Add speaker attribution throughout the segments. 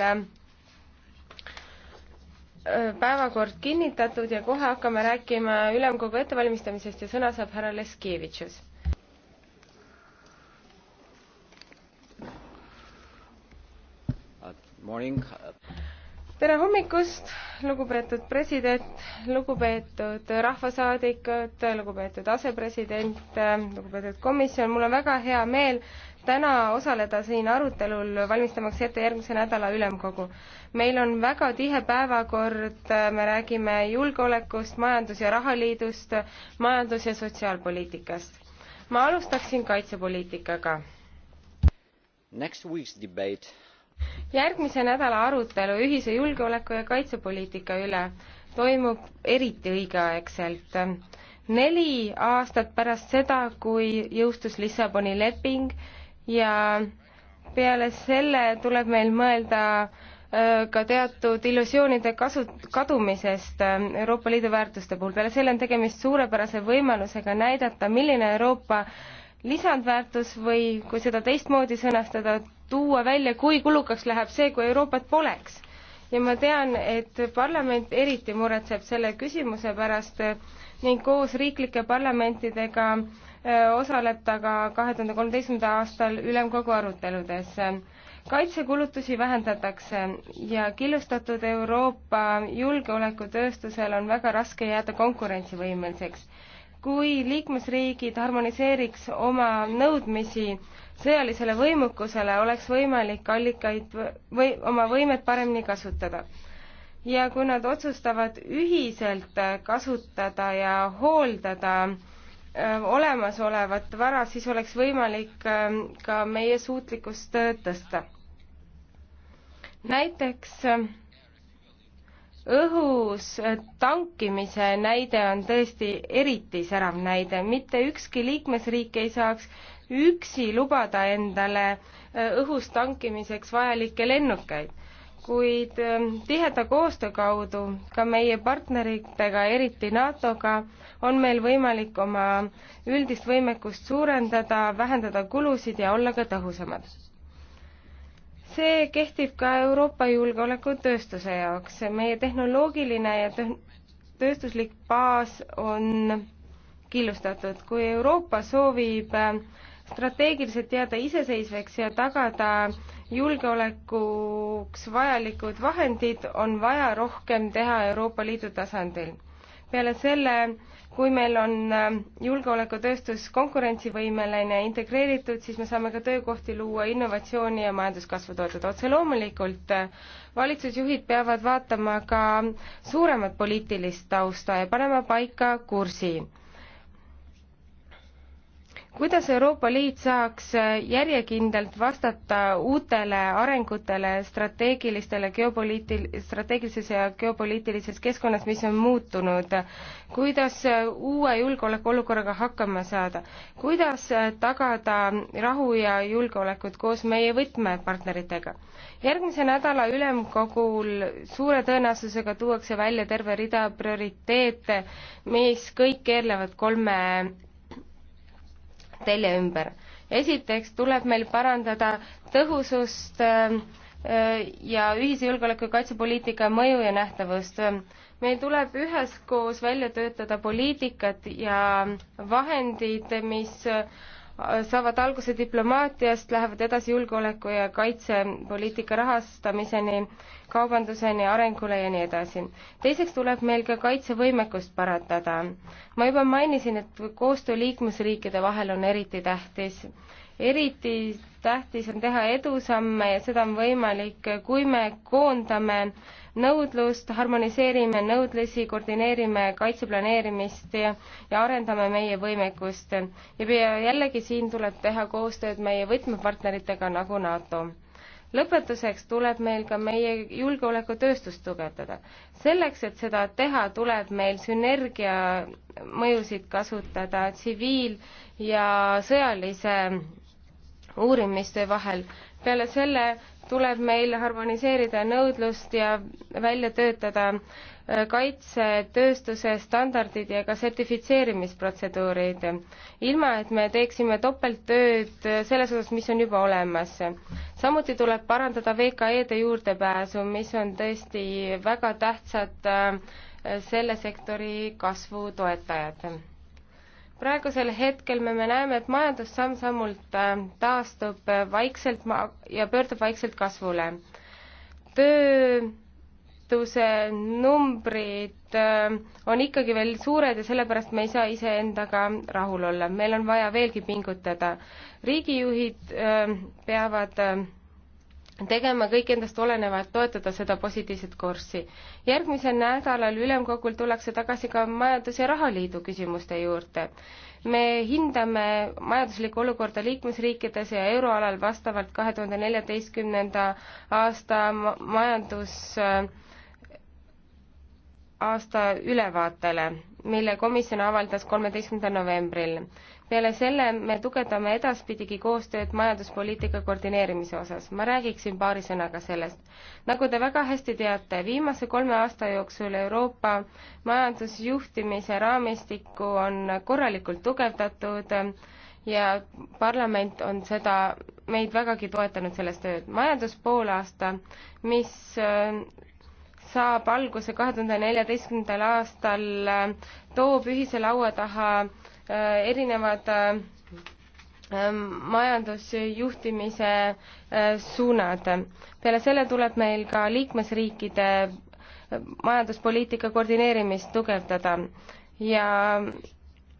Speaker 1: Äh, päevakord kinnitatud ja kohe hakkame rääkima ülemkogu ettevalmistamisest ja sõna saab härra Leskevitšus. tere hommikust, lugupeetud president, lugupeetud rahvasaadikud, lugupeetud asepresident, lugupeetud komisjon, mul on väga hea meel täna osaleda siin arutelul, valmistamaks ette järgmise nädala ülemkogu. meil on väga tihe päevakord, me räägime julgeolekust, majandus- ja rahaliidust majandus, majandus- ja sotsiaalpoliitikast. ma alustaksin kaitsepoliitikaga. järgmise nädala arutelu ühise julgeoleku ja kaitsepoliitika üle toimub eriti õigeaegselt neli aastat pärast seda, kui jõustus Lissaboni leping ja peale selle tuleb meil mõelda äh, ka teatud illusioonide kasu, kadumisest äh, Euroopa Liidu väärtuste puhul. peale selle on tegemist suurepärase võimalusega näidata, milline Euroopa lisandväärtus või kui seda teistmoodi sõnastada, tuua välja, kui kulukaks läheb see, kui Euroopat poleks. ja ma tean, et parlament eriti muretseb selle küsimuse pärast äh, ning koos riiklike parlamentidega äh, Äh, osaleb ta ka kahe tuhande kolmeteistkümnenda aastal ülemkogu aruteludes. kaitsekulutusi vähendatakse ja killustatud Euroopa julgeolekutööstusel on väga raske jääda konkurentsivõimeliseks. kui liikmesriigid harmoniseeriks oma nõudmisi sõjalisele võimukusele, oleks võimalik allikaid või oma võimet paremini kasutada ja kui nad otsustavad ühiselt kasutada ja hooldada äh, Äh, olemasolevat vara, siis oleks võimalik ähm, ka meie suutlikkust äh, tõsta. näiteks äh, õhus tankimise näide on tõesti eriti särav näide, mitte ükski liikmesriik ei saaks üksi lubada endale õhus tankimiseks vajalikke lennukeid kuid ähm, tiheda koostöö kaudu ka meie partneritega, eriti NATO-ga, on meil võimalik oma üldist võimekust suurendada, vähendada kulusid ja olla ka tõhusamad. see kehtib ka Euroopa julgeolekutööstuse jaoks, meie tehnoloogiline ja tööstuslik baas on killustatud, kui Euroopa soovib äh, strateegiliselt jääda iseseisvaks ja tagada äh, julgeolekuks vajalikud vahendid on vaja rohkem teha Euroopa Liidu tasandil. peale selle, kui meil on ähm, julgeolekutööstus konkurentsivõimeline, integreeritud, siis me saame ka töökohti luua, innovatsiooni ja majanduskasvu toetada. otse loomulikult äh, valitsusjuhid peavad vaatama ka suuremat poliitilist tausta ja panema paika kursi kuidas Euroopa Liit saaks järjekindlalt vastata uutele arengutele strateegilistele geopoliitil-, strateegilises ja geopoliitilises keskkonnas, mis on muutunud? kuidas uue julgeolekuolukorraga hakkama saada? kuidas tagada rahu ja julgeolekut koos meie võtmepartneritega? järgmise nädala ülemkogul suure tõenäosusega tuuakse välja terve rida prioriteete, mis kõik keerlevad kolme telje ümber. esiteks tuleb meil parandada tõhusust ähm, äh, ja ühise julgeoleku ja kaitsepoliitika mõju ja nähtavust. meil tuleb üheskoos välja töötada poliitikat ja vahendid, mis äh, saavad alguse diplomaatiast, lähevad edasi julgeoleku ja kaitsepoliitika rahastamiseni, kaubanduseni, arengule ja nii edasi. teiseks tuleb meil ka kaitsevõimekust parandada. ma juba mainisin, et koostöö liikmesriikide vahel on eriti tähtis. eriti tähtis on teha edusamme ja seda on võimalik, kui me koondame nõudlust, harmoniseerime nõudlusi, koordineerime kaitseplaneerimist ja, ja arendame meie võimekust. ja jällegi siin tuleb teha koostööd meie võtmepartneritega nagu NATO lõpetuseks tuleb meil ka meie julgeolekutööstust tugevdada. selleks, et seda teha, tuleb meil sünergia mõjusid kasutada tsiviil- ja sõjalise uurimiste vahel. peale selle tuleb meil harmoniseerida nõudlust ja välja töötada äh, kaitsetööstuse standardid ja ka sertifitseerimisprotseduurid, ilma et me teeksime topelttööd äh, selles osas, mis on juba olemas. samuti tuleb parandada VKE-de juurdepääsu, mis on tõesti väga tähtsad äh, selle sektori kasvu toetajad praegusel hetkel me, me näeme, et majandus samm-sammult äh, taastub äh, vaikselt ma- ja pöördub vaikselt kasvule. töötuse numbrid äh, on ikkagi veel suured ja sellepärast me ei saa iseendaga rahul olla, meil on vaja veelgi pingutada. riigijuhid peavad tegema kõik endast olenevat, toetada seda positiivset kurssi. järgmisel nädalal ülemkogul tullakse tagasi ka majandus- ja rahaliidu küsimuste juurde. me hindame majanduslikku olukorda liikmesriikides ja euroalal vastavalt kahe tuhande neljateistkümnenda aasta majandus aasta ülevaatele, mille komisjon avaldas kolmeteistkümnendal novembril peale selle me tugevdame edaspidigi koostööd majanduspoliitika koordineerimise osas. ma räägiksin paari sõnaga sellest. nagu te väga hästi teate, viimase kolme aasta jooksul Euroopa majandusjuhtimise raamistikku on korralikult tugevdatud ja parlament on seda, meid vägagi toetanud selles tööd. majanduspoolaasta, mis äh, saab alguse kahe tuhande neljateistkümnendal aastal, äh, toob ühise laua taha Äh, erinevad äh, ähm, majandusjuhtimise äh, suunad. peale selle tuleb meil ka liikmesriikide majanduspoliitika koordineerimist tugevdada ja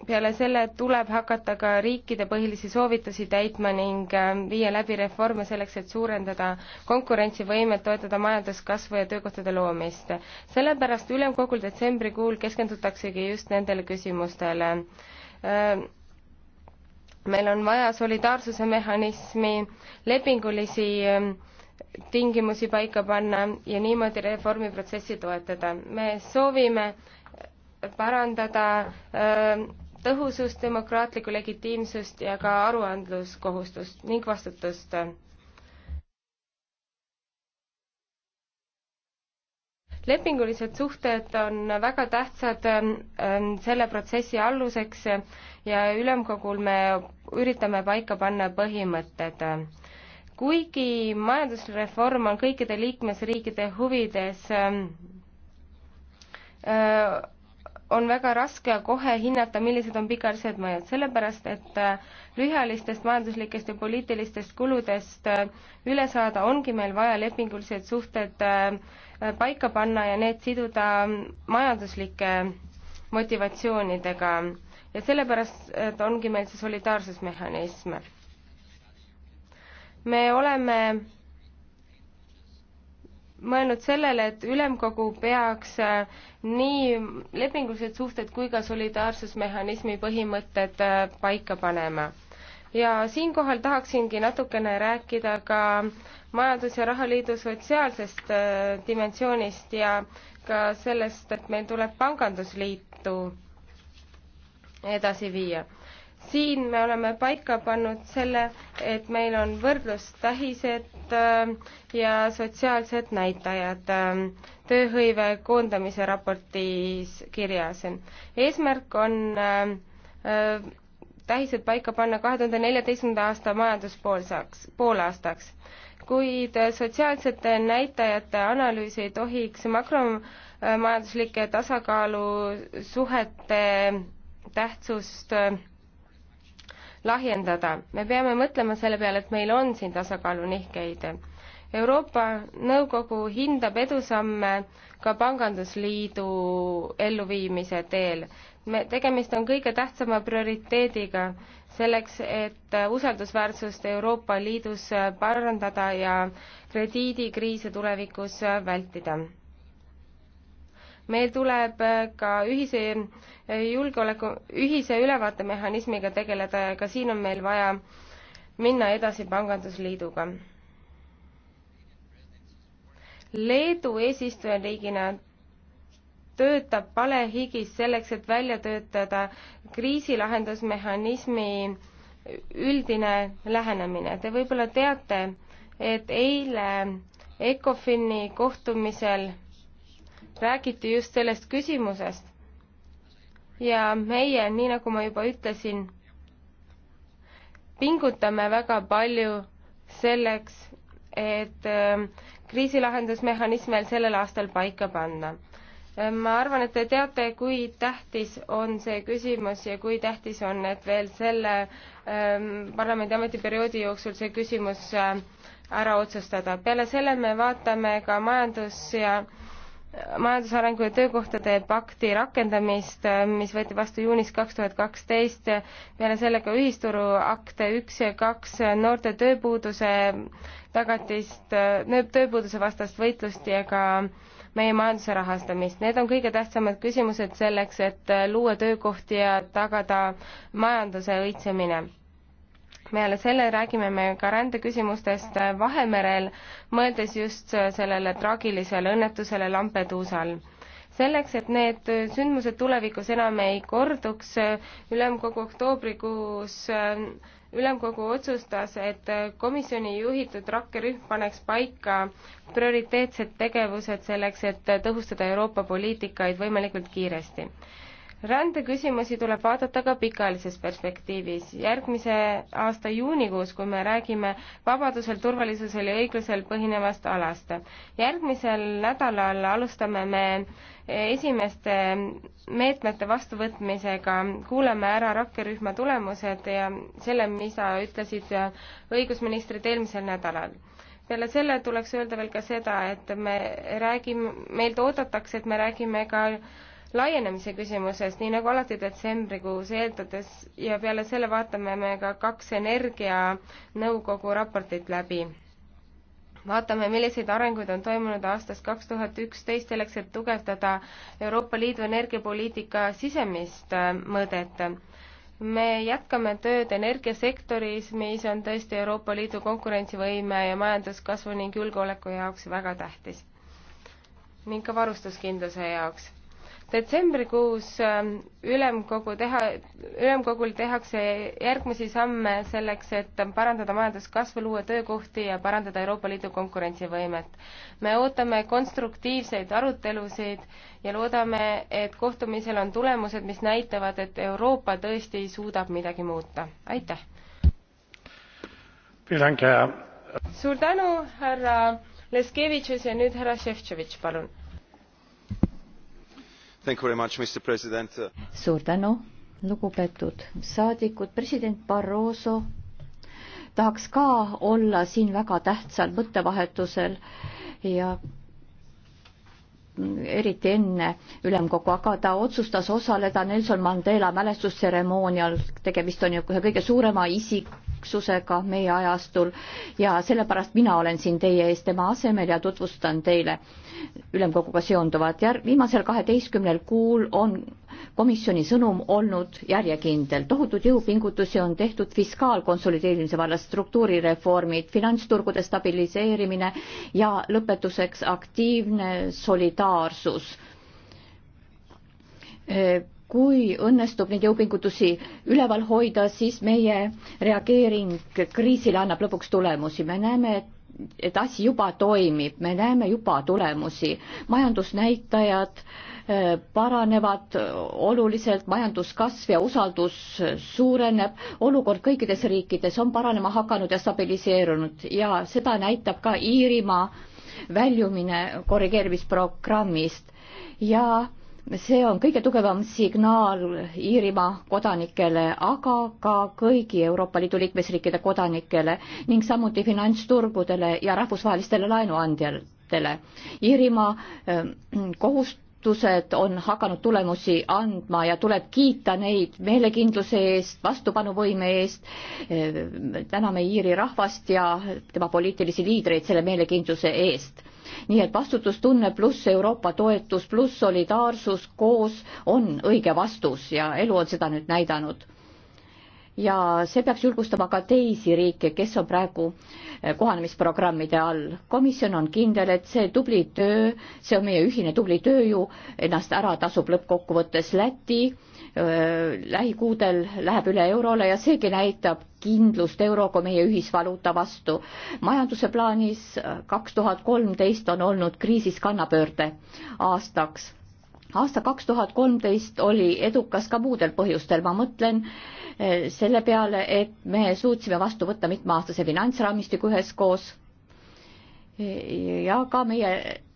Speaker 1: peale selle tuleb hakata ka riikide põhilisi soovitusi täitma ning viia läbi reforme selleks, et suurendada konkurentsivõimet, toetada majanduskasvu ja töökohtade loomist. sellepärast ülemkogul detsembrikuul keskendutaksegi just nendele küsimustele Äh, meil on vaja solidaarsuse mehhanismi, lepingulisi ähm, tingimusi paika panna ja niimoodi reformiprotsessi toetada. me soovime parandada ähm, tõhusust, demokraatlikku legitiimsust ja ka aruandluskohustust ning vastutust lepingulised suhted on väga tähtsad ähm, ähm, selle protsessi aluseks ja ülemkogul me üritame paika panna põhimõtted. kuigi majandusreform on kõikide liikmesriikide huvides, ähm, äh, on väga raske kohe hinnata, millised on pikaajalised mõjud, sellepärast et äh, lühiajalistest majanduslikest ja poliitilistest kuludest äh, üle saada ongi meil vaja lepingulised suhted äh, paika panna ja need siduda mm, majanduslike motivatsioonidega ja sellepärast ongi meil see solidaarsusmehhanism. me oleme mõelnud sellele, et ülemkogu peaks äh, nii lepingulised suhted kui ka solidaarsusmehhanismi põhimõtted äh, paika panema. ja siinkohal tahaksingi natukene rääkida ka majandus- ja rahaliidu sotsiaalsest äh, dimensioonist ja ka sellest, et meil tuleb pangandusliitu edasi viia siin me oleme paika pannud selle, et meil on võrdlustähised äh, ja sotsiaalsed näitajad ähm, tööhõive koondamise raportis kirjas. eesmärk on ähm, äh, tähised paika panna kahe tuhande neljateistkümnenda aasta majanduspoolsaks, poolaastaks. kuid äh, sotsiaalsete näitajate analüüs ei tohiks makromajanduslike tasakaalusuhete tähtsust lahjendada. me peame mõtlema selle peale, et meil on siin tasakaalunihkeid. Euroopa Nõukogu hindab edusamme ka pangandusliidu elluviimise teel. me, tegemist on kõige tähtsama prioriteediga selleks, et usaldusväärsust Euroopa Liidus parandada ja krediidikriise tulevikus vältida meil tuleb äh, ka ühise äh, julgeoleku, ühise ülevaatemehhanismiga tegeleda ja ka siin on meil vaja minna edasi pangandusliiduga. Leedu eesistujariigina töötab palehigis selleks, et välja töötada kriisilahendusmehhanismi üldine lähenemine. Te võib-olla teate, et eile ECOFIN-i kohtumisel räägiti just sellest küsimusest. ja meie, nii nagu ma juba ütlesin, pingutame väga palju selleks, et ähm, kriisilahendusmehhanism veel sellel aastal paika panna. Ähm, ma arvan, et te teate, kui tähtis on see küsimus ja kui tähtis on, et veel selle ähm, parlamendi ametiperioodi jooksul see küsimus äh, ära otsustada. peale selle me vaatame ka majandus- ja äh, majandusarengu ja töökohtade pakti rakendamist, mis võeti vastu juunis kaks tuhat kaksteist, peale sellega ühisturu akte üks ja kaks noorte tööpuuduse tagatist, tööpuuduse vastast võitlust ja ka meie majanduse rahastamist. Need on kõige tähtsamad küsimused selleks, et luua töökohti ja tagada majanduse õitsemine peale selle räägime me ka rändeküsimustest äh, Vahemerel, mõeldes just äh, sellele traagilisele õnnetusele Lampeduusal selleks, et need äh, sündmused tulevikus enam ei korduks, ülemkogu oktoobrikuus ülemkogu otsustas, et komisjoni juhitud rakkerühm paneks paika prioriteetsed tegevused selleks, et tõhustada Euroopa poliitikaid võimalikult kiiresti rändeküsimusi tuleb vaadata ka pikaajalises perspektiivis. järgmise aasta juunikuus, kui me räägime vabadusel, turvalisusel ja õiglusel põhinevast alast. järgmisel nädalal alustame me esimeste meetmete vastuvõtmisega, kuulame ära rakkerühma tulemused ja selle, mida ütlesid õigusministrid eelmisel nädalal peale selle tuleks öelda veel ka seda, et me räägime, meilt oodatakse, et me räägime ka äh, laienemise küsimuses, nii nagu alati detsembrikuus eeldades ja peale selle vaatame me ka kaks energianõukogu raportit läbi. vaatame, milliseid arenguid on toimunud aastast kaks tuhat üksteist selleks, et tugevdada Euroopa Liidu energiapoliitika sisemist äh, mõõdet me jätkame tööd energiasektoris, mis on tõesti Euroopa Liidu konkurentsivõime ja majanduskasvu ning julgeoleku jaoks väga tähtis. ning ka varustuskindluse jaoks detsembrikuus ähm, ülemkogu teha, ülemkogul tehakse järgmisi samme selleks, et parandada majanduskasvu, luua töökohti ja parandada Euroopa Liidu konkurentsivõimet. me ootame konstruktiivseid arutelusid ja loodame, et kohtumisel on tulemused, mis näitavad, et Euroopa tõesti suudab midagi muuta. aitäh! suur tänu, härra Leskevitšus ja nüüd härra
Speaker 2: Šefčovitš, palun suur tänu, lugupeetud saadikud, president Barroso tahaks ka olla siin väga tähtsal mõttevahetusel ja eriti enne ülemkogu, aga ta otsustas osaleda Nelson Mandela mälestustseremoonial, tegemist on ju ühe kõige suurema isik, täpsusega meie ajastul ja sellepärast mina olen siin teie ees tema asemel ja tutvustan teile ülemkoguga seonduvat. Järg-, viimasel kaheteistkümnel kuul on komisjoni sõnum olnud järjekindel. tohutuid jõupingutusi on tehtud fiskaalkonsolideerimise vallas, struktuurireformid, finantsturgude stabiliseerimine ja lõpetuseks aktiivne solidaarsus kui õnnestub neid jõupingutusi üleval hoida, siis meie reageering kriisile annab lõpuks tulemusi, me näeme, et et asi juba toimib, me näeme juba tulemusi, majandusnäitajad eh, paranevad oluliselt, majanduskasv ja usaldus suureneb, olukord kõikides riikides on paranema hakanud ja stabiliseerunud ja seda näitab ka Iirimaa väljumine korrigeerimisprogrammist ja äh, see on kõige tugevam signaal Iirimaa kodanikele, aga ka kõigi Euroopa Liidu liikmesriikide kodanikele ning samuti finantsturgudele ja rahvusvahelistele laenuandjatele. Iirimaa ähm, kohustused on hakanud tulemusi andma ja tuleb kiita neid meelekindluse eest, vastupanuvõime eest. Äh, täname Iiri rahvast ja tema poliitilisi liidreid selle meelekindluse eest nii et vastutustunne pluss Euroopa toetus pluss solidaarsus koos on õige vastus ja elu on seda nüüd näidanud. ja see peaks julgustama ka teisi riike, kes on praegu eh, kohanemisprogrammide all. komisjon on kindel, et see tubli töö, see on meie ühine tubli töö ju, ennast ära tasub lõppkokkuvõttes Läti eh, lähikuudel läheb üle eurole ja seegi näitab, kindlust euro kui meie ühisvaluuta vastu. majanduse plaanis äh, kaks tuhat kolmteist on olnud kriisis kannapöörde aastaks aasta kaks tuhat kolmteist oli edukas ka muudel põhjustel, ma mõtlen äh, selle peale, et me suutsime vastu võtta mitmeaastase finantsraamistiku üheskoos äh, ja ka meie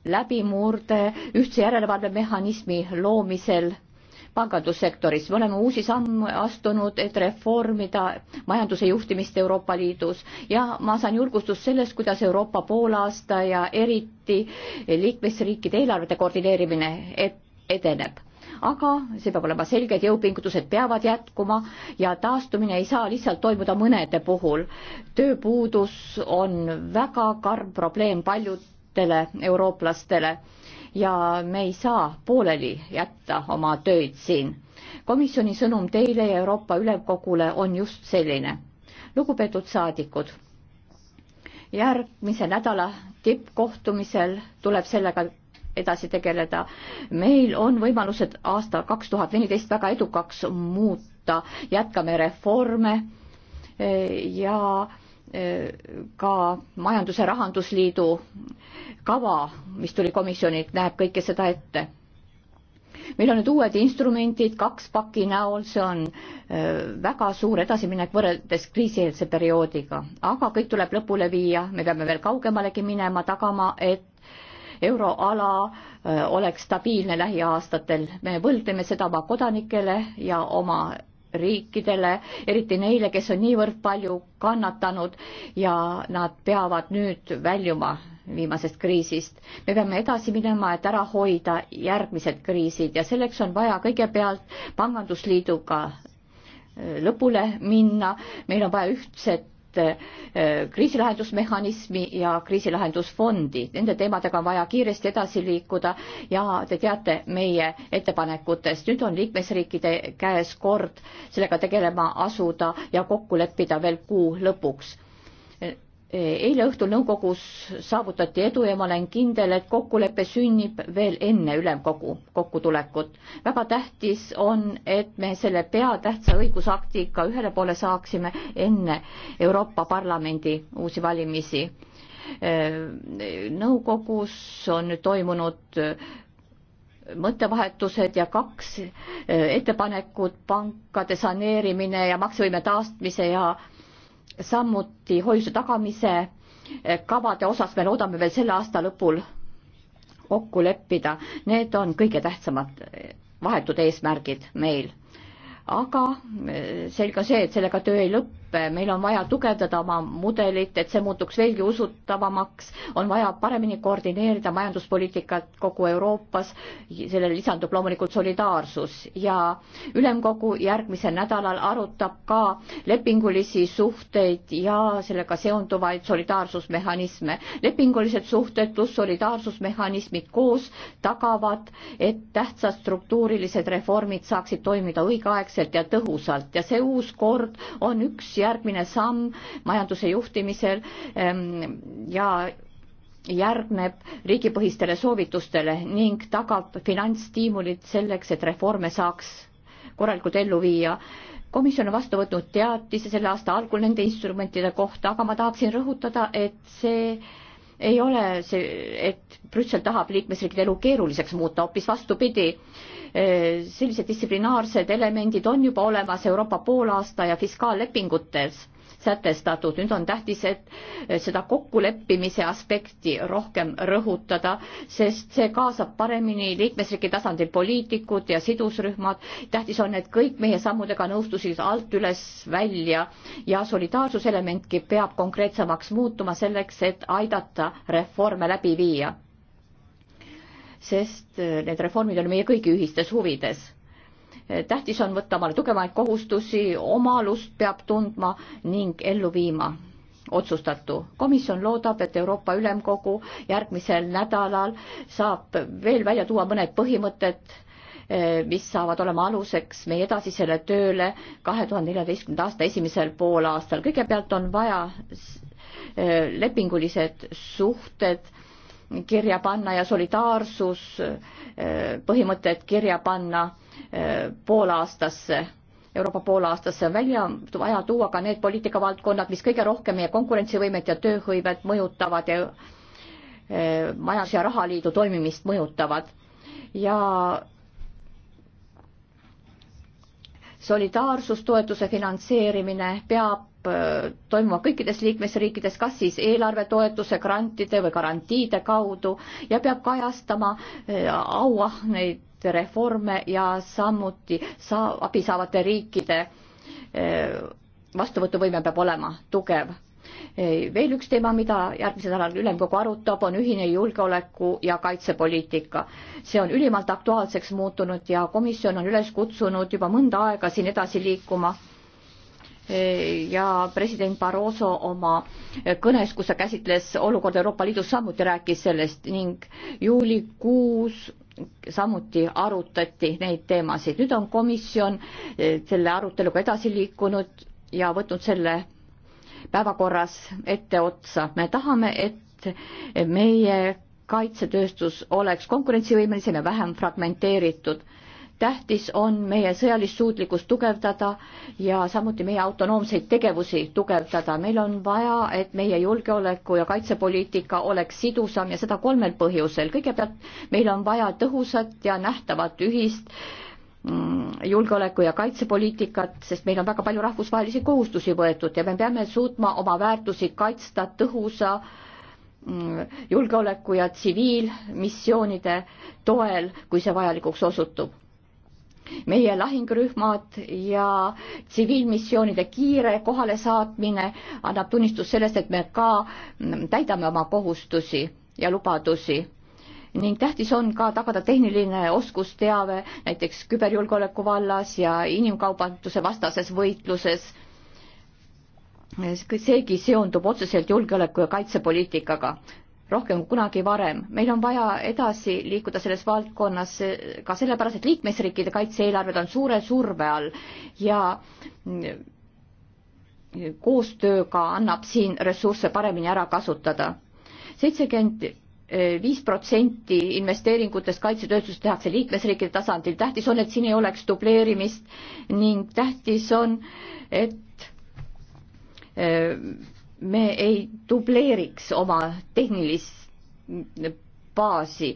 Speaker 2: läbimurde ühtse järelevalvemehhanismi loomisel pangandussektoris. me oleme uusi samme astunud, et reformida majanduse juhtimist Euroopa Liidus ja ma saan julgustust sellest, kuidas Euroopa poolaasta ja eriti liikmesriikide eelarvete koordineerimine edeneb aga see peab olema selge, et jõupingutused peavad jätkuma ja taastumine ei saa lihtsalt toimuda mõnede puhul. tööpuudus on väga karm probleem paljudele eurooplastele ja me ei saa pooleli jätta oma tööd siin. komisjoni sõnum teile ja Euroopa Ülemkogule on just selline. lugupeetud saadikud, järgmise nädala tippkohtumisel tuleb sellega edasi tegeleda. meil on võimalused aasta kaks tuhat neliteist väga edukaks muuta, jätkame reforme eh, ja ka Majandus- ja Rahandusliidu kava, mis tuli komisjonilt, näeb kõike seda ette. meil on nüüd uued instrumendid kaks paki näol, see on äh, väga suur edasiminek võrreldes kriisieelse perioodiga, aga kõik tuleb lõpule viia, me peame veel kaugemalegi minema, tagama, et euroala äh, oleks stabiilne lähiaastatel. me võlgneme seda oma kodanikele ja oma riikidele, eriti neile, kes on niivõrd palju kannatanud ja nad peavad nüüd väljuma viimasest kriisist. me peame edasi minema, et ära hoida järgmised kriisid ja selleks on vaja kõigepealt pangandusliiduga lõpule minna, meil on vaja ühtset Äh, kriisilahendusmehhanismi ja kriisilahendusfondi. Nende teemadega on vaja kiiresti edasi liikuda ja te teate meie ettepanekutest. nüüd on liikmesriikide käes kord sellega tegelema asuda ja kokku leppida veel kuu lõpuks eile õhtul nõukogus saavutati edu ja ma olen kindel, et kokkulepe sünnib veel enne ülemkogu kokkutulekut. väga tähtis on, et me selle peatähtsa õigusaktiga ühele poole saaksime enne Euroopa Parlamendi uusi valimisi. nõukogus on nüüd toimunud mõttevahetused ja kaks e, ettepanekut, pankade saneerimine ja maksevõime taastmise ja samuti hoiuse tagamise eh, kavade osas me loodame veel selle aasta lõpul kokku leppida. Need on kõige tähtsamad eh, vahetud eesmärgid meil. aga eh, selge on see, et sellega töö ei lõpe õppe, meil on vaja tugevdada oma mudelit, et see muutuks veelgi usutavamaks, on vaja paremini koordineerida majanduspoliitikat kogu Euroopas, sellele lisandub loomulikult solidaarsus ja ülemkogu järgmisel nädalal arutab ka lepingulisi suhteid ja sellega seonduvaid solidaarsusmehhanisme. lepingulised suhted pluss solidaarsusmehhanismid koos tagavad, et tähtsad struktuurilised reformid saaksid toimida õigeaegselt ja tõhusalt ja see uus kord on üks järgmine samm majanduse juhtimisel ehm, ja järgneb riigipõhistele soovitustele ning tagab finantsstiimulid selleks, et reforme saaks korralikult ellu viia. komisjon on vastu võtnud teatise selle aasta algul nende instrumentide kohta, aga ma tahaksin rõhutada, et see ei ole see, et Brüssel tahab liikmesriikide elu keeruliseks muuta, hoopis vastupidi. sellised distsiplinaarsed elemendid on juba olemas Euroopa poolaasta ja fiskaallepingutes sätestatud. nüüd on tähtis, et seda kokkuleppimise aspekti rohkem rõhutada, sest see kaasab paremini liikmesriigi tasandil poliitikud ja sidusrühmad. tähtis on, et kõik meie sammudega nõustusid alt üles välja ja solidaarsuselementki peab konkreetsemaks muutuma selleks, et aidata reforme läbi viia sest äh, need reformid on meie kõigi ühistes huvides tähtis on võtta omale tugevaid kohustusi, omalust peab tundma ning ellu viima otsustatu. komisjon loodab, et Euroopa Ülemkogu järgmisel nädalal saab veel välja tuua mõned põhimõtted, eh, mis saavad olema aluseks meie edasisele tööle kahe tuhande neljateistkümnenda aasta esimesel poolaastal. kõigepealt on vaja eh, lepingulised suhted kirja panna ja solidaarsus eh, põhimõtted kirja panna eh, poolaastasse, Euroopa poolaastasse on välja vaja tuua ka need poliitikavaldkonnad, mis kõige rohkem meie konkurentsivõimet ja tööhõivet mõjutavad ja eh, majandus- ja rahaliidu toimimist mõjutavad ja solidaarsustoetuse finantseerimine peab äh, toimuma kõikides liikmesriikides, kas siis eelarvetoetuse, grantide või garantiide kaudu ja peab kajastama äh, auahneid reforme ja samuti saa-, abi saavate riikide äh, vastuvõtuvõime peab olema tugev veel üks teema, mida järgmisel nädalal ülemkogu arutab, on ühine julgeoleku ja kaitsepoliitika. see on ülimalt aktuaalseks muutunud ja komisjon on üles kutsunud juba mõnda aega siin edasi liikuma. ja president Barroso oma kõnes, kus ta käsitles olukorda Euroopa Liidus, samuti rääkis sellest ning juulikuus samuti arutati neid teemasid. nüüd on komisjon eh, selle aruteluga edasi liikunud ja võtnud selle päevakorras etteotsa. me tahame, et meie kaitsetööstus oleks konkurentsivõimelisem ja vähem fragmenteeritud. tähtis on meie sõjalist suutlikkust tugevdada ja samuti meie autonoomseid tegevusi tugevdada. meil on vaja, et meie julgeoleku ja kaitsepoliitika oleks sidusam ja seda kolmel põhjusel. kõigepealt meil on vaja tõhusat ja nähtavat ühist äh, Mm, julgeoleku- ja kaitsepoliitikat, sest meil on väga palju rahvusvahelisi kohustusi võetud ja me peame suutma oma väärtusi kaitsta tõhusa mm, julgeoleku ja tsiviilmissioonide toel, kui see vajalikuks osutub. meie lahingrühmad ja tsiviilmissioonide kiire kohalesaatmine annab tunnistust sellest, et me ka mm, täidame oma kohustusi ja lubadusi ning tähtis on ka tagada tehniline oskusteave näiteks küberjulgeoleku vallas ja inimkaubanduse vastases võitluses. seegi seondub otseselt julgeoleku ja kaitsepoliitikaga rohkem kui kunagi varem. meil on vaja edasi liikuda selles valdkonnas ka sellepärast, et liikmesriikide kaitse-eelarved on suure surve all ja koostööga annab siin ressursse paremini ära kasutada. seitsekümmend viis protsenti investeeringutest kaitsetööstuses tehakse liikmesriikide tasandil, tähtis on, et siin ei oleks dubleerimist ning tähtis on, et äh, me ei dubleeriks oma tehnilist baasi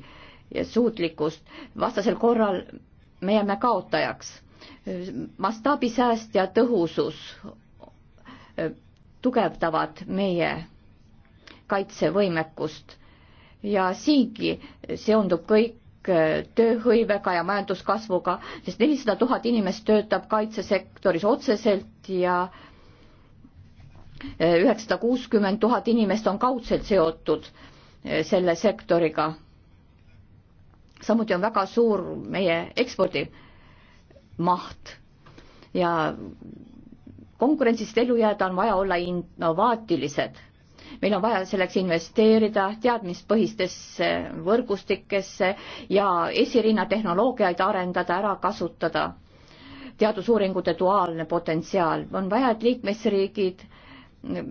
Speaker 2: ja suutlikkust, vastasel korral me jääme kaotajaks. mastaabisääst ja tõhusus äh, tugevdavad meie kaitsevõimekust ja siingi seondub kõik äh, tööhõivega ja majanduskasvuga, sest nelisada tuhat inimest töötab kaitsesektoris otseselt ja äh, üheksasada kuuskümmend tuhat inimest on kaudselt seotud äh, selle sektoriga. samuti on väga suur meie ekspordimaht ja konkurentsist ellu jääda on vaja olla innovaatilised meil on vaja selleks investeerida teadmispõhistesse võrgustikesse ja esirinna tehnoloogiaid arendada, ära kasutada. teadusuuringute duaalne potentsiaal, on vaja, et liikmesriigid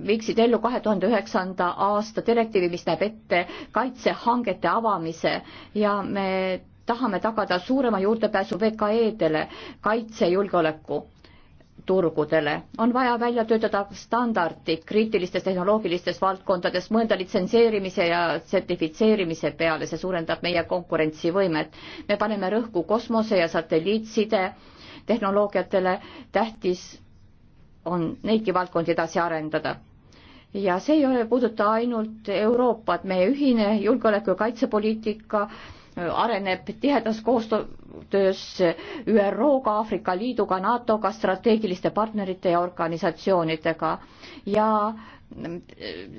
Speaker 2: viiksid ellu kahe tuhande üheksanda aasta direktiivi, mis näeb ette kaitsehangete avamise ja me tahame tagada suurema juurdepääsu VKE-dele kaitsejulgeoleku turgudele. on vaja välja töötada standardid kriitilistes tehnoloogilistes valdkondades, mõelda litsenseerimise ja sertifitseerimise peale, see suurendab meie konkurentsivõimet. me paneme rõhku kosmose ja satelliitside tehnoloogiatele, tähtis on neidki valdkondi edasi arendada ja see ei ole, puuduta ainult Euroopat, meie ühine julgeoleku ja kaitsepoliitika äh, areneb tihedas koostöös ÜRO-ga, Aafrika Liiduga, NATO-ga, strateegiliste partnerite ja organisatsioonidega ja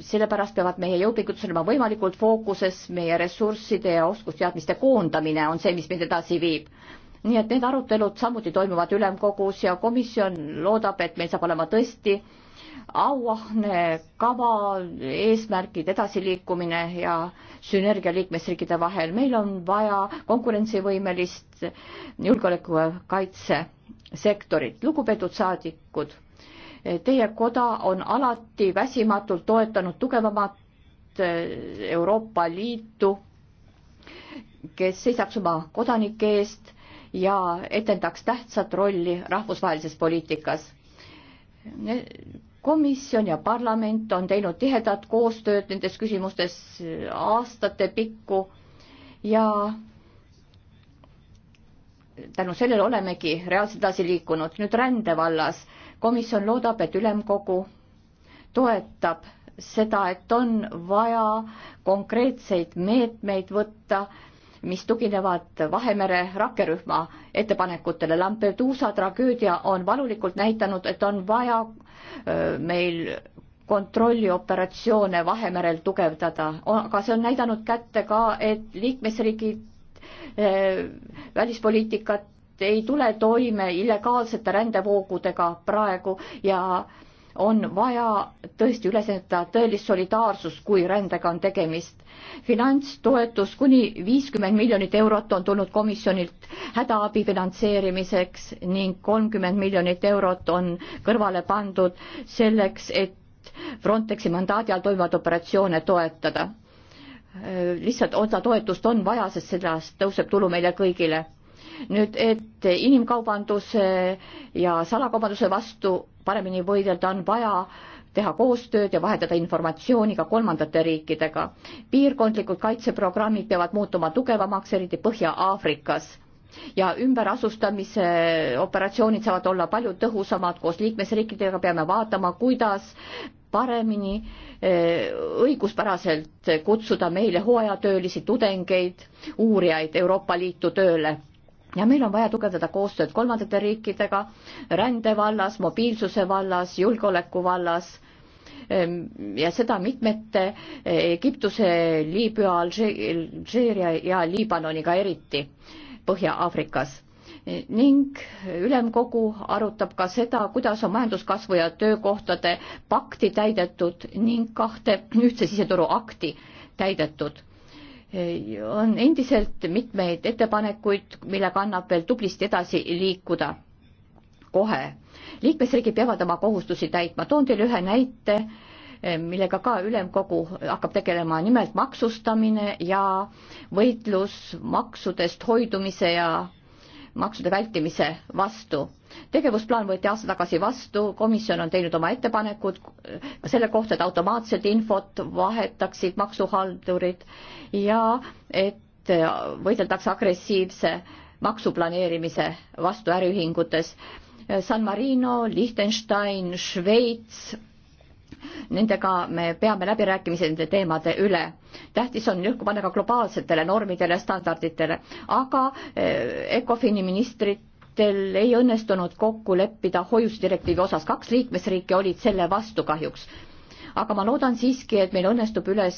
Speaker 2: sellepärast peavad meie jõupingutused olema võimalikult fookuses, meie ressursside ja oskusteadmiste koondamine on see, mis meid edasi viib. nii et need arutelud samuti toimuvad ülemkogus ja komisjon loodab, et meil saab olema tõesti äh, auahne kava, eesmärgid, edasiliikumine ja sünergia liikmesriikide vahel. meil on vaja konkurentsivõimelist julgeoleku ja kaitsesektorit. lugupeetud saadikud, teie koda on alati väsimatult toetanud tugevamat eh, Euroopa Liitu, kes seisaks oma kodanike eest ja etendaks tähtsat rolli rahvusvahelises poliitikas komisjon ja parlament on teinud tihedat koostööd nendes küsimustes aastate pikku ja tänu sellele olemegi reaalselt edasi liikunud. nüüd rände vallas komisjon loodab, et ülemkogu toetab seda, et on vaja konkreetseid meetmeid võtta, mis tuginevad Vahemere rakkerühma ettepanekutele. Lampeduusa tragöödia on valulikult näidanud, et on vaja meil kontrollioperatsioone Vahemerel tugevdada, aga see on näidanud kätte ka, et liikmesriigid välispoliitikat ei tule toime illegaalsete rändevoogudega praegu ja äh, on vaja tõesti üles näidata tõelist solidaarsust, kui rändega on tegemist. finantstoetus kuni viiskümmend miljonit eurot on tulnud komisjonilt hädaabi finantseerimiseks ning kolmkümmend miljonit eurot on kõrvale pandud selleks, et Frontexi mandaadi all toimuvaid operatsioone toetada. lihtsalt osa toetust on vaja, sest sellest tõuseb tulu meile kõigile nüüd, et inimkaubanduse ja salakaubanduse vastu paremini võidelda, on vaja teha koostööd ja vahetada informatsiooni ka kolmandate riikidega. piirkondlikud kaitseprogrammid peavad muutuma tugevamaks, eriti Põhja-Aafrikas ja ümberasustamise operatsioonid saavad olla palju tõhusamad, koos liikmesriikidega peame vaatama, kuidas paremini eh, õiguspäraselt kutsuda meile hooajatöölisi, tudengeid, uurijaid Euroopa Liitu tööle ja meil on vaja tugevdada koostööd kolmandate riikidega rände vallas, mobiilsuse vallas, julgeoleku vallas ehm, ja seda mitmete eh, Egiptuse, Liibüa, Alžeeria ja Liibanoniga eriti Põhja-Aafrikas. E, ning ülemkogu arutab ka seda, kuidas on majanduskasvu ja töökohtade pakti täidetud ning kahte ühtse siseturu akti täidetud on endiselt mitmeid ettepanekuid, millega annab veel tublisti edasi liikuda kohe. liikmesriigid peavad oma kohustusi täitma, toon teile ühe näite, millega ka ülemkogu hakkab tegelema, nimelt maksustamine ja võitlus maksudest hoidumise ja maksude vältimise vastu. tegevusplaan võeti aasta tagasi vastu, komisjon on teinud oma ettepanekud selle kohta, et automaatset infot vahetaksid maksuhaldurid ja et võideldakse agressiivse maksuplaneerimise vastu äriühingutes. San Marino, Liechtenstein, Šveits Nendega me peame läbirääkimisi nende teemade üle. tähtis on rõhku panna ka globaalsetele normidele, standarditele, aga eh, ECOFIN-i ministritel ei õnnestunud kokku leppida hoiusdirektiivi osas, kaks liikmesriiki olid selle vastu kahjuks aga ma loodan siiski, et meil õnnestub üles,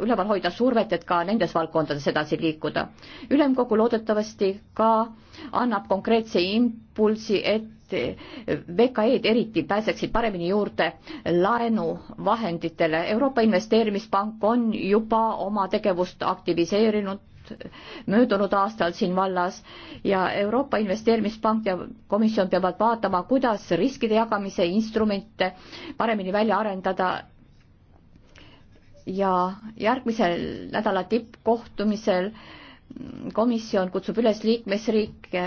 Speaker 2: üleval hoida survet, et ka nendes valdkondades edasi liikuda. ülemkogu loodetavasti ka annab konkreetse impulsi, et et VKE-d eriti pääseksid paremini juurde laenuvahenditele. Euroopa Investeerimispank on juba oma tegevust aktiviseerinud möödunud aastal siin vallas ja Euroopa Investeerimispank ja komisjon peavad vaatama, kuidas riskide jagamise instrumente paremini välja arendada. ja järgmisel nädala tippkohtumisel komisjon kutsub üles liikmesriike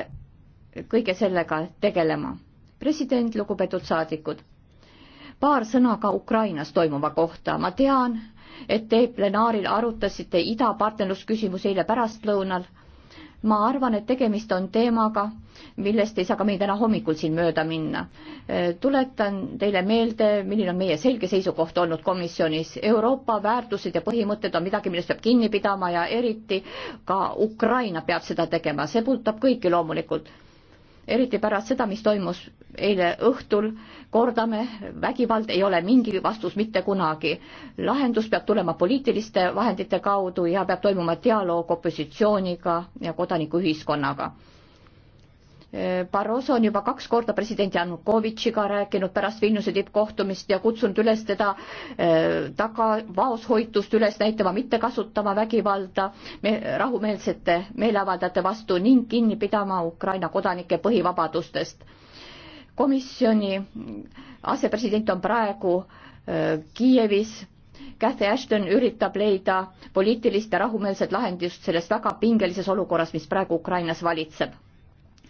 Speaker 2: kõige sellega tegelema. president, lugupeetud saadikud, paar sõna ka Ukrainas toimuva kohta. ma tean, et te plenaaril arutasite idapartnerlusküsimusi eile pärastlõunal. ma arvan, et tegemist on teemaga, millest ei saa ka meil täna hommikul siin mööda minna. tuletan teile meelde, milline on meie selge seisukoht olnud komisjonis. Euroopa väärtused ja põhimõtted on midagi, millest peab kinni pidama ja eriti ka Ukraina peab seda tegema, see puudutab kõiki loomulikult eriti pärast seda, mis toimus eile õhtul, kordame, vägivald ei ole mingi vastus mitte kunagi. lahendus peab tulema poliitiliste vahendite kaudu ja peab toimuma dialoog opositsiooniga ja kodanikuühiskonnaga Barroso on juba kaks korda president Janukovitšiga rääkinud pärast Vilniuse tippkohtumist ja kutsunud üles teda eh, taga vaoshoitust üles näitama, mitte kasutama vägivalda me, rahumeelsete meeleavaldajate vastu ning kinni pidama Ukraina kodanike põhivabadustest. komisjoni asepresident on praegu eh, Kiievis Cathy Ashton üritab leida poliitilist ja rahumeelset lahendust selles väga pingelises olukorras, mis praegu Ukrainas valitseb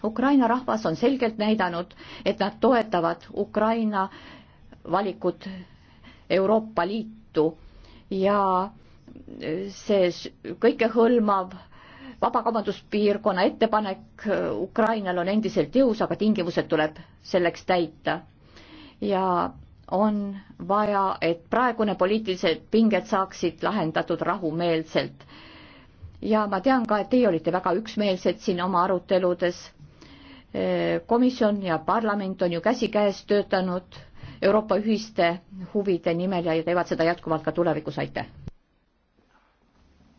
Speaker 2: Ukraina rahvas on selgelt näidanud, et nad toetavad Ukraina valikut Euroopa Liitu ja see kõikehõlmav vabakaubanduspiirkonna ettepanek äh, Ukrainal on endiselt jõus, aga tingimused tuleb selleks täita. ja on vaja, et praegune poliitilised pinged saaksid lahendatud rahumeelselt. ja ma tean ka, et teie olite väga üksmeelsed siin oma aruteludes Eh, komisjon ja parlament on ju käsikäes töötanud Euroopa ühiste huvide nimel ja teevad seda jätkuvalt ka tulevikus, aitäh!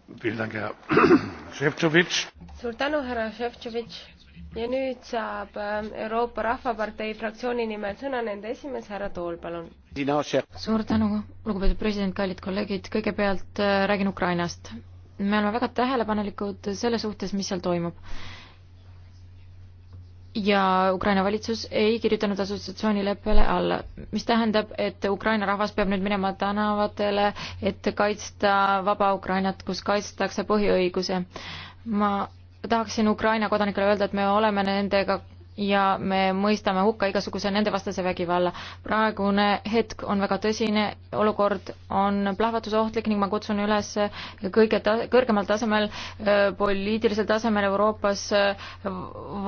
Speaker 3: suur
Speaker 1: tänu, härra Šefčovitš ja nüüd saab äh, Euroopa Rahvapartei fraktsiooni nimel sõna nende esimees härra Tool, palun.
Speaker 4: suur tänu, lugupeetud president, kallid kolleegid, kõigepealt äh, räägin Ukrainast. me oleme väga tähelepanelikud selle suhtes, mis seal toimub ja Ukraina valitsus ei kirjutanud assotsiatsioonileppele alla, mis tähendab, et Ukraina rahvas peab nüüd minema tänavatele, et kaitsta vaba Ukrainat, kus kaitstakse põhiõiguse. ma tahaksin Ukraina kodanikele öelda, et me oleme nendega ja me mõistame hukka igasuguse nendevastase vägivalla. praegune hetk on väga tõsine, olukord on plahvatusohtlik ning ma kutsun üles kõige ta-, kõrgemal tasemel, äh, poliitilisel tasemel Euroopas äh,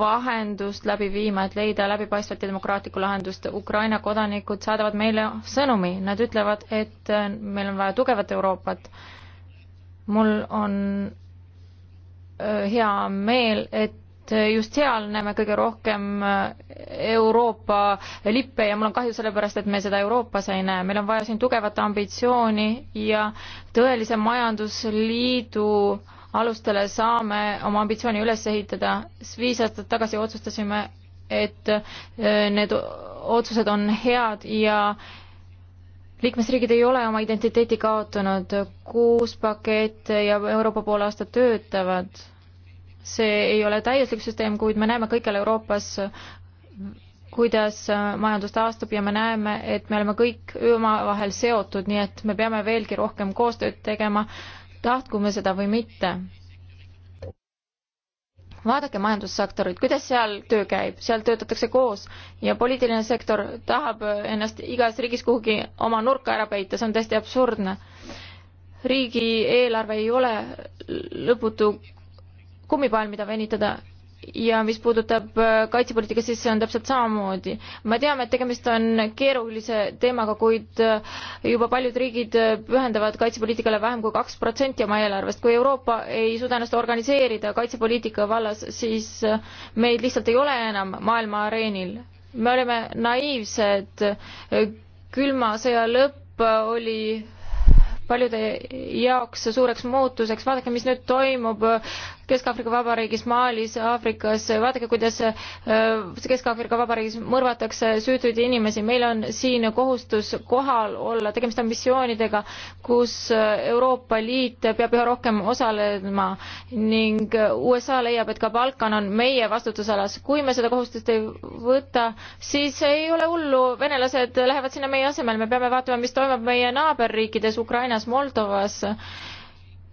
Speaker 4: vahendust läbi viima, et leida läbipaistvat ja demokraatlikku lahendust. Ukraina kodanikud saadavad meile sõnumi, nad ütlevad, et äh, meil on vaja tugevat Euroopat. mul on hea meel, et et just seal näeme kõige rohkem äh, Euroopa lippe ja mul on kahju sellepärast, et me seda Euroopas ei näe. meil on vaja siin tugevat ambitsiooni ja tõelise majandusliidu alustele saame oma ambitsiooni üles ehitada. viis aastat tagasi otsustasime, et äh, need otsused on head ja liikmesriigid ei ole oma identiteeti kaotanud, kuus pakett ja Euroopa pool aastat töötavad see ei ole täiuslik süsteem, kuid me näeme kõikjal Euroopas, kuidas majandus taastub ja me näeme, et me oleme kõik omavahel seotud, nii et me peame veelgi rohkem koostööd tegema, tahtku me seda või mitte. vaadake majandussektorit, kuidas seal töö käib, seal töötatakse koos ja poliitiline sektor tahab ennast igas riigis kuhugi oma nurka ära peita, see on täiesti absurdne riigieelarve ei ole lõputu kummipall, mida venitada ja mis puudutab äh, kaitsepoliitikat, siis see on täpselt samamoodi. me teame, et tegemist on keerulise teemaga, kuid äh, juba paljud riigid äh, pühendavad kaitsepoliitikale vähem kui kaks protsenti oma eelarvest. kui Euroopa ei suuda ennast organiseerida kaitsepoliitika vallas, siis meid lihtsalt ei ole enam maailma areenil. me olime naiivsed, külma sõja lõpp oli paljude jaoks suureks muutuseks, vaadake, mis nüüd toimub, Kesk-Aafrika Vabariigis, Malis, Aafrikas, vaadake, kuidas äh, Kesk-Aafrika Vabariigis mõrvatakse süütuid inimesi, meil on siin kohustus kohal olla, tegemist on missioonidega, kus äh, Euroopa Liit peab üha rohkem osalema ning äh, USA leiab, et ka Balkan on meie vastutusalas. kui me seda kohustust ei võta, siis ei ole hullu, venelased lähevad sinna meie asemel, me peame vaatama, mis toimub meie naaberriikides, Ukrainas, Moldovas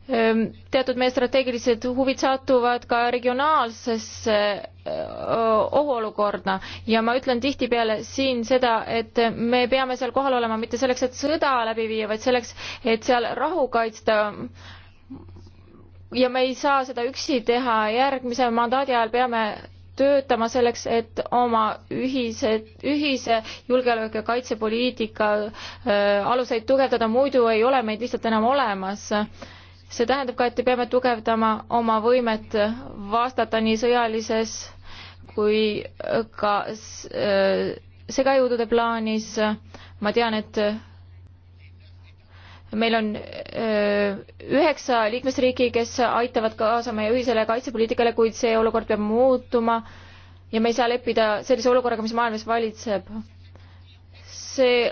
Speaker 4: Ehm, teatud meie strateegilised huvid satuvad ka regionaalsesse eh, ohuolukorda ja ma ütlen tihtipeale siin seda, et me peame seal kohal olema mitte selleks, et sõda läbi viia, vaid selleks, et seal rahu kaitsta. ja me ei saa seda üksi teha, järgmise mandaadi ajal peame töötama selleks, et oma ühise, ühise julgeoleku- ja kaitsepoliitika eh, aluseid tugevdada, muidu ei ole meid lihtsalt enam olemas see tähendab ka, et peame tugevdama oma võimet vastata nii sõjalises kui ka äh, segajõudude plaanis. ma tean, et meil on äh, üheksa liikmesriiki, kes aitavad kaasa meie ühisele kaitsepoliitikale, kuid see olukord peab muutuma ja me ei saa leppida sellise olukorraga, mis maailmas valitseb. see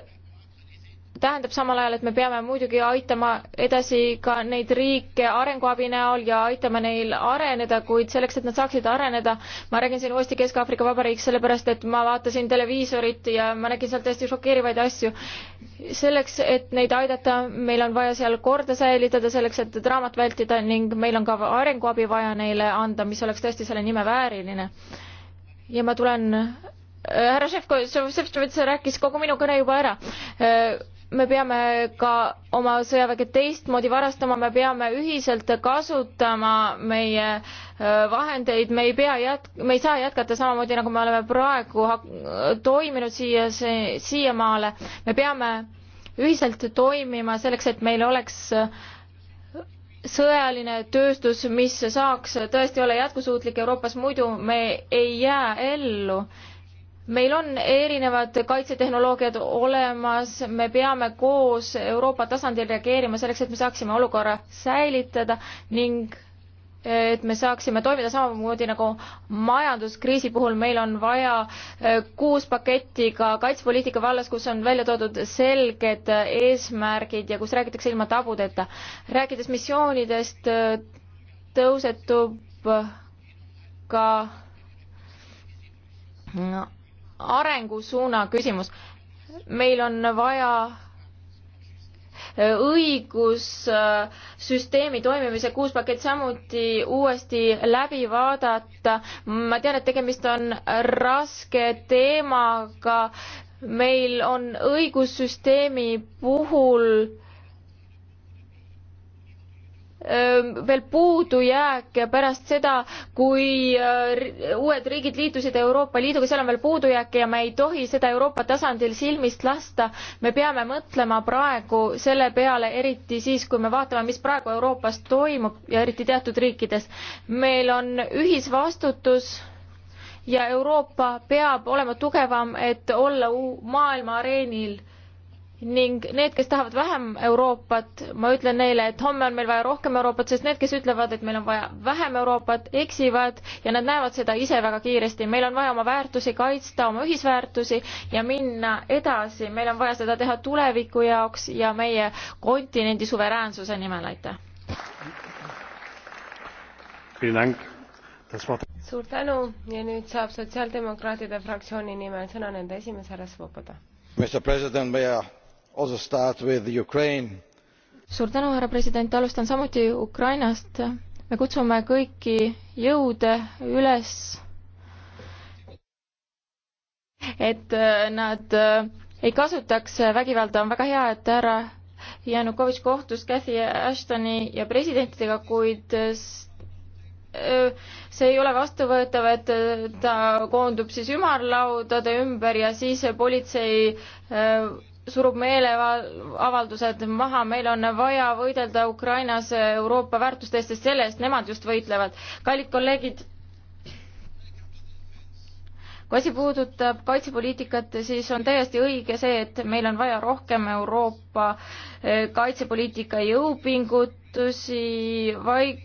Speaker 4: tähendab samal ajal, et me peame muidugi aitama edasi ka neid riike arenguabi näol ja aitama neil areneda, kuid selleks, et nad saaksid areneda, ma räägin siin uuesti Kesk-Aafrika Vabariik, sellepärast et ma vaatasin televiisorit ja ma nägin seal täiesti šokeerivaid asju. selleks, et neid aidata, meil on vaja seal korda säilitada, selleks, et draamat vältida ning meil on ka arenguabi vaja neile anda, mis oleks tõesti selle nime vääriline. ja ma tulen äh, härra Šefko-, Šefčovitš rääkis kogu minu kõne juba ära äh, me peame ka oma sõjaväge teistmoodi varastama, me peame ühiselt kasutama meie äh, vahendeid, me ei pea jät-, me ei saa jätkata samamoodi, nagu me oleme praegu toiminud siia, siiamaale. me peame ühiselt toimima selleks, et meil oleks äh, sõjaline tööstus, mis saaks tõesti olla jätkusuutlik Euroopas, muidu me ei jää ellu meil on erinevad kaitsetehnoloogiad olemas, me peame koos Euroopa tasandil reageerima selleks, et me saaksime olukorra säilitada ning eh, et me saaksime toimida samamoodi nagu majanduskriisi puhul, meil on vaja eh, kuus paketti ka kaitsepoliitika vallas, kus on välja toodud selged eh, eesmärgid ja kus räägitakse ilma tabudeta. rääkides missioonidest, tõusetub ka no arengusuuna küsimus. meil on vaja äh, õigussüsteemi äh, toimimise kuus pakett samuti uuesti läbi vaadata. ma tean, et tegemist on raske teemaga. meil on õigussüsteemi puhul veel puudujääke pärast seda, kui uued riigid liitusid Euroopa Liiduga, seal on veel puudujääke ja me ei tohi seda Euroopa tasandil silmist lasta. me peame mõtlema praegu selle peale, eriti siis, kui me vaatame, mis praegu Euroopas toimub ja eriti teatud riikides. meil on ühisvastutus ja Euroopa peab olema tugevam, et olla maailma areenil ning need, kes tahavad vähem Euroopat, ma ütlen neile, et homme on meil vaja rohkem Euroopat, sest need, kes ütlevad, et meil on vaja vähem Euroopat, eksivad ja nad näevad seda ise väga kiiresti. meil on vaja oma väärtusi kaitsta, oma ühisväärtusi ja minna edasi. meil on vaja seda teha tuleviku jaoks ja meie kontinendi suveräänsuse nimel, aitäh!
Speaker 1: suur tänu ja nüüd saab sotsiaaldemokraatide fraktsiooni nimel sõna nende esimees härra Svoboda.
Speaker 3: Mr. President, may I
Speaker 4: suur tänu, härra president, alustan samuti Ukrainast. me kutsume kõiki jõude üles, et äh, nad äh, ei kasutaks äh, vägivalda, on väga hea, et härra Janukovitš kohtus Cathy Ashtoni ja presidentidega, kuid see ei ole vastuvõetav, et ta koondub siis ümarlaudade ümber ja siis politsei surub meeleavaldused maha, meil on vaja võidelda Ukrainas Euroopa väärtuste eest, sest selle eest nemad just võitlevad. kallid kolleegid, kui asi puudutab kaitsepoliitikat, siis on täiesti õige see, et meil on vaja rohkem Euroopa eh, kaitsepoliitika jõupingutusi, vaid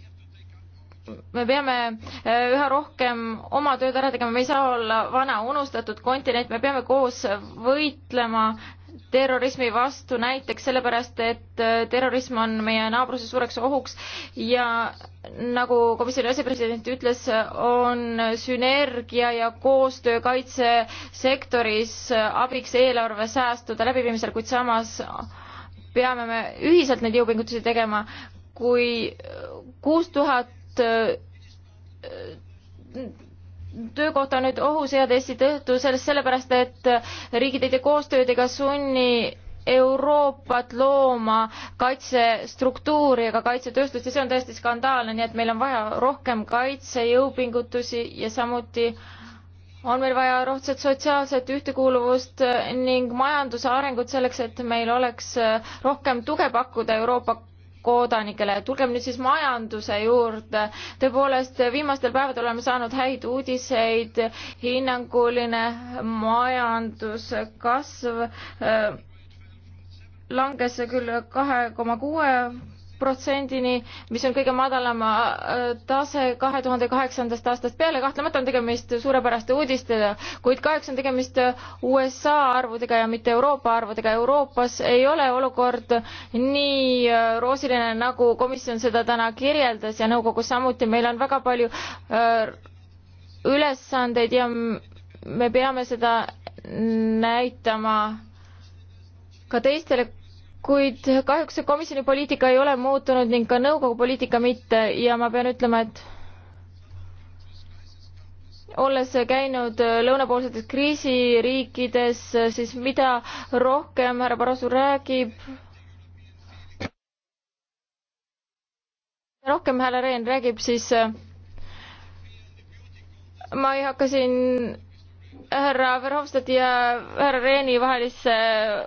Speaker 4: me peame eh, üha rohkem oma tööd ära tegema, me ei saa olla vana unustatud kontinent, me peame koos võitlema terrorismi vastu näiteks sellepärast, et äh, terrorism on meie naabruse suureks ohuks ja nagu komisjoni asepresident ütles, on sünergia ja koostöö kaitsesektoris äh, abiks eelarvesäästude läbiviimisel, kuid samas peame me ühiselt neid jõupingutusi tegema, kui kuus tuhat äh, töökoht on nüüd ohus EAS-i tõttu sellest sellepärast, et riigid ei tee koostööd ega sunni Euroopat looma kaitsestruktuuri ega kaitsetööstust ja see on täiesti skandaalne, nii et meil on vaja rohkem kaitsejõupingutusi ja samuti on meil vaja rohtset sotsiaalset ühtekuuluvust ning majanduse arengut selleks, et meil oleks rohkem tuge pakkuda Euroopa kodanikele. tulgem nüüd siis majanduse juurde. tõepoolest, viimastel päevadel oleme saanud häid uudiseid, hinnanguline majanduskasv äh, langes küll kahe koma kuue protsendini, mis on kõige madalama äh, tase kahe tuhande kaheksandast aastast peale, kahtlemata on tegemist suurepäraste uudistega, kuid kahjuks on tegemist USA arvudega ja mitte Euroopa arvudega. Euroopas ei ole olukord nii äh, roosiline, nagu komisjon seda täna kirjeldas ja nõukogus samuti, meil on väga palju äh, ülesandeid ja me peame seda näitama ka teistele kuid kahjuks see komisjoni poliitika ei ole muutunud ning ka nõukogu poliitika mitte ja ma pean ütlema, et olles käinud lõunapoolsetes kriisiriikides, siis mida rohkem härra Barroso räägib, rohkem härra Rehn räägib, siis ma ei hakka siin härra Verhofstadt ja härra Rehni vahelisse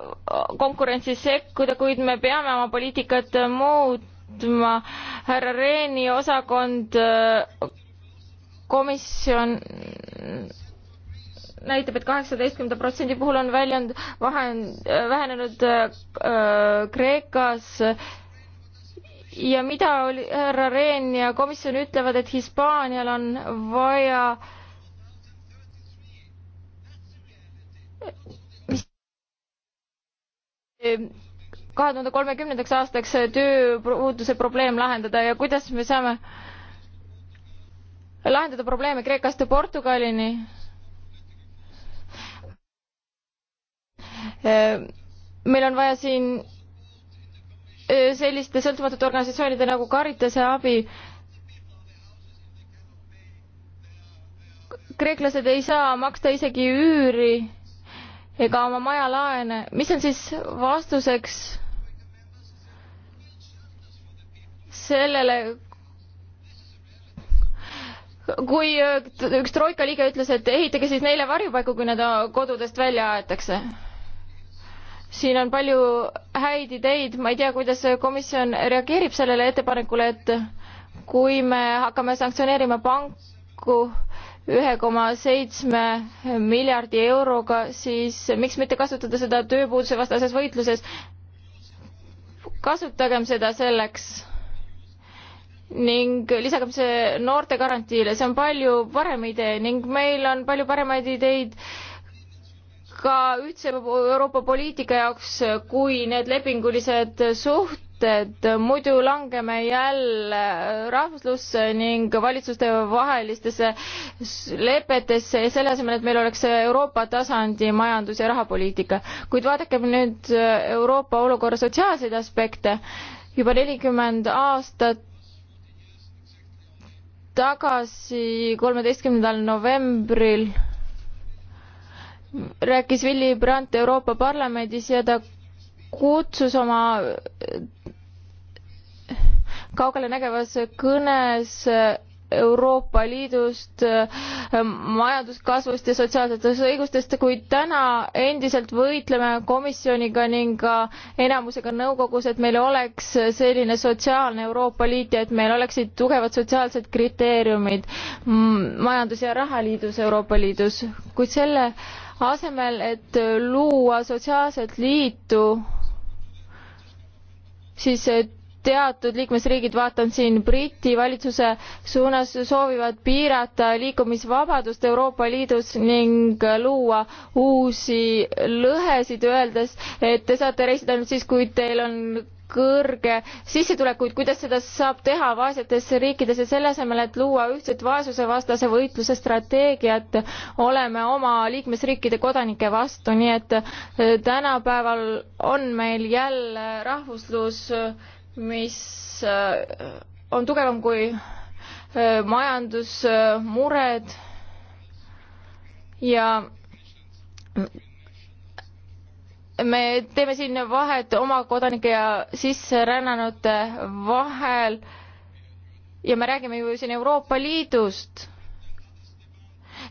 Speaker 4: konkurentsi sekkuda, kuid me peame oma poliitikat muutma. härra Rehni osakond, komisjon näitab et, et kaheksateistkümnenda protsendi puhul on väljund vahend, vähenenud äh, Kreekas ja mida oli härra Rehn ja komisjon ütlevad, et Hispaanial on vaja äh, mis ehm, kahe tuhande kolmekümnendaks aastaks tööpuuduse probleem lahendada ja kuidas me saame lahendada probleeme Kreekast ja Portugalini. Ehm, meil on vaja siin ehm, selliste sõltumatute organisatsioonide nagu Karitase abi. kreeklased ei saa maksta isegi üüri ega oma maja laene, mis on siis vastuseks sellele, kui üks troika liige ütles, et ehitage siis neile varjupaiku, kui nad kodudest välja aetakse. siin on palju häid ideid, ma ei tea, kuidas komisjon reageerib sellele ettepanekule, et kui me hakkame sanktsioneerima panku, ühe koma seitsme miljardi euroga, siis miks mitte kasutada seda tööpuuduse vastases võitluses. kasutagem seda selleks ning lisagem see noorte garantiile, see on palju parem idee ning meil on palju paremaid ideid ka ühtse Euroopa poliitika jaoks, kui need lepingulised suht-, mõtted, muidu langeme jälle rahvuslusse ning valitsuste vahelistesse lepetesse ja selle asemel, et meil oleks Euroopa tasandi majandus- ja rahapoliitika. kuid vaadakem nüüd Euroopa olukorra sotsiaalseid aspekte, juba nelikümmend aastat tagasi, kolmeteistkümnendal novembril rääkis Willy Brandt Euroopa Parlamendis ja ta kutsus oma kaugelenägevas kõnes äh, Euroopa Liidust, äh, majanduskasvust ja sotsiaalsetest õigustest, kuid täna endiselt võitleme komisjoniga ning ka enamusega nõukogus, et meil oleks selline sotsiaalne Euroopa Liit ja et meil oleksid tugevad sotsiaalsed kriteeriumid mm, majandus- ja rahaliidus Euroopa Liidus, kuid selle asemel, et luua sotsiaalset liitu, siis äh, teatud liikmesriigid, vaatan siin Briti valitsuse suunas, soovivad piirata liikumisvabadust Euroopa Liidus ning luua uusi lõhesid, öeldes, et te saate reisida ainult siis, kui teil on kõrge sissetulekuid, kuidas seda saab teha vaesetes riikides ja selle asemel, et luua ühtset vaesusevastase võitluse strateegiat, oleme oma liikmesriikide kodanike vastu, nii et eh, tänapäeval on meil jälle rahvuslus mis äh, on tugevam kui äh, majandusmured ja me teeme siin vahet oma kodanike ja sisserännanute vahel ja me räägime ju siin Euroopa Liidust.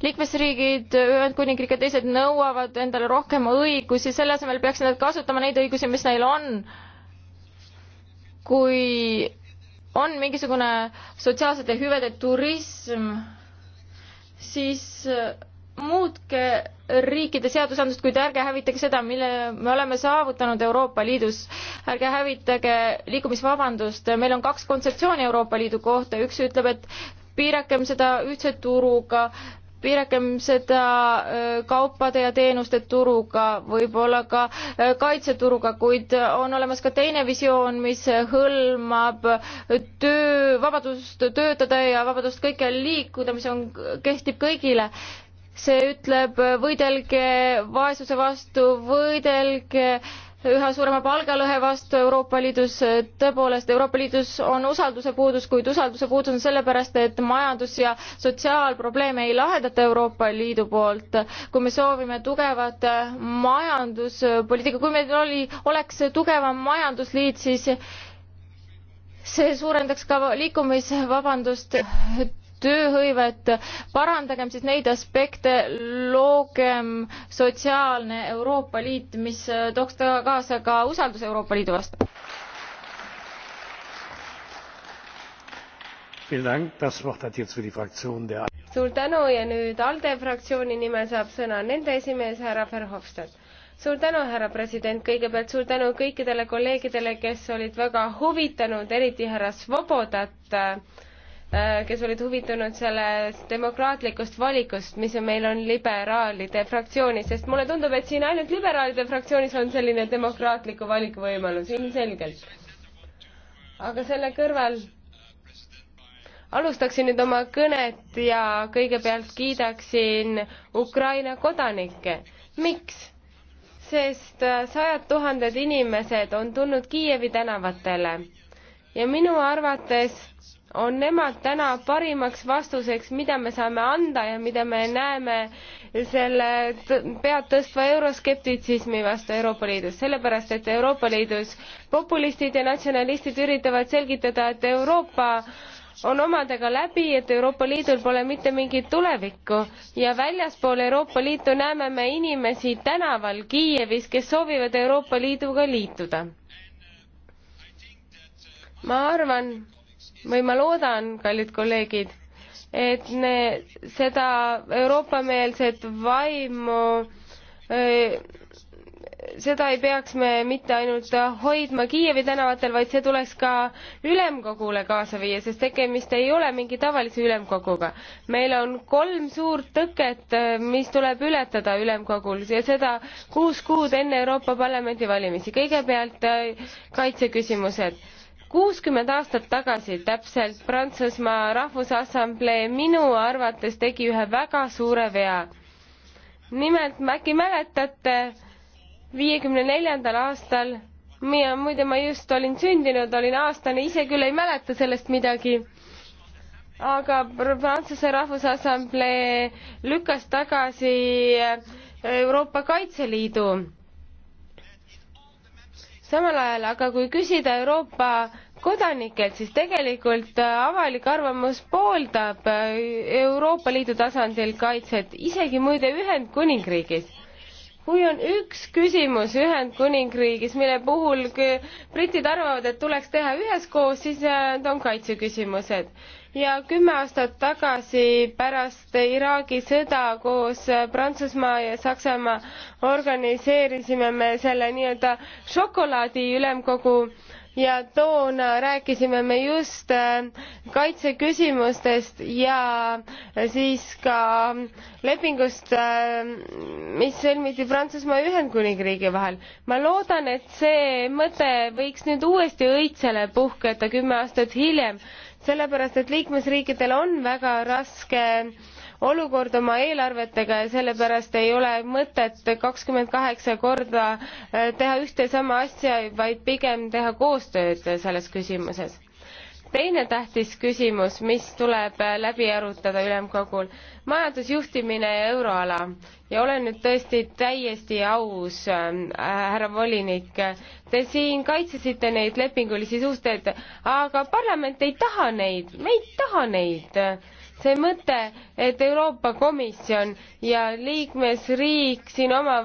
Speaker 4: liikmesriigid, Ühendkuningriik ja teised nõuavad endale rohkem õigusi, selle asemel peaksid nad kasutama neid õigusi, mis neil on kui on mingisugune sotsiaalsete hüvede turism, siis äh, muutke riikide seadusandlust, kuid ärge hävitage seda, mille me oleme saavutanud Euroopa Liidus. ärge hävitage liikumisvabandust, meil on kaks kontseptsiooni Euroopa Liidu kohta, üks ütleb, et piirakem seda ühtse turuga, piirakem seda äh, kaupade ja teenuste turuga, võib-olla ka äh, kaitseturuga, kuid äh, on olemas ka teine visioon, mis hõlmab töö, vabadust töötada ja vabadust kõikjal liikuda, mis on, kehtib kõigile see ütleb võidelge vaesuse vastu, võidelge äh, üha suurema palgalõhe vastu Euroopa Liidus. tõepoolest, Euroopa Liidus on usalduse puudus, kuid usalduse puudus on sellepärast, et majandus- ja sotsiaalprobleeme ei lahendata Euroopa Liidu poolt. kui me soovime tugevat majanduspoliitika, kui meil oli, oleks tugevam majandusliit, siis see suurendaks ka liikumisvabandust tööhõivet, parandagem siis neid aspekte, loogem sotsiaalne Euroopa Liit, mis äh, tooks kaasa ka usalduse Euroopa Liidu vastu.
Speaker 1: suur tänu ja nüüd ALDE fraktsiooni nimel saab sõna nende esimees härra Verhofstadt suur tänu, härra president, kõigepealt suur tänu kõikidele kolleegidele, kes olid väga huvitanud, eriti härra Svobodat äh, Äh, kes olid huvitunud sellest demokraatlikust valikust, mis meil on liberaalide fraktsioonis, sest mulle tundub, et siin ainult liberaalide fraktsioonis on selline demokraatliku valiku võimalus, ilmselgelt. aga selle kõrval alustaksin nüüd oma kõnet ja kõigepealt kiidaksin Ukraina kodanikke. miks? sest äh, sajad tuhanded inimesed on tulnud Kiievi tänavatele ja minu arvates on nemad täna parimaks vastuseks, mida me saame anda ja mida me näeme selle pead tõstva euroskeptitsismi vastu Euroopa Liidus, sellepärast et Euroopa Liidus populistid ja natsionalistid üritavad selgitada, et Euroopa on omadega läbi, et Euroopa Liidul pole mitte mingit tulevikku ja väljaspool Euroopa Liitu näeme me inimesi tänaval Kiievis, kes soovivad Euroopa Liiduga liituda. ma arvan, või ma loodan, kallid kolleegid, et ne, seda euroopameelset vaimu öö, seda ei peaks me mitte ainult hoidma Kiievi tänavatel, vaid see tuleks ka ülemkogule kaasa viia, sest tegemist ei ole mingi tavalise ülemkoguga. meil on kolm suurt tõket, mis tuleb ületada ülemkogul ja seda kuus kuud enne Euroopa Parlamendi valimisi. kõigepealt kaitseküsimused kuuskümmend aastat tagasi täpselt Prantsusmaa Rahvusassamblee minu arvates tegi ühe väga suure vea. nimelt, äkki mäletate, viiekümne neljandal aastal, mina muide, ma just olin sündinud, olin aastane, ise küll ei mäleta sellest midagi, aga Prantsuse Rahvusassamblee lükkas tagasi Euroopa Kaitseliidu samal ajal aga kui küsida Euroopa kodanikelt, siis tegelikult äh, avalik arvamus pooldab äh, Euroopa Liidu tasandil kaitset, isegi muide Ühendkuningriigis. kui on üks küsimus Ühendkuningriigis, mille puhul britid arvavad, et tuleks teha üheskoos, siis äh, need on kaitseküsimused ja kümme aastat tagasi pärast Iraagi sõda koos Prantsusmaa ja Saksamaa organiseerisime me selle nii-öelda šokolaadi ülemkogu ja toona rääkisime me just äh, kaitseküsimustest ja siis ka lepingust, äh, mis sõlmiti Prantsusmaa ja Ühendkuningriigi vahel. ma loodan, et see mõte võiks nüüd uuesti õitsele puhkeda kümme aastat hiljem, sellepärast et liikmesriikidel on väga raske olukord oma eelarvetega ja sellepärast ei ole mõtet kakskümmend kaheksa korda äh, teha ühte ja sama asja, vaid pigem teha koostööd selles küsimuses teine tähtis küsimus, mis tuleb läbi arutada ülemkogul, majandusjuhtimine ja euroala. ja olen nüüd tõesti täiesti aus äh,, härra volinik, te siin kaitsesite neid lepingulisi suhteid, aga parlament ei taha neid, me ei taha neid see mõte, et Euroopa Komisjon ja liikmesriik siin oma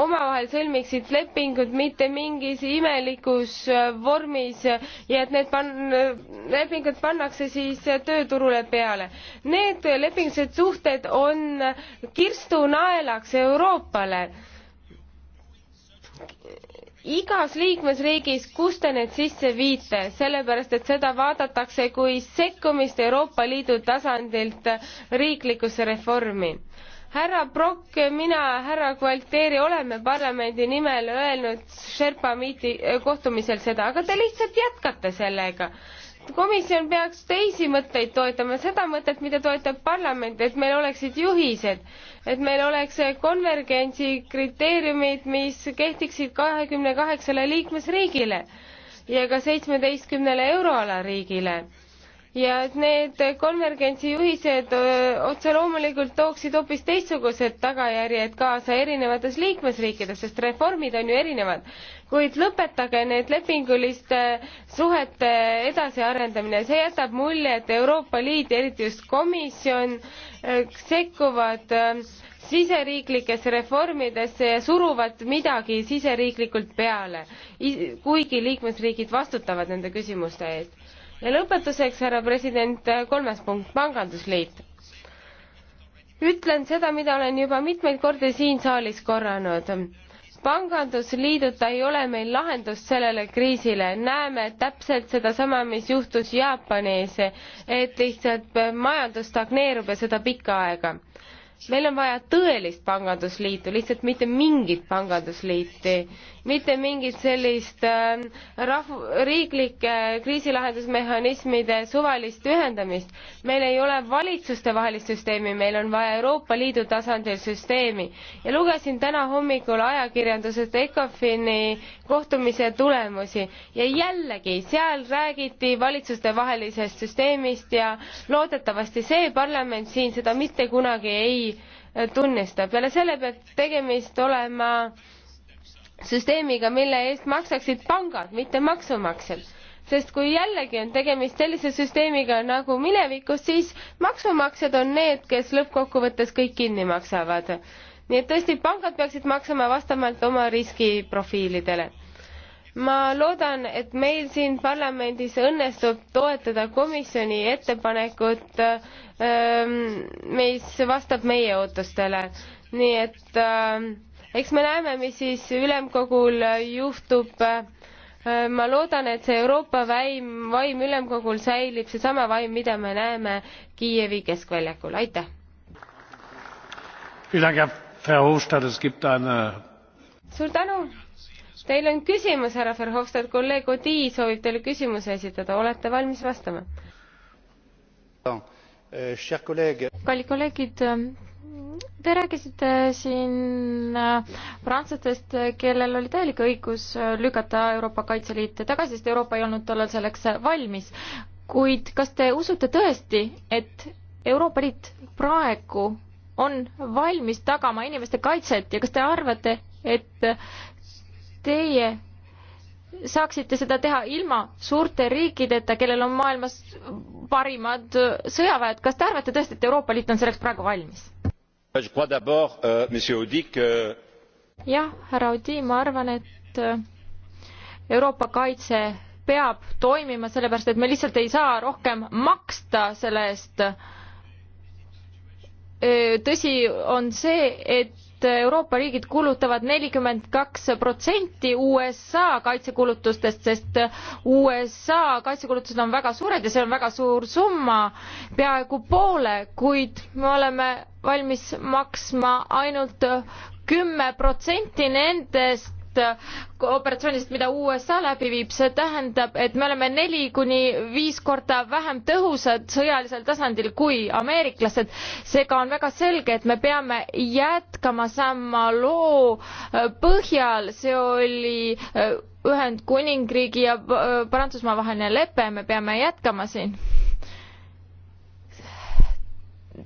Speaker 1: omavahel sõlmiksid lepingud mitte mingis imelikus äh, vormis ja et need pan- lepingud pannakse siis äh, tööturule peale need lepingulised suhted on kirstunaelaks euroopale igas liikmesriigis kus te need sisse viite sellepärast et seda vaadatakse kui sekkumist euroopa liidu tasandilt riiklikusse reformi härra Brock, mina, härra Gualtieri oleme parlamendi nimel öelnud Sherpa miiti, kohtumisel seda, aga te lihtsalt jätkate sellega komisjon peaks teisi mõtteid toetama, seda mõtet, mida toetab parlament, et meil oleksid juhised, et meil oleks konvergentsi kriteeriumid, mis kehtiksid kahekümne kaheksale liikmesriigile ja ka seitsmeteistkümnele euroala riigile ja et need konvergentsi juhised otse loomulikult tooksid hoopis teistsugused tagajärjed kaasa erinevates liikmesriikides, sest reformid on ju erinevad. kuid lõpetage need lepinguliste suhete edasiarendamine, see jätab mulje, et Euroopa Liit ja eriti just komisjon sekkuvad siseriiklikesse reformidesse ja suruvad midagi siseriiklikult peale, kuigi liikmesriigid vastutavad nende küsimuste eest ja lõpetuseks, härra president, kolmas punkt, pangandusliit. ütlen seda, mida olen juba mitmeid kordi siin saalis korranud pangandusliiduta ei ole meil lahendust sellele kriisile näeme täpselt sedasama mis juhtus jaapanis et lihtsalt majandus stagneerub ja seda pikka aega meil on vaja tõelist pangandusliitu, lihtsalt mitte mingit pangandusliiti, mitte mingit sellist äh, rahv-, riiklike kriisilahendusmehhanismide suvalist ühendamist. meil ei ole valitsustevahelist süsteemi, meil on vaja Euroopa Liidu tasandil süsteemi. ja lugesin täna hommikul ajakirjandusest ECOFIN-i kohtumise tulemusi ja jällegi, seal räägiti valitsustevahelisest süsteemist ja loodetavasti see parlament siin seda mitte kunagi ei ei tunnista. peale selle peab tegemist olema süsteemiga, mille eest maksaksid pangad, mitte maksumaksjad. sest kui jällegi on tegemist sellise süsteemiga nagu minevikus, siis maksumaksjad on need, kes lõppkokkuvõttes kõik kinni maksavad. nii et tõesti, pangad peaksid maksama vastavalt oma riskiprofiilidele ma loodan, et meil siin parlamendis õnnestub toetada komisjoni ettepanekut, ähm, mis vastab meie ootustele. nii et ähm, eks me näeme, mis siis ülemkogul juhtub. Äh, ma loodan, et see Euroopa väim, vaim ülemkogul säilib, seesama vaim, mida me näeme Kiievi keskväljakul, aitäh! suur tänu! Teil on küsimus, härra Verhofstadt, kolleeg Odi soovib teile küsimuse esitada, olete valmis vastama?
Speaker 3: Eh, kallid
Speaker 1: kolleegid,
Speaker 4: te rääkisite siin eh, prantslastest, kellel oli täielik õigus eh, lükata Euroopa Kaitseliit tagasi, sest Euroopa ei olnud tollal selleks valmis. kuid kas te usute tõesti, et Euroopa Liit praegu on valmis tagama inimeste kaitset ja kas te arvate, et teie saaksite seda teha ilma suurte riikideta, kellel on maailmas parimad sõjaväed, kas te arvate tõesti, et Euroopa Liit on selleks praegu valmis?
Speaker 3: Euh,
Speaker 4: jah, härra Audi, ma arvan, et äh, Euroopa kaitse peab toimima, sellepärast et me lihtsalt ei saa rohkem maksta selle eest. Äh, tõsi on see, et et Euroopa riigid kulutavad nelikümmend kaks protsenti USA kaitsekulutustest, sest USA kaitsekulutused on väga suured ja see on väga suur summa, peaaegu poole, kuid me oleme valmis maksma ainult kümme protsenti nendest Äh, operatsioonist, mida USA läbi viib, see tähendab, et me oleme neli kuni viis korda vähem tõhusad sõjalisel tasandil kui ameeriklased. seega on väga selge, et me peame jätkama sama loo äh, põhjal, see oli äh, Ühendkuningriigi ja Prantsusmaa vaheline lepe, me peame jätkama siin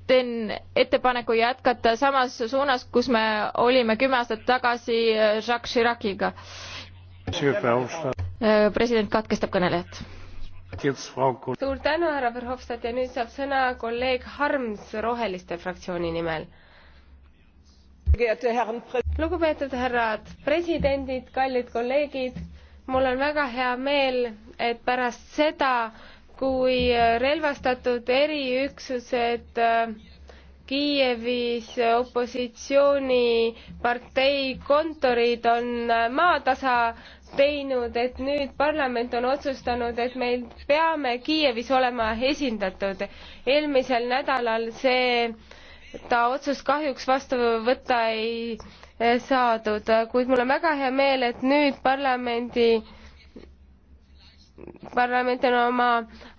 Speaker 4: teen ettepaneku jätkata samas suunas, kus me olime kümme aastat tagasi äh, Jacques Chiraciga.
Speaker 3: Äh,
Speaker 4: president katkestab kõnelejat.
Speaker 1: suur tänu, härra Verhofstadt ja nüüd saab sõna kolleeg Harms Roheliste fraktsiooni nimel. lugupeetud härrad presidendid, kallid kolleegid, mul on väga hea meel, et pärast seda, kui äh, relvastatud eriüksused äh, Kiievis opositsioonipartei kontorid on äh, maatasa teinud, et nüüd parlament on otsustanud, et me peame Kiievis olema esindatud. eelmisel nädalal see, ta otsus kahjuks vastu võtta ei saadud, kuid mul on väga hea meel, et nüüd parlamendi parlament on oma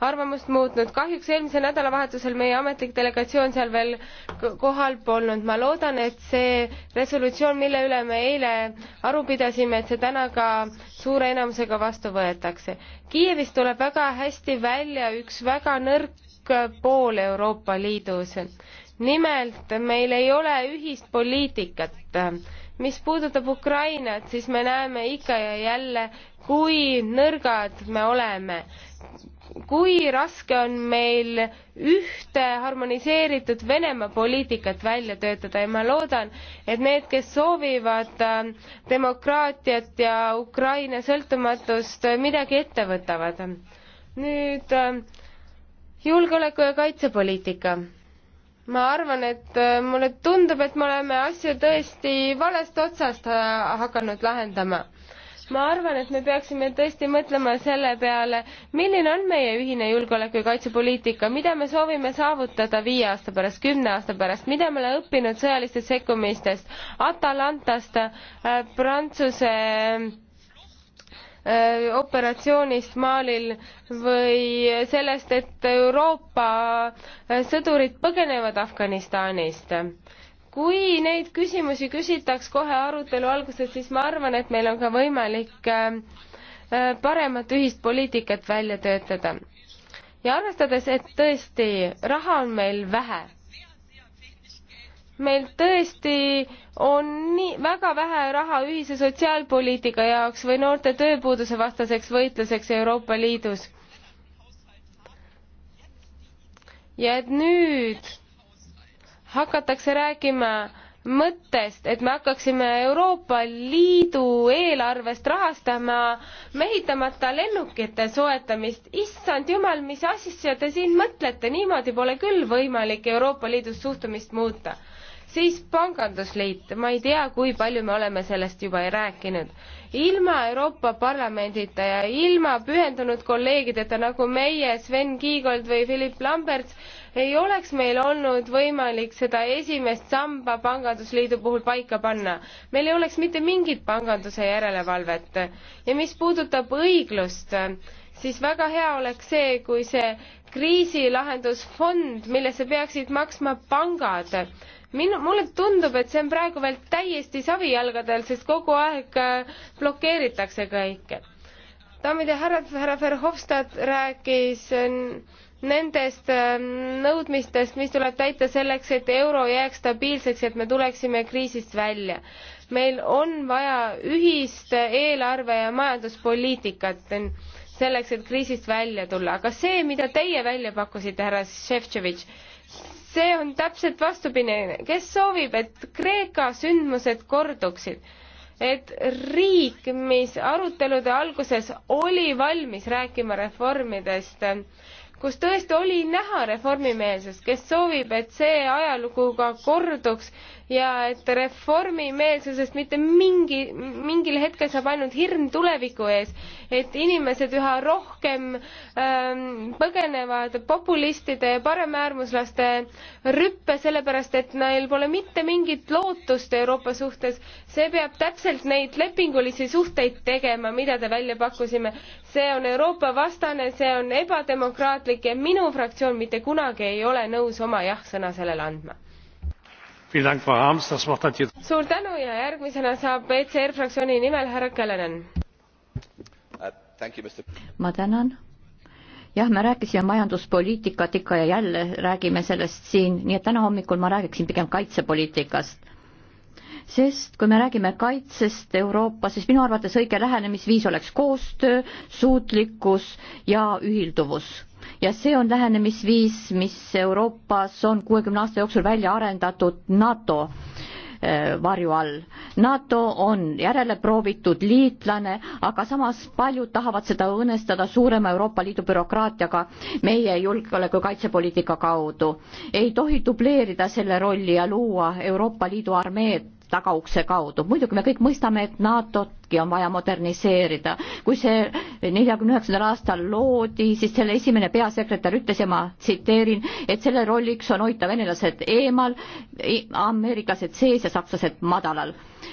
Speaker 1: arvamust muutnud. kahjuks eelmisel nädalavahetusel meie ametlik delegatsioon seal veel kohal polnud. ma loodan, et see resolutsioon, mille üle me eile aru pidasime, et see täna ka suure enamusega vastu võetakse. Kiievis tuleb väga hästi välja üks väga nõrk pool Euroopa Liidus. nimelt meil ei ole ühist poliitikat mis puudutab Ukrainat, siis me näeme ikka ja jälle, kui nõrgad me oleme. kui raske on meil ühte harmoniseeritud Venemaa poliitikat välja töötada ja ma loodan, et need, kes soovivad ähm, demokraatiat ja Ukraina sõltumatust, äh, midagi ette võtavad. nüüd ähm, julgeoleku ja kaitsepoliitika ma arvan, et äh, mulle tundub, et me oleme asju tõesti valest otsast äh, hakanud lahendama. ma arvan, et me peaksime tõesti mõtlema selle peale, milline on meie ühine julgeoleku ja kaitsepoliitika, mida me soovime saavutada viie aasta pärast, kümne aasta pärast, mida me oleme õppinud sõjalistest sekkumistest, Atalantast, äh, Prantsuse Äh, operatsioonist Malil või sellest, et Euroopa äh, sõdurid põgenevad Afganistanist. kui neid küsimusi küsitaks kohe arutelu alguses, siis ma arvan, et meil on ka võimalik äh, paremat ühist poliitikat välja töötada. ja arvestades, et tõesti raha on meil vähe meil tõesti on nii väga vähe raha ühise sotsiaalpoliitika jaoks või noorte tööpuuduse vastaseks võitluseks Euroopa Liidus. ja et nüüd hakatakse rääkima mõttest, et me hakkaksime Euroopa Liidu eelarvest rahastama mehitamata lennukite soetamist. issand jumal, mis asja te siin mõtlete, niimoodi pole küll võimalik Euroopa Liidus suhtumist muuta siis Pangandusliit, ma ei tea, kui palju me oleme sellest juba rääkinud. ilma Euroopa Parlamendita ja ilma pühendunud kolleegideta nagu meie, Sven Kiigold või Philip Lamberts, ei oleks meil olnud võimalik seda esimest samba pangandusliidu puhul paika panna. meil ei oleks mitte mingit panganduse järelevalvet. ja mis puudutab õiglust, siis väga hea oleks see, kui see kriisilahendusfond, millesse peaksid maksma pangad, minu, mulle tundub, et see on praegu veel täiesti savijalgadel, sest kogu aeg äh, blokeeritakse kõike. daamid ja härrad, härra Verhofstadt rääkis äh, nendest äh, nõudmistest, mis tuleb täita selleks, et euro jääks stabiilseks, et me tuleksime kriisist välja. meil on vaja ühist eelarve ja majanduspoliitikat selleks, et kriisist välja tulla, aga see, mida teie välja pakkusite, härra Šefčovitš, see on täpselt vastupidine, kes soovib, et Kreeka sündmused korduksid, et riik, mis arutelude alguses oli valmis rääkima reformidest, kus tõesti oli näha reformimeelsust, kes soovib, et see ajalugu ka korduks, ja et reformimeelsusest mitte mingi, mingil hetkel saab ainult hirm tuleviku ees, et inimesed üha rohkem ähm, põgenevad populistide ja paremäärmuslaste rüppe, sellepärast et neil pole mitte mingit lootust Euroopa suhtes. see peab täpselt neid lepingulisi suhteid tegema, mida te välja pakkusime. see on Euroopa vastane, see on ebademokraatlik ja minu fraktsioon mitte kunagi ei ole nõus oma jah-sõna sellele andma suur tänu ja järgmisena saab ECR fraktsiooni nimel härra Kellenen.
Speaker 2: Uh, ma tänan. jah, me rääkisime majanduspoliitikat ikka ja jälle räägime sellest siin, nii et täna hommikul ma räägiksin pigem kaitsepoliitikast sest kui me räägime kaitsest Euroopas, siis minu arvates õige lähenemisviis oleks koostöö, suutlikkus ja ühilduvus ja see on lähenemisviis, mis Euroopas on kuuekümne aasta jooksul välja arendatud NATO äh, varju all. NATO on järeleproovitud liitlane, aga samas paljud tahavad seda õõnestada suurema Euroopa Liidu bürokraatiaga meie julgeoleku kaitsepoliitika kaudu. ei tohi dubleerida selle rolli ja luua Euroopa Liidu armeed tagaukse kaudu. muidugi me kõik mõistame, et NATO-tki on vaja moderniseerida. kui see neljakümne üheksandal aastal loodi, siis selle esimene peasekretär ütles ja ma tsiteerin, et selle rolliks on hoida venelased eemal, ameeriklased sees ja sakslased madalal.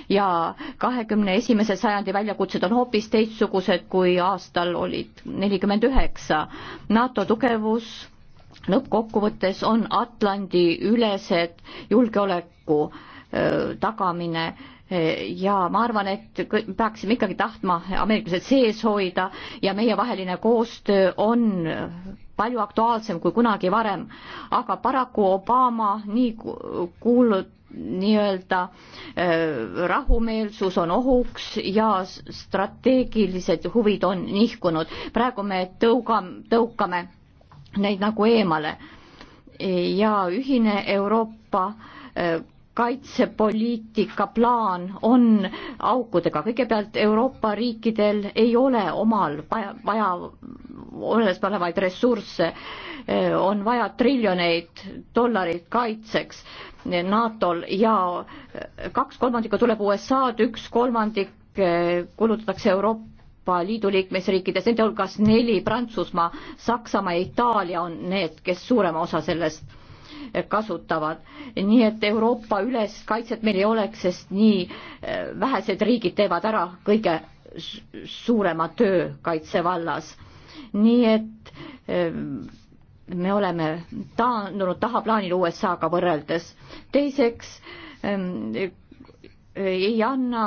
Speaker 2: ja kahekümne esimese sajandi väljakutsed on hoopis teistsugused, kui aastal olid nelikümmend üheksa. NATO tugevus lõppkokkuvõttes on Atlandi ülesed julgeoleku tagamine ja ma arvan, et peaksime ikkagi tahtma ameeriklased sees hoida ja meievaheline koostöö on palju aktuaalsem kui kunagi varem, aga paraku Obama nii kuulut-, nii-öelda rahumeelsus on ohuks ja strateegilised huvid on nihkunud. praegu me tõugam, tõukame neid nagu eemale ja ühine Euroopa kaitsepoliitika plaan on aukudega, kõigepealt Euroopa riikidel ei ole omal vaja, vaja olemasolevaid ressursse, eh, on vaja triljoneid dollareid kaitseks NATO-l ja eh, kaks kolmandikku tuleb USA-d, üks kolmandik eh, kulutatakse Euroopa Euroopa Liidu liikmesriikides, nende hulgas neli Prantsusmaa, Saksamaa ja Itaalia on need, kes suurema osa sellest kasutavad. nii et Euroopa üles kaitset meil ei oleks, sest nii äh, vähesed riigid teevad ära kõige suurema töö kaitse vallas. nii et ähm, me oleme taandunud tahaplaanil USA-ga võrreldes. teiseks ähm, ei anna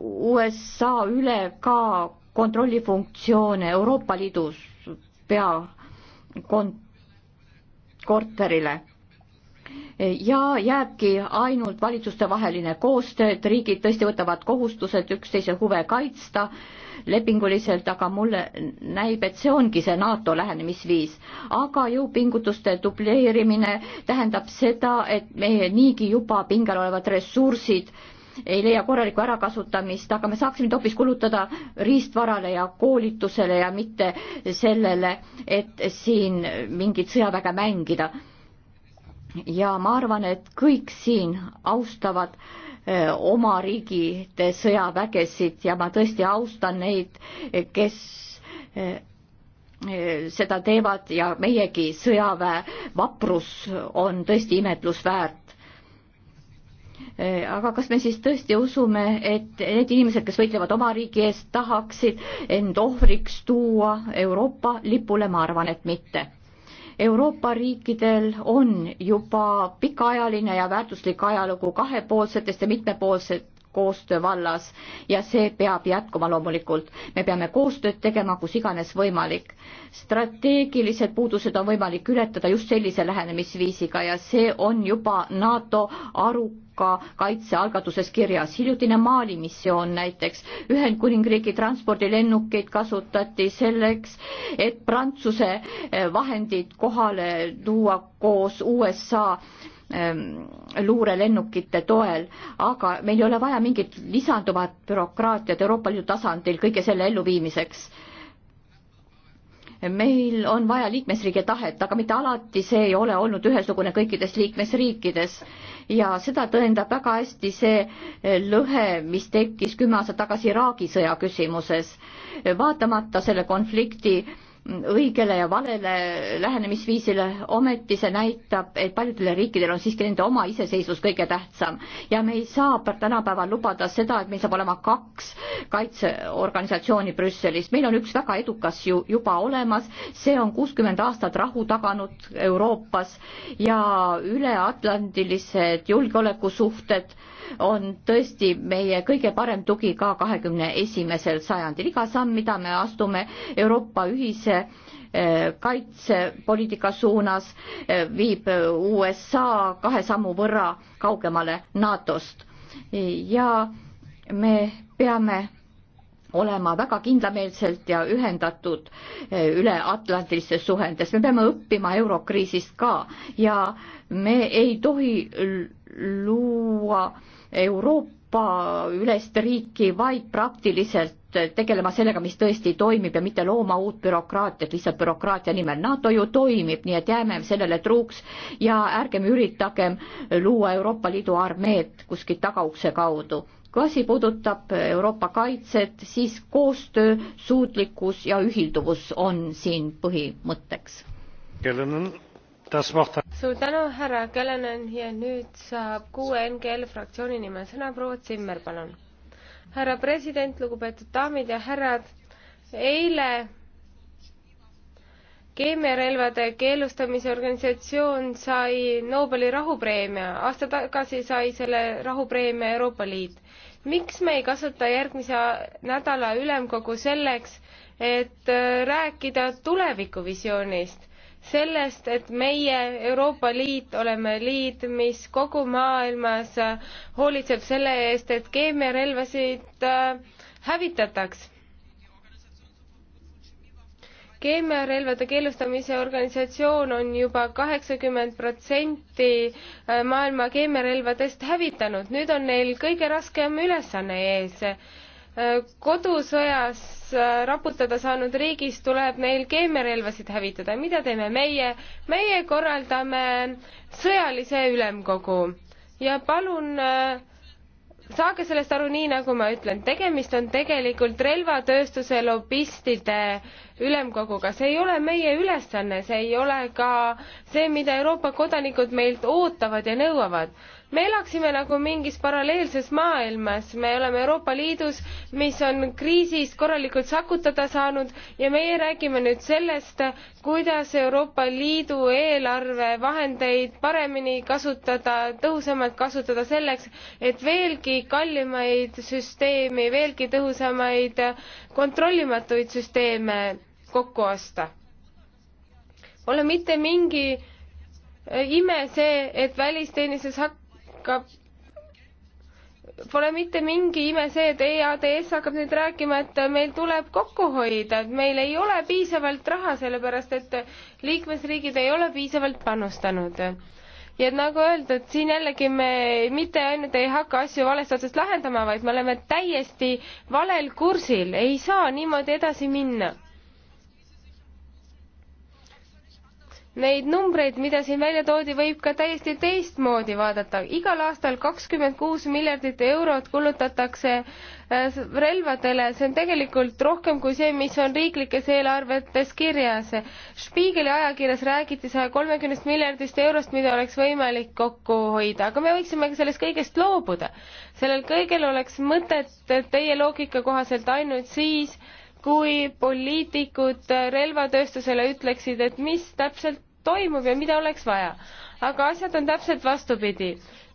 Speaker 2: USA üle ka kontrollifunktsioone Euroopa Liidus pea kont-, korterile ja jääbki ainult valitsustevaheline koostöö, et riigid tõesti võtavad kohustused üksteise huve kaitsta lepinguliselt, aga mulle näib, et see ongi see NATO lähenemisviis. aga jõupingutuste dubleerimine tähendab seda, et meie niigi juba pingel olevad ressursid äh, ei leia korralikku ärakasutamist, aga me saaksime hoopis kulutada riistvarale ja koolitusele ja mitte sellele, et siin mingit sõjaväge mängida. ja ma arvan, et kõik siin austavad eh, oma riigide sõjavägesid ja ma tõesti austan neid, kes eh, eh, seda teevad ja meiegi sõjaväe vaprus on tõesti imetlusväärt. Äh, aga kas me siis tõesti usume, et need inimesed, kes võitlevad oma riigi eest, tahaksid end ohvriks tuua Euroopa lipule, ma arvan, et mitte. Euroopa riikidel on juba pikaajaline ja väärtuslik ajalugu kahepoolsetest ja mitmepoolset koostöö vallas ja see peab jätkuma loomulikult. me peame koostööd tegema, kus iganes võimalik. strateegilised puudused on võimalik ületada just sellise lähenemisviisiga ja see on juba NATO aru ka kaitsealgatuses kirjas. hiljutine Mali missioon näiteks, Ühendkuningriigi transpordilennukeid kasutati selleks, et Prantsuse eh, vahendid kohale tuua koos USA ehm, luurelennukite toel, aga meil ei ole vaja mingit lisanduvat bürokraatiat Euroopa Liidu tasandil kõige selle elluviimiseks meil on vaja liikmesriigi tahet, aga mitte alati see ei ole olnud ühesugune kõikides liikmesriikides ja seda tõendab väga hästi see eh, lõhe, mis tekkis kümme aastat tagasi Iraagi sõja küsimuses. vaatamata selle konflikti õigele ja valele lähenemisviisile, ometi see näitab, et paljudel riikidel on siiski nende oma iseseisvus kõige tähtsam ja me ei saa tänapäeval lubada seda, et meil saab olema kaks kaitseorganisatsiooni Brüsselis, meil on üks väga edukas ju juba olemas, see on kuuskümmend aastat rahu taganud Euroopas ja üleatlandilised julgeolekusuhted on tõesti meie kõige parem tugi ka kahekümne esimesel sajandil, iga samm, mida me astume Euroopa ühise liikumise eh, kaitsepoliitika suunas eh, viib USA kahe sammu võrra kaugemale NATO-st ja me peame olema väga kindlameelselt ja ühendatud eh, üleatlantilistes suhendes. me peame õppima eurokriisist ka ja me ei tohi luua Euroopa Euroopa ülest riiki, vaid praktiliselt tegelema sellega, mis tõesti toimib ja mitte looma uut bürokraatiat lihtsalt bürokraatia nimel. NATO ju toimib, nii et jääme sellele truuks ja ärgem üritagem luua Euroopa Liidu armeed kuskilt tagaukse kaudu. kui asi puudutab Euroopa kaitset, siis koostöö, suutlikkus ja ühilduvus on siin põhimõtteks.
Speaker 3: kellel on
Speaker 1: suur tänu, härra Kellenen ja nüüd saab kuue NGL fraktsiooni nimel sõna proua Zimmer, palun. härra president, lugupeetud daamid ja härrad, eile keemiarelvade keelustamise organisatsioon sai Nobeli rahupreemia. aasta tagasi sai selle rahupreemia Euroopa Liit. miks me ei kasuta järgmise nädala ülemkogu selleks, et äh, rääkida tulevikuvisioonist? sellest, et meie, Euroopa Liit, oleme liit, mis kogu maailmas hoolitseb selle eest, et keemiarelvasid äh, hävitataks. keemiarelvade keelustamise organisatsioon on juba kaheksakümmend protsenti äh, maailma keemiarelvadest hävitanud, nüüd on neil kõige raskem ülesanne ees kodusõjas äh, raputada saanud riigis tuleb neil keemiarelvasid hävitada. mida teeme meie? meie korraldame sõjalise ülemkogu ja palun äh, saage sellest aru nii, nagu ma ütlen, tegemist on tegelikult relvatööstuse lobistide ülemkoguga, see ei ole meie ülesanne, see ei ole ka see, mida Euroopa kodanikud meilt ootavad ja nõuavad me elaksime nagu mingis paralleelses maailmas, me oleme Euroopa Liidus, mis on kriisist korralikult sakutada saanud ja meie räägime nüüd sellest, kuidas Euroopa Liidu eelarvevahendeid paremini kasutada, tõhusamalt kasutada selleks, et veelgi kallimaid süsteemi, veelgi tõhusamaid kontrollimatuid süsteeme kokku osta. Pole mitte mingi ime see, et välisteenistus hak-, ka pole mitte mingi ime see, et EADS hakkab nüüd rääkima, et meil tuleb kokku hoida, et meil ei ole piisavalt raha, sellepärast et liikmesriigid ei ole piisavalt panustanud. ja nagu öeldud, siin jällegi me mitte ainult ei hakka asju valest otsast lahendama, vaid me oleme täiesti valel kursil, ei saa niimoodi edasi minna Neid numbreid, mida siin välja toodi, võib ka täiesti teistmoodi vaadata. igal aastal kakskümmend kuus miljardit eurot kulutatakse äh, relvadele, see on tegelikult rohkem kui see, mis on riiklikes eelarvetes kirjas. Spiegeli ajakirjas räägiti saja kolmekümnest miljardist eurost, mida oleks võimalik kokku hoida, aga me võiksime ka sellest kõigest loobuda. sellel kõigel oleks mõtet teie loogika kohaselt ainult siis, kui poliitikud relvatööstusele ütleksid, et mis täpselt toimub ja mida oleks vaja. aga asjad on täpselt vastupidi.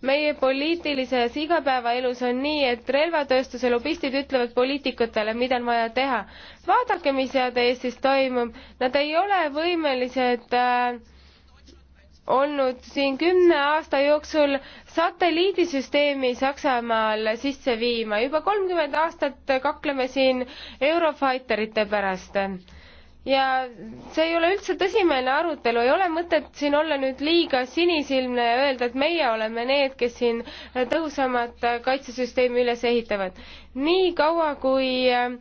Speaker 1: meie poliitilises igapäevaelus on nii, et relvatööstuse lobistid ütlevad poliitikutele, mida on vaja teha. vaadake, mis seal Eestis toimub, nad ei ole võimelised äh, olnud siin kümne aasta jooksul satelliidisüsteemi Saksamaal sisse viima. juba kolmkümmend aastat kakleme siin Eurofighterite pärast ja see ei ole üldse tõsimeelne arutelu, ei ole mõtet siin olla nüüd liiga sinisilmne ja öelda, et meie oleme need, kes siin tõhusamat kaitsesüsteemi üles ehitavad. nii kaua, kui äh,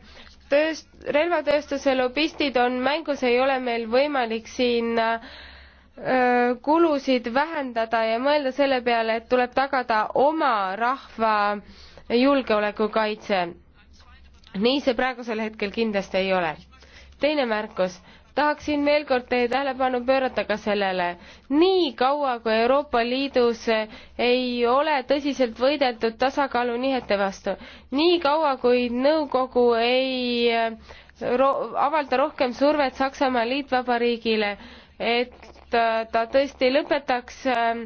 Speaker 1: tööst-, relvatööstuse lobistid on mängus, ei ole meil võimalik siin äh, kulusid vähendada ja mõelda selle peale, et tuleb tagada oma rahva julgeolekukaitse. nii see praegusel hetkel kindlasti ei ole teine märkus, tahaksin veel kord teie tähelepanu pöörata ka sellele. nii kaua, kui Euroopa Liidus ei ole tõsiselt võideldud tasakaalunihete vastu, nii kaua, kui nõukogu ei eh, ro avalda rohkem survet Saksamaa liitvabariigile, et et äh, ta tõesti lõpetaks äh,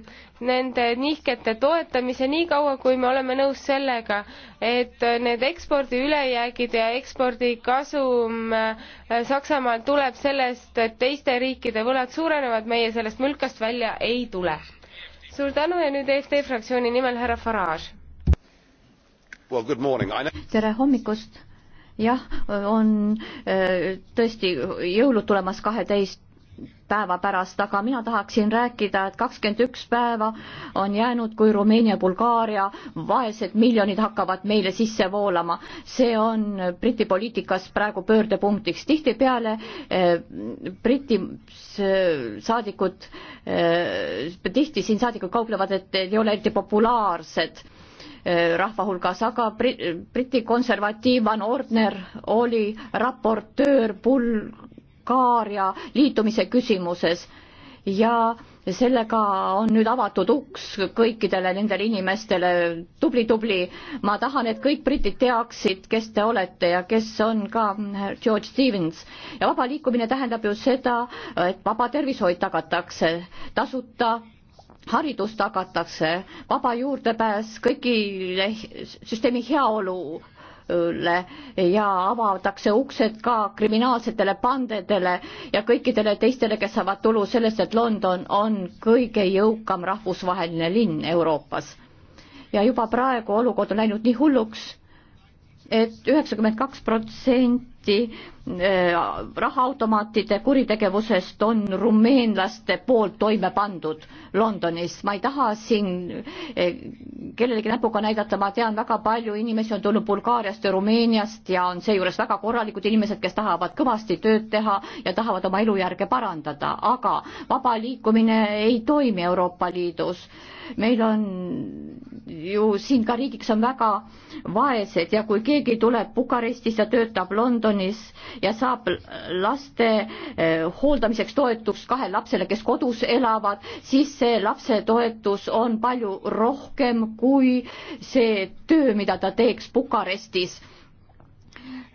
Speaker 1: nende nihkete toetamise niikaua, kui me oleme nõus sellega, et need ekspordi ülejäägid ja ekspordi kasum äh, Saksamaal tuleb sellest, et teiste riikide võlad suurenevad, meie sellest mülkast välja ei tule. suur tänu ja nüüd EFT fraktsiooni nimel härra Farage
Speaker 3: well,.
Speaker 2: tere hommikust jah, on tõesti jõulud tulemas kaheteist päeva pärast, aga mina tahaksin rääkida, et kakskümmend üks päeva on jäänud, kui Rumeenia, Bulgaaria vaesed miljonid hakkavad meile sisse voolama. see on Briti poliitikas praegu pöördepunktiks. tihtipeale eh, Briti eh, saadikud eh,, tihti siin saadikud kauplevad, et ei ole eriti populaarsed eh, rahva hulgas, aga Briti konservatiiv Van Ordner oli raportöör Bul-, Bulgaaria liitumise küsimuses ja sellega on nüüd avatud uks kõikidele nendele inimestele tubli,. tubli-tubli, ma tahan, et kõik britid teaksid, kes te olete ja kes on ka George Stevens. ja vaba liikumine tähendab ju seda, et vaba tervishoid tagatakse, tasuta haridus tagatakse, vaba juurdepääs kõigile süsteemi heaolu üle ja avatakse uksed ka kriminaalsetele pandedele ja kõikidele teistele, kes saavad tulu sellest, et London on kõige jõukam rahvusvaheline linn Euroopas. ja juba praegu olukord on läinud nii hulluks et, et üheksakümmend kaks protsenti protsenti eh, rahaautomaatide kuritegevusest on rumeenlaste poolt toime pandud Londonis. ma ei taha siin eh, kellelegi näpuga näidata, ma tean väga palju inimesi on tulnud Bulgaariast ja Rumeeniast ja on seejuures väga korralikud inimesed, kes tahavad kõvasti tööd teha ja tahavad oma elujärge parandada, aga vaba liikumine ei toimi Euroopa Liidus. meil on ju siin ka riigiks on väga vaesed ja kui keegi tuleb Bukarestist ja töötab Londonis, pensionis ja saab laste eh, hooldamiseks toetust kahele lapsele, kes kodus elavad, siis see lapsetoetus on palju rohkem kui see töö, mida ta teeks Bukarestis,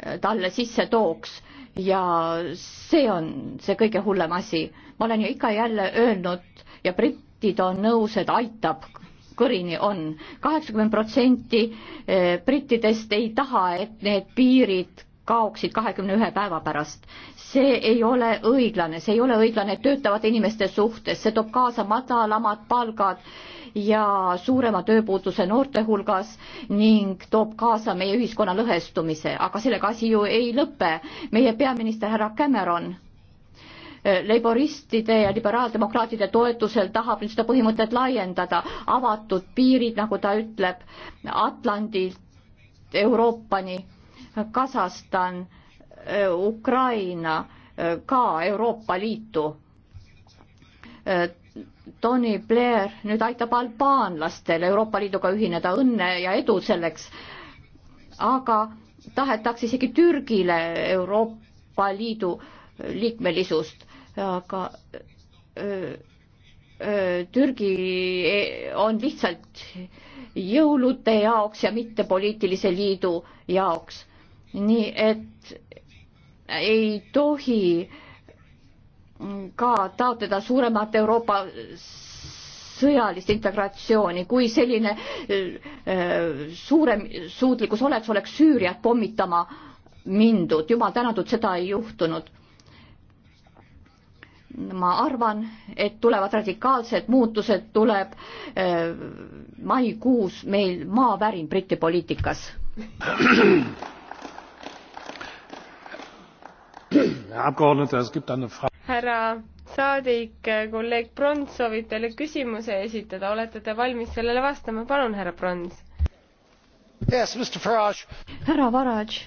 Speaker 2: eh, talle sisse tooks ja see on see kõige hullem asi. ma olen ju ikka jälle öelnud ja britid on nõus, et aitab kõrini on. kaheksakümmend protsenti eh, brittidest ei taha, et need piirid kaoksid kahekümne ühe päeva pärast. see ei ole õiglane, see ei ole õiglane töötavate inimeste suhtes, see toob kaasa madalamad palgad ja suurema tööpuuduse noorte hulgas ning toob kaasa meie ühiskonna lõhestumise, aga sellega asi ju ei lõpe. meie peaminister härra Cameron eh, leiboristide ja liberaaldemokraatide toetusel tahab nüüd seda põhimõtet laiendada, avatud piirid, nagu ta ütleb, Atlandilt Euroopani Kasahstan, äh, Ukraina äh, ka Euroopa Liitu. Äh, Tony Blair nüüd aitab albaanlastel Euroopa Liiduga ühineda, õnne ja edu selleks. aga tahetakse isegi Türgile Euroopa Liidu liikmelisust, aga öö, öö, Türgi on lihtsalt jõulude jaoks ja mitte poliitilise liidu jaoks nii et ei tohi ka taotleda suuremat Euroopa sõjalist integratsiooni, kui selline äh, suurem suudlikkus oleks, oleks Süüriat pommitama mindud, jumal tänatud, seda ei juhtunud. ma arvan, et tulevad radikaalsed muutused, tuleb äh, maikuus meil maavärin Briti poliitikas.
Speaker 1: härra saadik, kolleeg Brons soovib teile küsimuse esitada, olete te valmis sellele vastama, palun, härra Brons yes,.
Speaker 2: härra Farage,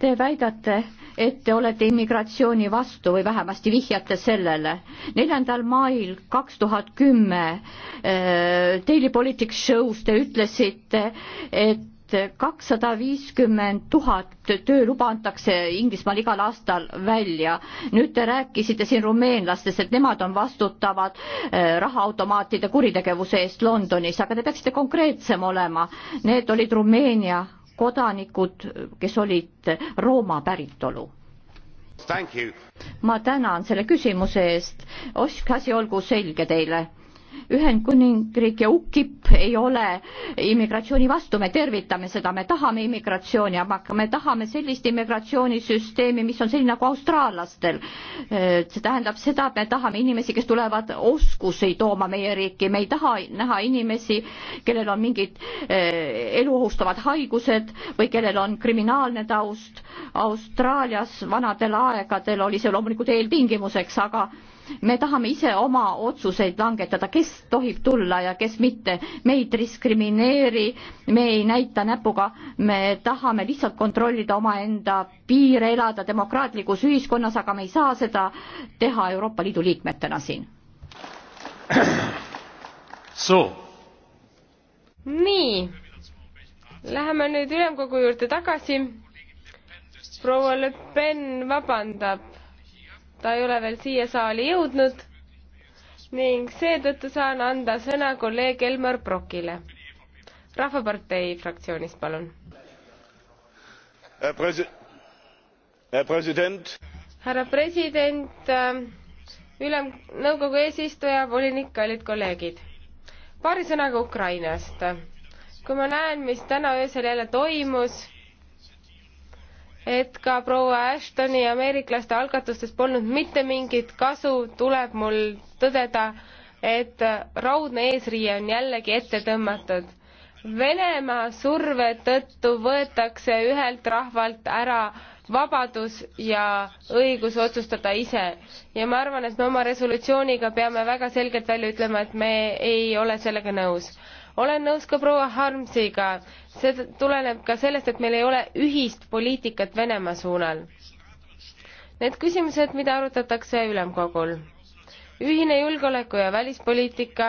Speaker 2: te väidate, et te olete immigratsiooni vastu või vähemasti vihjate sellele. neljandal mail kaks tuhat kümme eh, Daily Politics Show's te ütlesite, et kakssada viiskümmend tuhat tööluba antakse Inglismaal igal aastal välja. nüüd te rääkisite siin rumeenlastest, et nemad on vastutavad eh, rahaautomaatide kuritegevuse eest Londonis, aga te peaksite konkreetsem olema. Need olid Rumeenia kodanikud, kes olid Rooma päritolu ma tänan selle küsimuse eest. osk asi olgu selge teile Ühendkuningriik ja UKIP ei ole immigratsiooni vastu, me tervitame seda, me tahame immigratsiooni, aga me tahame sellist immigratsioonisüsteemi, mis on selline nagu austraallastel. see tähendab seda, et me tahame inimesi, kes tulevad oskusi tooma meie riiki, me ei taha näha inimesi, kellel on mingid eh, elu ohustavad haigused või kellel on kriminaalne taust. Austraalias vanadel aegadel oli see loomulikult eeltingimuseks, aga me tahame ise oma otsuseid langetada, kes tohib tulla ja kes mitte. me ei diskrimineeri, me ei näita näpuga, me tahame lihtsalt kontrollida omaenda piire, elada demokraatlikus ühiskonnas, aga me ei saa seda teha Euroopa Liidu liikmetena siin. nii,
Speaker 1: läheme nüüd ülemkogu juurde tagasi. proua Le Pen vabandab ta ei ole veel siia saali jõudnud ning seetõttu saan anda sõna kolleeg Elmar Brokile. rahvapartei fraktsioonist, palun. härra president, äh, ülem, nõukogu eesistuja, volinik, kallid kolleegid. paari sõnaga Ukrainast. kui ma näen, mis täna öösel jälle toimus et ka proua Ashtoni ameeriklaste algatustest polnud mitte mingit kasu, tuleb mul tõdeda, et raudne eesriie on jällegi ette tõmmatud. Venemaa surve tõttu võetakse ühelt rahvalt ära vabadus ja õigus otsustada ise. ja ma arvan, et me oma resolutsiooniga peame väga selgelt välja ütlema, et me ei ole sellega nõus olen nõus ka proua Harmsiga, see tuleneb ka sellest, et meil ei ole ühist poliitikat Venemaa suunal. Need küsimused, mida arutatakse ülemkogul. ühine julgeoleku ja välispoliitika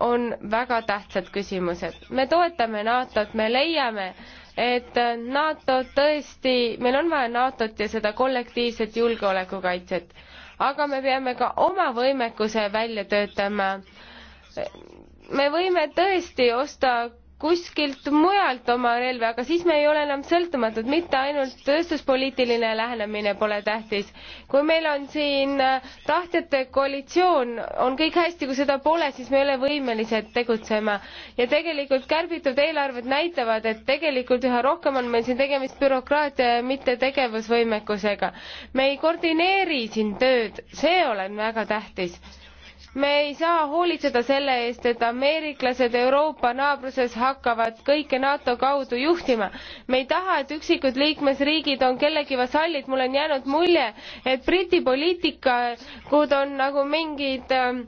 Speaker 1: on väga tähtsad küsimused. me toetame NATO-t, me leiame, et NATO tõesti, meil on vaja NATO-t ja seda kollektiivset julgeolekukaitset, aga me peame ka oma võimekuse välja töötama me võime tõesti osta kuskilt mujalt oma relvi, aga siis me ei ole enam sõltumatud, mitte ainult tööstuspoliitiline lähenemine pole tähtis. kui meil on siin äh, tahtjate koalitsioon, on kõik hästi, kui seda pole, siis me ei ole võimelised tegutsema. ja tegelikult kärbitud eelarved näitavad, et tegelikult üha rohkem on meil siin tegemist bürokraatia ja mitte tegevusvõimekusega. me ei koordineeri siin tööd, see olen väga tähtis me ei saa hoolitseda selle eest, et ameeriklased Euroopa naabruses hakkavad kõike NATO kaudu juhtima. me ei taha, et üksikud liikmesriigid on kellegi vasallid, mul on jäänud mulje, et Briti poliitikud on nagu mingid ähm,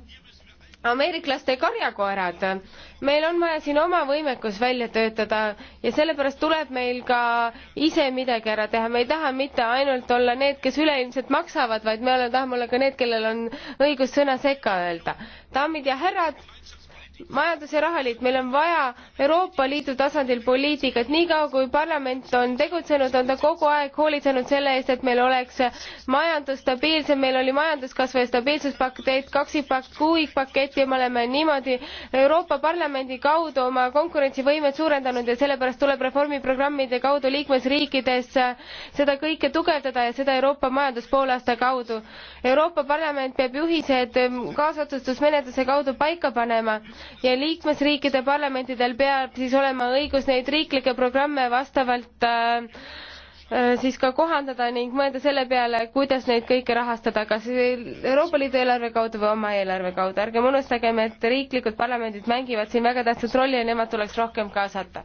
Speaker 1: ameeriklaste karjakoerad meil on vaja siin oma võimekus välja töötada ja sellepärast tuleb meil ka ise midagi ära teha, me ei taha mitte ainult olla need, kes üleilmselt maksavad, vaid me oleme, tahame olla ka need, kellel on õigus sõna sekka öelda. daamid ja härrad majandus ja rahaliit meil on vaja euroopa liidu tasandil poliitikat niikaua kui parlament on tegutsenud on ta kogu aeg hoolitsenud selle eest et meil oleks majandus stabiilsem meil oli majanduskasvu ja stabiilsuspakett kaksipakk kuuikpakett ja me oleme niimoodi euroopa parlamendi kaudu oma konkurentsivõimet suurendanud ja sellepärast tuleb reformiprogrammide kaudu liikmesriikides seda kõike tugevdada ja seda euroopa majandus poolaasta kaudu euroopa parlament peab juhised kaasotsustusmenetluse kaudu paika panema ja liikmesriikide parlamentidel peab siis olema õigus neid riiklikke programme vastavalt äh, äh, siis ka kohandada ning mõelda selle peale, kuidas neid kõike rahastada, kas Euroopa Liidu eelarve kaudu või oma eelarve kaudu. ärgem unustagem, et riiklikud parlamendid mängivad siin väga tähtsat rolli ja nemad tuleks rohkem kaasata.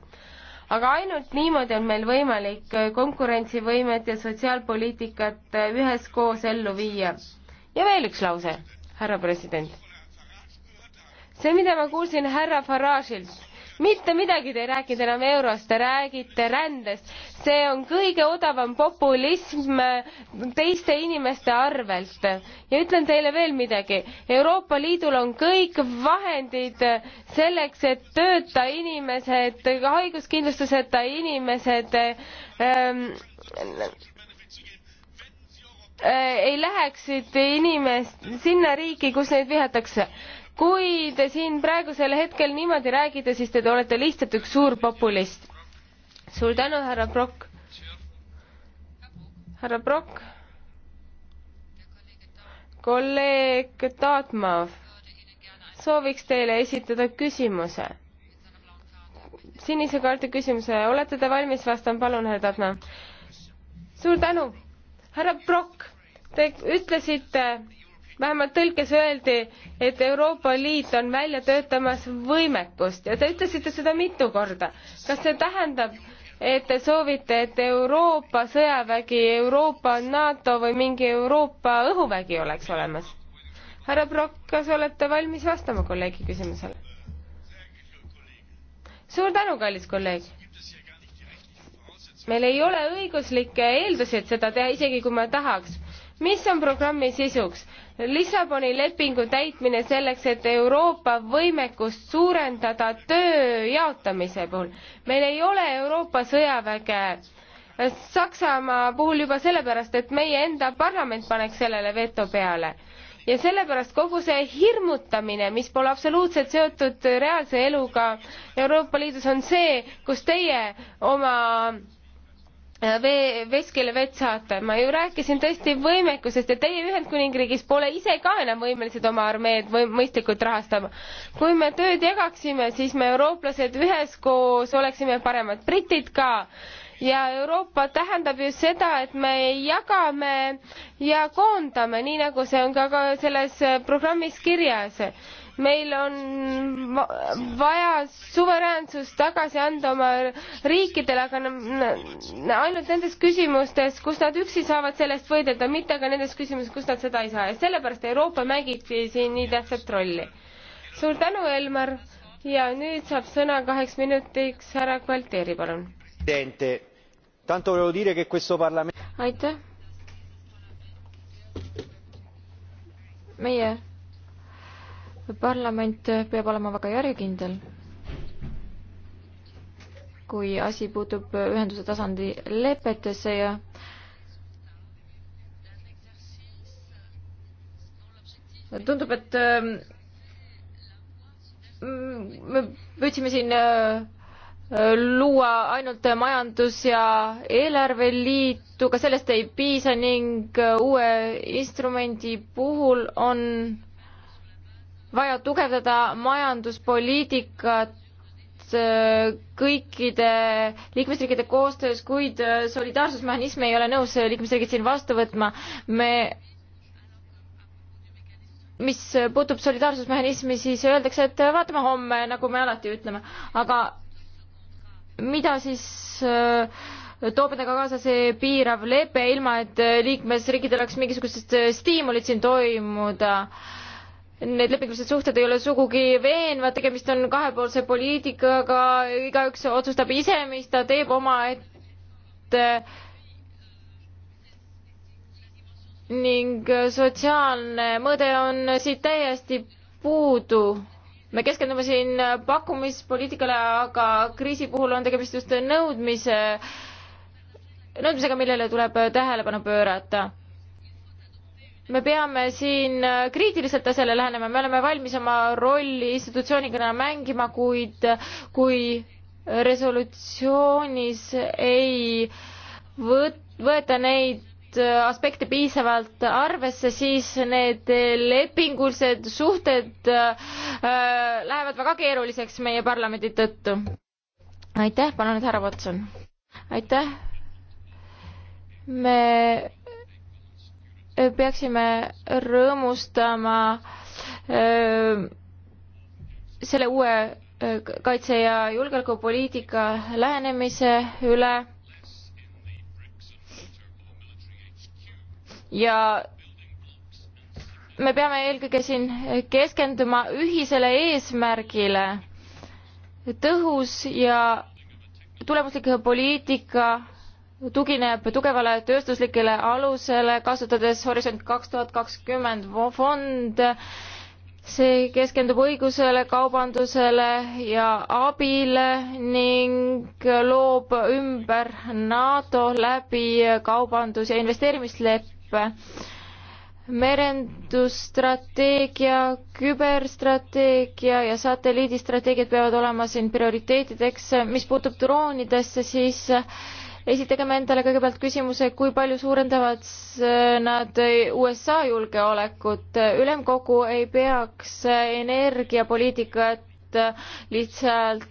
Speaker 1: aga ainult niimoodi on meil võimalik äh, konkurentsivõimet ja sotsiaalpoliitikat äh, üheskoos ellu viia. ja veel üks lause, härra president see, mida ma kuulsin härra Farage'ilt, mitte midagi te ei rääkinud enam eurost, te räägite rändest. see on kõige odavam populism teiste inimeste arvelt. ja ütlen teile veel midagi. Euroopa Liidul on kõik vahendid selleks, et tööta inimesed, haiguskindlustuseta inimesed ähm, äh, ei läheksid inimest sinna riiki, kus neid vihatakse kui te siin praegusel hetkel niimoodi räägite, siis te olete lihtsalt üks suur populist. suur tänu, härra Brock. härra Brock. kolleeg Taatmav sooviks teile esitada küsimuse. sinise kaardi küsimuse, olete te valmis vastama, palun, härra Taatmav. suur tänu, härra Brock, te ütlesite vähemalt tõlkes öeldi, et Euroopa Liit on välja töötamas võimekust ja te ütlesite seda mitu korda. kas see tähendab, et te soovite, et Euroopa sõjavägi, Euroopa NATO või mingi Euroopa õhuvägi oleks olemas? härra Brock, kas olete valmis vastama kolleegi küsimusele? suur tänu, kallis kolleeg! meil ei ole õiguslikke eeldusi, et seda teha, isegi kui me tahaks mis on programmi sisuks? Lissaboni lepingu täitmine selleks, et Euroopa võimekust suurendada töö jaotamise puhul. meil ei ole Euroopa sõjaväge. Saksamaa puhul juba sellepärast, et meie enda parlament paneks sellele veto peale. ja sellepärast kogu see hirmutamine, mis pole absoluutselt seotud reaalse eluga Euroopa Liidus, on see, kus teie oma Äh, vee, veskile vett saata. ma ju rääkisin tõesti võimekusest ja teie Ühendkuningriigis pole ise ka enam võimelised oma armeed või mõistlikult rahastama. kui me tööd jagaksime, siis me, eurooplased, üheskoos oleksime paremad, britid ka ja Euroopa tähendab ju seda, et me jagame ja koondame, nii nagu see on ka, ka selles programmis kirjas meil on vaja suveräänsust tagasi anda oma riikidele, aga ainult nendes küsimustes, kus nad üksi saavad sellest võidelda, mitte ka nendes küsimustes, kus nad seda ei saa ja sellepärast Euroopa mängibki siin nii tähtsat rolli. suur tänu, Elmar ja nüüd saab sõna kaheks minutiks härra Gualtieri, palun. aitäh
Speaker 4: meie parlament peab olema väga järjekindel. kui asi puutub ühenduse tasandi lepetesse ja tundub, et ähm, mm, me püüdsime siin äh, luua ainult majandus- ja eelarveliitu, ka sellest ei piisa ning äh, uue instrumendi puhul on vaja tugevdada majanduspoliitikat äh, kõikide liikmesriikide koostöös, kuid äh, solidaarsusmehhanismi ei ole nõus äh, liikmesriigid siin vastu võtma. me, mis puutub solidaarsusmehhanismi, siis öeldakse, et vaatame homme, nagu me alati ütleme, aga mida siis äh, toob endaga kaasa see piirav lepe, ilma et liikmesriigidel oleks mingisugused stiimulid siin toimuda äh, need lepingulised suhted ei ole sugugi veenvad, tegemist on kahepoolse poliitikaga, igaüks otsustab ise, mis ta teeb omaette ning sotsiaalne mõõde on siit täiesti puudu. me keskendume siin pakkumispoliitikale, aga kriisi puhul on tegemist just nõudmise, nõudmisega, millele tuleb tähelepanu pöörata me peame siin äh, kriitiliselt asjale lähenema, me oleme valmis oma rolli institutsioonina mängima, kuid kui resolutsioonis ei võt-, võeta neid äh, aspekte piisavalt arvesse, siis need lepingulised suhted äh, lähevad väga keeruliseks meie parlamendi tõttu. aitäh, palun nüüd härra Watson. aitäh. me peaksime rõõmustama äh, selle uue äh, kaitse- ja julgeolekupoliitika lähenemise üle ja me peame eelkõige siin keskenduma ühisele eesmärgile tõhus ja tulemuslik poliitika tugineb tugevale tööstuslikele alusele, kasutades Horisont kaks tuhat kakskümmend fond. see keskendub õigusele, kaubandusele ja abile ning loob ümber NATO läbi kaubandus- ja investeerimisleppe merendusstrateegia, küberstrateegia ja satelliidistrateegiad peavad olema siin prioriteetideks. mis puutub droonidesse, siis esitagem endale kõigepealt küsimuse, kui palju suurendavad nad USA julgeolekut. ülemkogu ei peaks energiapoliitikat lihtsalt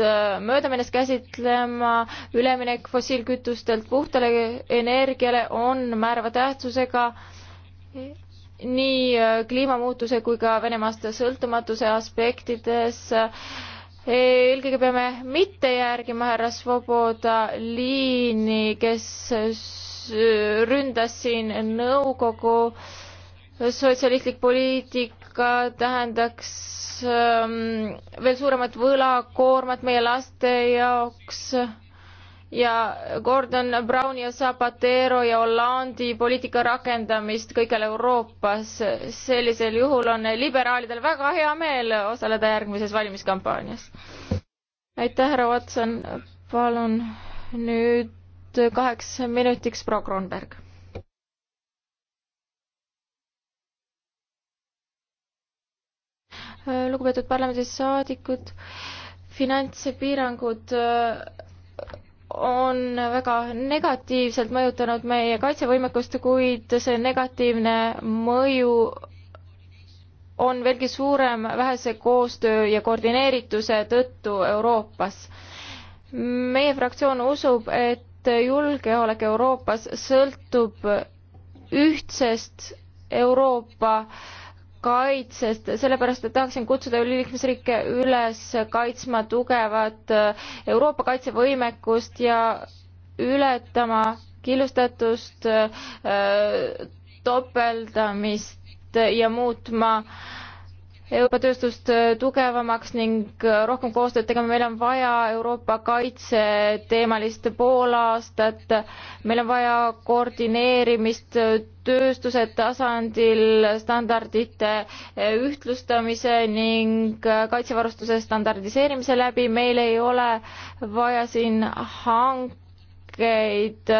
Speaker 4: äh, möödaminnes käsitlema, üleminek fossiilkütustelt puhtale energiale on määrava tähtsusega nii äh, kliimamuutuse kui ka Venemaast sõltumatuse aspektides eelkõige peame mitte järgima härra Svoboda liini, kes ründas siin nõukogu sotsialistlik poliitika tähendaks ähm, veel suuremat võlakoormat meie laste jaoks ja Gordon Browni ja Zapatero ja Hollandi poliitika rakendamist kõikjal Euroopas. sellisel juhul on liberaalidel väga hea meel osaleda järgmises valimiskampaanias. aitäh, härra Watson, palun nüüd kaheks minutiks proua Kronberg. lugupeetud parlamendisaadikud, finantspiirangud on väga negatiivselt mõjutanud meie kaitsevõimekust, kuid see negatiivne mõju on veelgi suurem vähese koostöö ja koordineerituse tõttu Euroopas. meie fraktsioon usub, et julgeolek Euroopas sõltub ühtsest Euroopa äh, kaitsest, sellepärast et tahaksin kutsuda liikmesriike üles kaitsma tugevat äh, Euroopa kaitsevõimekust ja ületama killustatust, äh, äh, topeldamist ja muutma äh, Euroopa tööstust äh, tugevamaks ning äh, rohkem koostööd tegema, meil on vaja Euroopa kaitseteemalist poolaastat, meil on vaja koordineerimist äh, tööstuse tasandil, standardite ühtlustamise ning kaitsevarustuse standardiseerimise läbi, meil ei ole vaja siin hankeid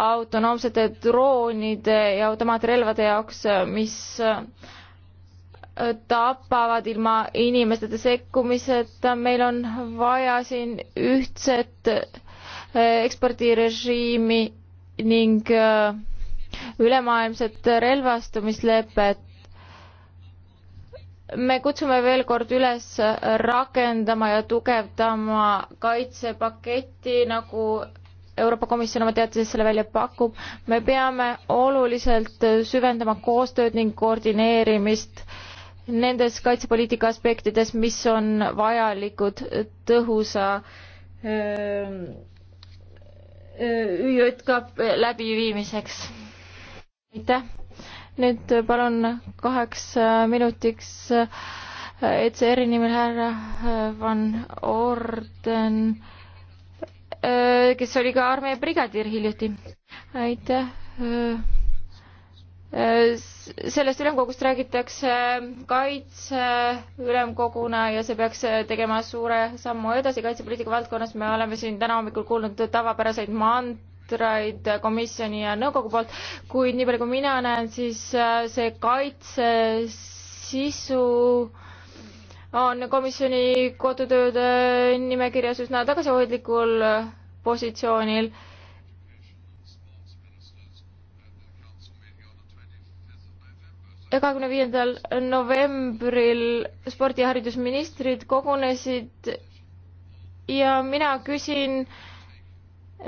Speaker 4: autonoomsete droonide ja automaatrelvade jaoks, mis tapavad ilma inimesteta sekkumiseta, meil on vaja siin ühtset äh, ekspordirežiimi ning äh, ülemaailmset relvastumislepet. me kutsume veel kord üles rakendama ja tugevdama kaitsepaketti, nagu Euroopa Komisjon oma teatises selle välja pakub. me peame oluliselt süvendama koostööd ning koordineerimist äh, nendes kaitsepoliitika aspektides, mis on vajalikud tõhusa ähm, äh, ÜJK läbiviimiseks. aitäh. nüüd palun kaheks äh, minutiks äh, ECR-i nimel härra Van Orden, kes oli ka armee brigadir hiljuti. aitäh sellest ülemkogust räägitakse kaitseülemkoguna ja see peaks tegema suure sammu edasi kaitsepoliitika valdkonnas. me oleme siin täna hommikul kuulnud tavapäraseid mantraid komisjoni ja nõukogu poolt, kuid nii palju, kui mina näen, siis äh, see kaitse sisu on komisjoni kodutööde nimekirjas üsna tagasihoidlikul positsioonil kahekümne viiendal novembril spordi- ja haridusministrid kogunesid ja mina küsin,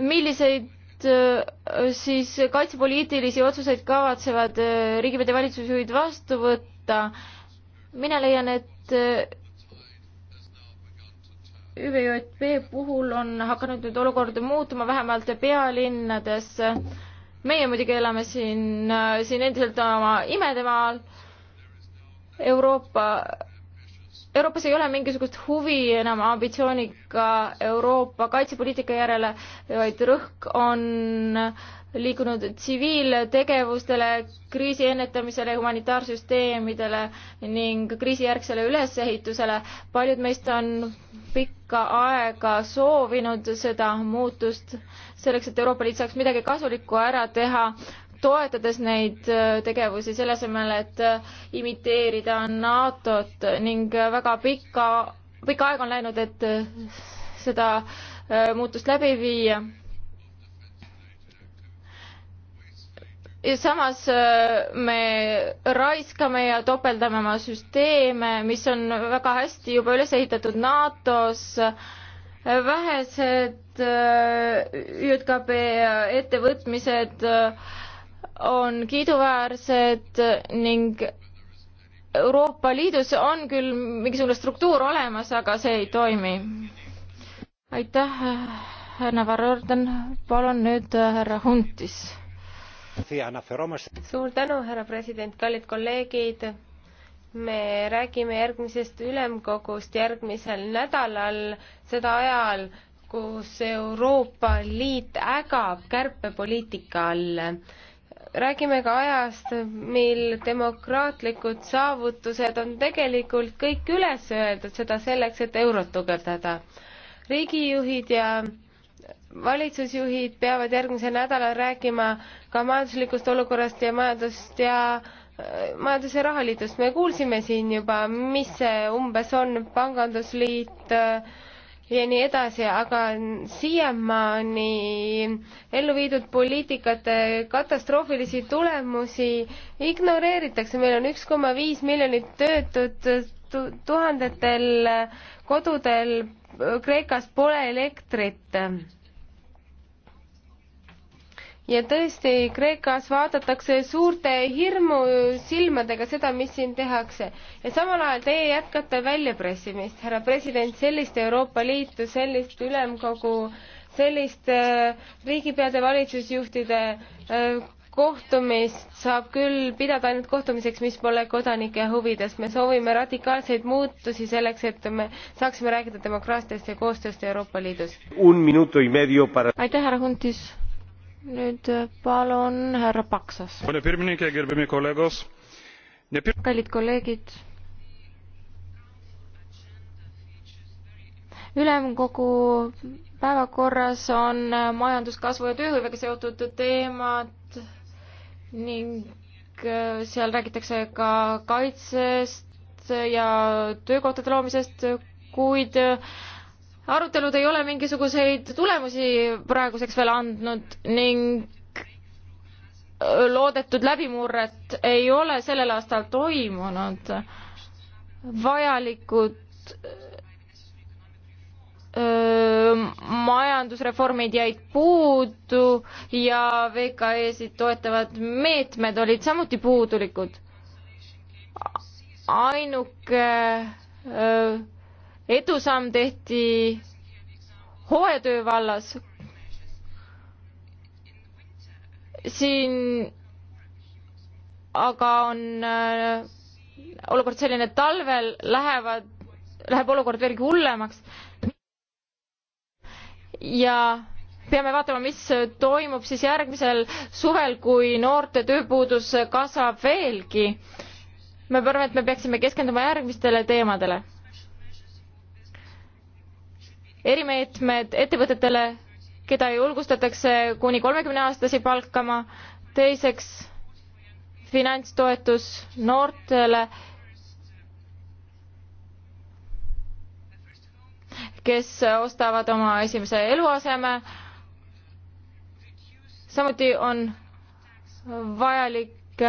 Speaker 4: milliseid äh, siis kaitsepoliitilisi otsuseid kavatsevad äh, riigipead ja valitsusjuhid vastu võtta. mina leian, et äh, ÜVJP puhul on hakanud nüüd olukord muutuma vähemalt pealinnades meie muidugi elame siin, äh, siin endiselt oma imedemaal. Euroopa, Euroopas ei ole mingisugust huvi enam ambitsioonika Euroopa kaitsepoliitika järele, vaid rõhk on liikunud tsiviiltegevustele, kriisi ennetamisele, humanitaarsüsteemidele ning kriisijärgsele ülesehitusele. paljud meist on pikka aega soovinud seda muutust selleks, et Euroopa Liit saaks midagi kasulikku ära teha, toetades neid äh, tegevusi selle asemel, et äh, imiteerida NATO-t ning äh, väga pika, pikka aega on läinud, et seda muutust läbi viia. ja samas me raiskame ja topeldame oma süsteeme, mis on väga hästi juba üles ehitatud NATO-s vähesed ÜJKP äh, ettevõtmised äh, on kiiduväärsed ning Euroopa Liidus on küll mingisugune struktuur olemas, aga see ei toimi. aitäh, härra Varorden, palun nüüd äh, härra Huntis.
Speaker 1: suur tänu, härra president, kallid kolleegid me räägime järgmisest ülemkogust järgmisel nädalal, seda ajal, kus Euroopa Liit ägab kärpepoliitika all. räägime ka ajast, mil demokraatlikud saavutused on tegelikult kõik üles öeldud, seda selleks, et eurot tugevdada. riigijuhid ja valitsusjuhid peavad järgmisel nädalal rääkima ka majanduslikust olukorrast ja majandust ja äh, majandus- ja rahaliidust, me kuulsime siin juba, mis see umbes on, pangandusliit äh, ja nii edasi, aga siiamaani ellu viidud poliitikate katastroofilisi tulemusi ignoreeritakse, meil on üks koma viis miljonit töötut, tuhandetel kodudel Kreekas pole elektrit ja tõesti, Kreekas vaadatakse suurte hirmu silmadega seda, mis siin tehakse. ja samal ajal teie jätkate väljapressimist, härra president, sellist Euroopa Liitu, sellist ülemkogu, sellist äh, riigipeade valitsusjuhtide äh, kohtumist saab küll pidada ainult kohtumiseks, mis pole kodanike huvides. me soovime radikaalseid muutusi selleks, et me saaksime rääkida demokraatiast ja koostööst Euroopa Liidus. Para... aitäh, härra
Speaker 4: Huntis nüüd äh, palun härra Paksas. kallid kolleegid. ülemkogu päevakorras on äh, majanduskasvu ja tööhõivega seotud teemad ning äh, seal räägitakse ka kaitsest ja töökohtade loomisest, kuid arutelud ei ole mingisuguseid tulemusi praeguseks veel andnud ning loodetud läbimurret ei ole sellel aastal toimunud. vajalikud öö, majandusreformid jäid puudu ja VKE-sid toetavad meetmed olid samuti puudulikud. ainuke öö, edusamm tehti hooajatöö vallas. siin aga on äh, olukord selline, et talvel lähevad, läheb olukord veelgi hullemaks. ja peame vaatama, mis toimub siis järgmisel suvel, kui noorte tööpuudus kasvab veelgi. ma arvan, et me peaksime keskenduma järgmistele teemadele erimeetmed ettevõtetele, keda julgustatakse kuni kolmekümne aastasi palkama, teiseks finantstoetus noortele, kes ostavad oma esimese eluaseme. samuti on vajalik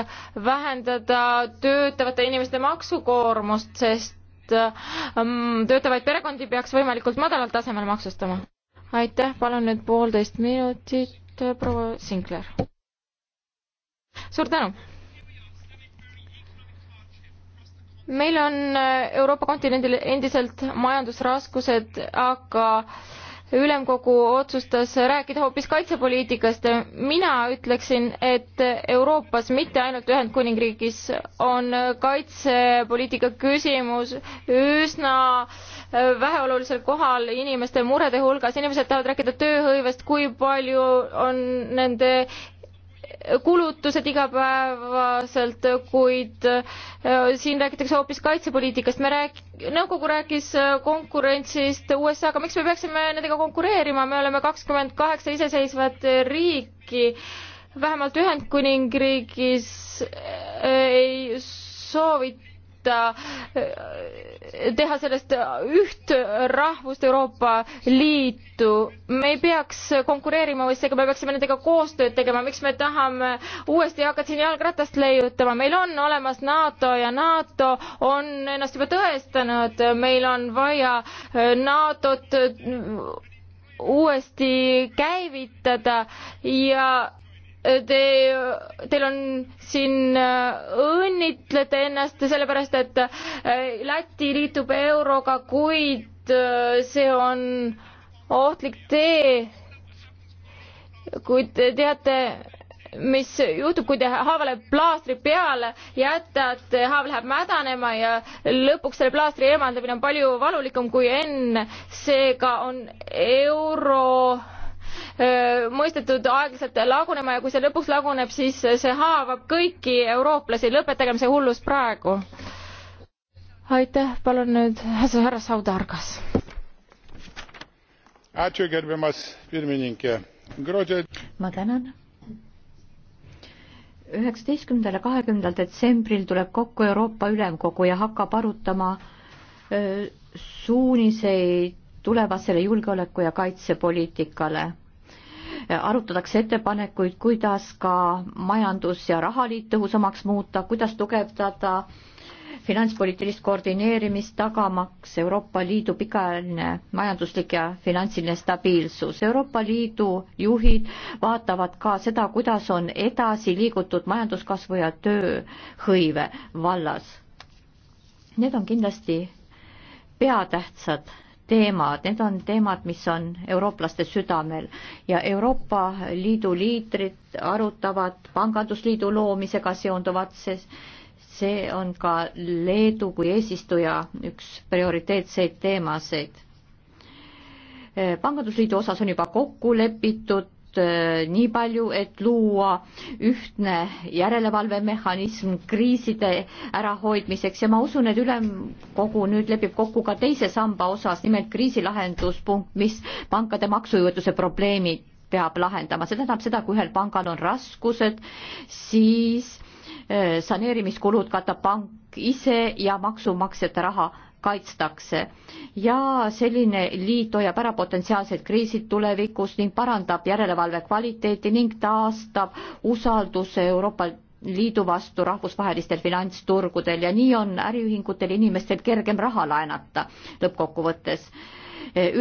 Speaker 4: vähendada töötavate inimeste maksukoormust, sest Ähm, töötavaid perekondi peaks võimalikult madalal tasemel maksustama. aitäh, palun nüüd poolteist minutit, äh, proua Sinkler. suur tänu meil on äh, Euroopa kontinendil endiselt majandusraskused, aga ülemkogu otsustas rääkida hoopis kaitsepoliitikast. mina ütleksin, et Euroopas, mitte ainult Ühendkuningriigis, on kaitsepoliitika küsimus üsna väheolulisel kohal inimeste murede hulgas. inimesed tahavad rääkida tööhõivest, kui palju on nende kulutused igapäevaselt, kuid äh, siin räägitakse hoopis kaitsepoliitikast. me rääk-, nõukogu rääkis äh, konkurentsist USA-ga, miks me peaksime nendega konkureerima, me oleme kakskümmend kaheksa iseseisvat riiki, vähemalt Ühendkuningriigis äh, ei soovi muuta, äh, teha sellest üht rahvust Euroopa Liitu. me ei peaks konkureerima võistlusega, me peaksime nendega koostööd tegema, miks me tahame uuesti hakata siin jalgratast leiutama, meil on olemas NATO ja NATO on ennast juba tõestanud, meil on vaja äh, NATO-t äh, uuesti käivitada ja te, teil on siin äh, õnnitlete ennast sellepärast, et äh, Läti liitub euroga, kuid äh, see on ohtlik tee. kuid te teate, mis juhtub, kui te haavale plaastri peale jätate, haav läheb mädanema ja lõpuks selle plaastri eemaldamine on palju valulikum kui enne. seega on euro mõistetud aeglaselt lagunema ja kui see lõpuks laguneb, siis see haavab kõiki eurooplasi, lõpetagem see hullus praegu. aitäh, palun nüüd härra
Speaker 2: Saudargas. ma tänan üheksateistkümnendal ja kahekümnendal detsembril tuleb kokku Euroopa Ülemkogu ja hakkab arutama suuniseid tulevasele julgeoleku ja kaitsepoliitikale arutatakse ettepanekuid, kuidas ka majandus- ja rahaliit tõhusamaks muuta, kuidas tugevdada finantspoliitilist koordineerimist, tagamaks Euroopa Liidu pikaajaline majanduslik ja finantsiline stabiilsus. Euroopa Liidu juhid vaatavad ka seda, kuidas on edasi liigutud majanduskasvu ja tööhõive vallas. Need on kindlasti peatähtsad teemad, need on teemad, mis on eurooplaste südamel ja Euroopa Liidu liidrid arutavad pangandusliidu loomisega seonduvat, sest see on ka Leedu kui eesistuja üks prioriteetseid teemasid. pangandusliidu osas on juba kokku lepitud, Eh, nii palju, et luua ühtne järelevalvemehhanism kriiside ärahoidmiseks ja ma usun, et ülemkogu nüüd lepib kokku ka teise samba osas, nimelt kriisilahenduspunkt, mis pankade maksujõuetuse probleemi peab lahendama, see tähendab seda, kui ühel pangal on raskused, siis eh, saneerimiskulud katab pank ise ja maksumaksjate raha kaitstakse ja selline liit hoiab ära potentsiaalsed kriisid tulevikus ning parandab järelevalve kvaliteeti ning taastab usalduse Euroopa Liidu vastu rahvusvahelistel finantsturgudel ja nii on äriühingutel inimestel kergem raha laenata lõppkokkuvõttes.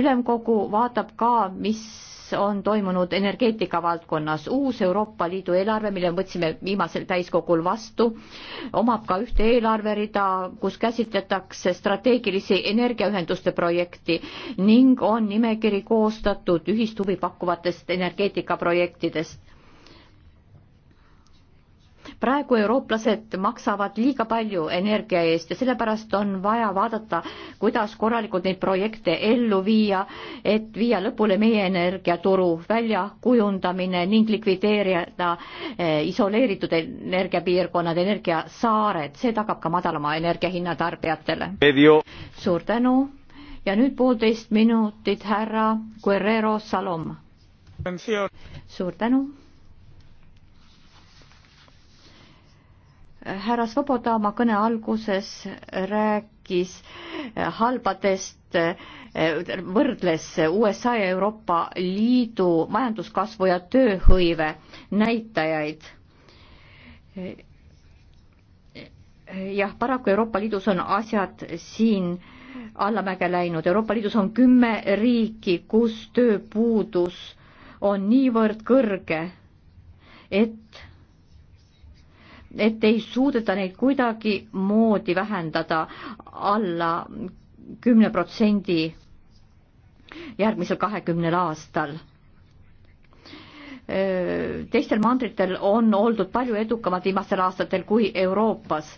Speaker 2: ülemkogu vaatab ka, mis mis on toimunud energeetika valdkonnas. uus Euroopa Liidu eelarve, mille võtsime viimasel täiskogul vastu, omab ka ühte eelarverida, kus käsitletakse strateegilisi energiaühenduste projekti ning on nimekiri koostatud ühist huvi pakkuvatest energeetikaprojektidest praegu eurooplased maksavad liiga palju energia eest ja sellepärast on vaja vaadata, kuidas korralikult neid projekte ellu viia, et viia lõpule meie energiaturu väljakujundamine ning likvideerida eh, isoleeritud energiapiirkonnad, energiasaared, see tagab ka madalama energiahinna tarbijatele. suur tänu ja nüüd poolteist minutit härra Guerrero Salom. suur tänu härra Svoboda oma kõne alguses rääkis eh, halbadest, eh, võrdles USA ja Euroopa Liidu majanduskasvu ja tööhõive näitajaid. jah, paraku Euroopa Liidus on asjad siin allamäge läinud, Euroopa Liidus on kümme riiki, kus tööpuudus on niivõrd kõrge, et et ei suudeta neid kuidagimoodi vähendada alla kümne protsendi järgmisel kahekümnel aastal teistel mandritel on oldud palju edukamad viimastel aastatel kui Euroopas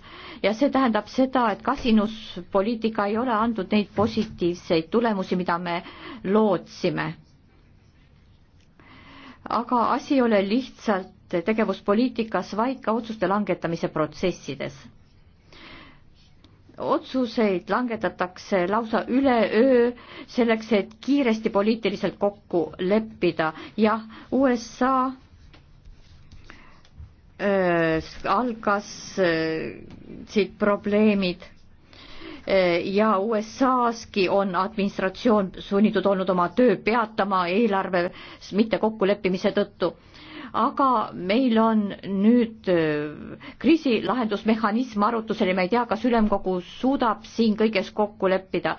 Speaker 2: ja see tähendab seda, et kasinuspoliitika ei ole andnud neid positiivseid tulemusi, mida me lootsime. aga asi ei ole lihtsalt tegevuspoliitikas, vaid ka otsuste langetamise protsessides. otsuseid langetatakse lausa üleöö selleks, et kiiresti poliitiliselt kokku leppida. jah, USA äh, algas äh, siit probleemid äh, ja USA-ski on administratsioon sunnitud olnud oma töö peatama eelarves mitte kokkuleppimise tõttu aga meil on nüüd äh, kriisilahendusmehhanism arutusel ja me ei tea, kas ülemkogu suudab siin kõiges kokku leppida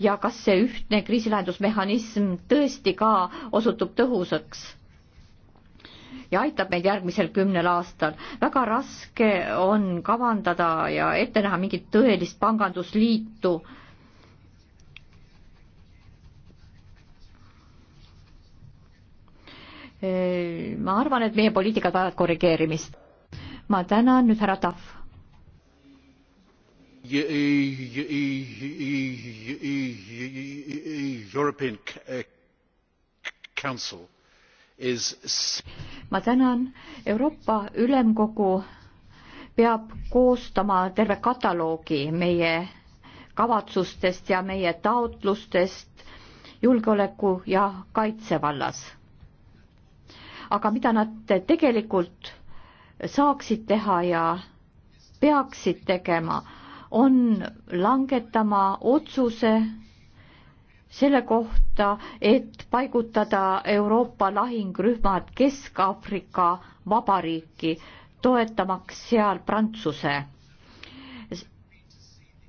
Speaker 2: ja kas see ühtne kriisilahendusmehhanism tõesti ka osutub tõhusaks ja aitab meid järgmisel kümnel aastal. väga raske on kavandada ja ette näha mingit tõelist pangandusliitu ma arvan, et meie poliitikad vajavad korrigeerimist. ma tänan nüüd härra Tahv.
Speaker 3: European eh, Council is
Speaker 2: ma tänan, Euroopa Ülemkogu peab koostama terve kataloogi meie kavatsustest ja meie taotlustest julgeoleku ja kaitse vallas aga mida nad tegelikult saaksid teha ja peaksid tegema, on langetama otsuse selle kohta, et paigutada Euroopa lahingrühmad Kesk-Aafrika Vabariiki, toetamaks seal Prantsuse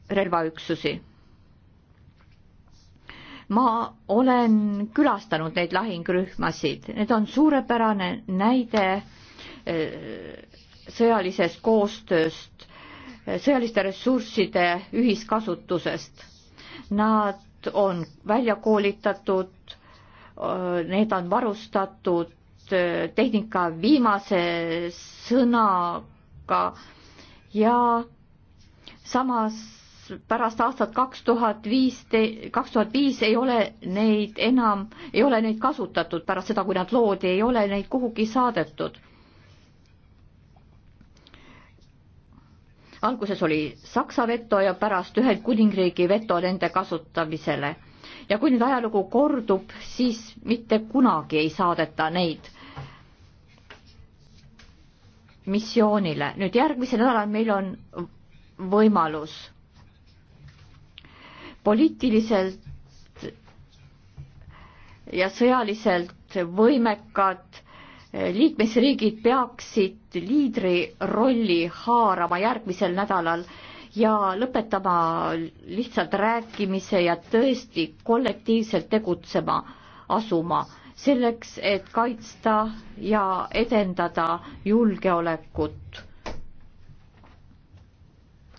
Speaker 2: relvaüksusi ma olen külastanud neid lahingrühmasid, need on suurepärane näide eh, sõjalisest koostööst, eh, sõjaliste ressursside ühiskasutusest. Nad on välja koolitatud, eh, need on varustatud tehnika viimase sõnaga ja samas pärast aastat kaks tuhat viiste, kaks tuhat viis ei ole neid enam, ei ole neid kasutatud pärast seda, kui nad loodi, ei ole neid kuhugi saadetud. alguses oli Saksa veto ja pärast Ühendkuningriigi veto nende kasutamisele. ja kui nüüd ajalugu kordub, siis mitte kunagi ei saadeta neid missioonile. nüüd järgmisel nädalal meil on võimalus poliitiliselt ja sõjaliselt võimekad liikmesriigid peaksid liidri rolli haarama järgmisel nädalal ja lõpetama lihtsalt rääkimise ja tõesti kollektiivselt tegutsema asuma selleks, et kaitsta ja edendada julgeolekut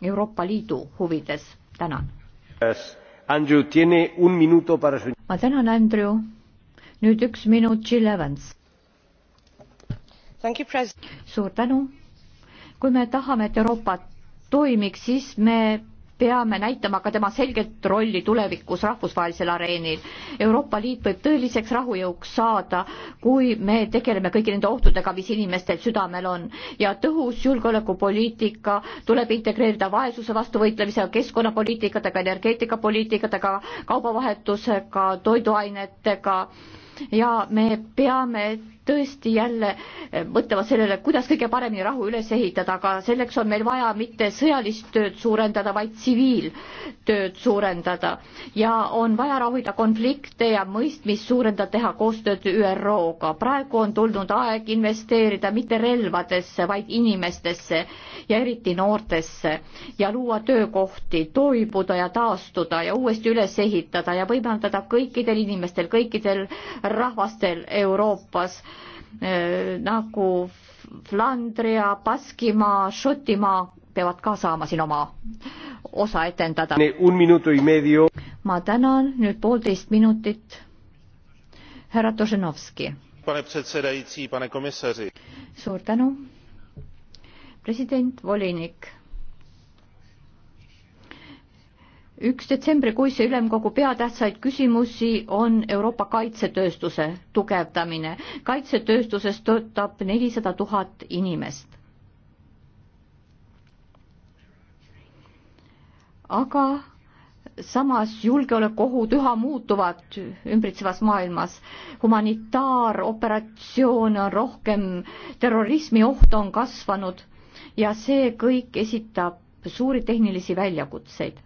Speaker 2: Euroopa Liidu huvides. tänan.
Speaker 3: Andrew, tiene un minuto para su...
Speaker 2: ma tänan, Andrew. nüüd üks minut, Jill Evans. suur tänu. kui me tahame, et Euroopa toimiks, siis me peame näitama ka tema selget rolli tulevikus rahvusvahelisel areenil. Euroopa Liit võib tõeliseks rahujõuks saada, kui me tegeleme kõigi nende ohtudega, mis inimestel südamel on ja tõhus julgeolekupoliitika tuleb integreerida vaesuse vastu võitlemisega, keskkonnapoliitikatega, energeetikapoliitikatega, kaubavahetusega, toiduainetega ja me peame tõesti jälle eh, mõtlema sellele, kuidas kõige paremini rahu üles ehitada, aga selleks on meil vaja mitte sõjalist tööd suurendada, vaid tsiviiltööd suurendada. ja on vaja rahuida konflikte ja mõistmist suurendada, teha koostööd ÜRO-ga. praegu on tulnud aeg investeerida mitte relvadesse, vaid inimestesse ja eriti noortesse ja luua töökohti, toibuda ja taastuda ja uuesti üles ehitada ja võimaldada kõikidel inimestel, kõikidel äh, rahvastel Euroopas eh, nagu Flandria, Baskimaa, Šotimaa peavad ka saama siin oma osa etendada. ma tänan, nüüd poolteist minutit. härra Tošenovski. suur tänu. president, volinik üks detsembrikuise ülemkogu peatähtsaid küsimusi on Euroopa kaitsetööstuse tugevdamine. kaitsetööstuses töötab nelisada tuhat inimest. aga samas julgeolekuohud üha muutuvad ümbritsevas maailmas. humanitaaroperatsioone on rohkem, terrorismioht on kasvanud ja see kõik esitab suuri tehnilisi väljakutseid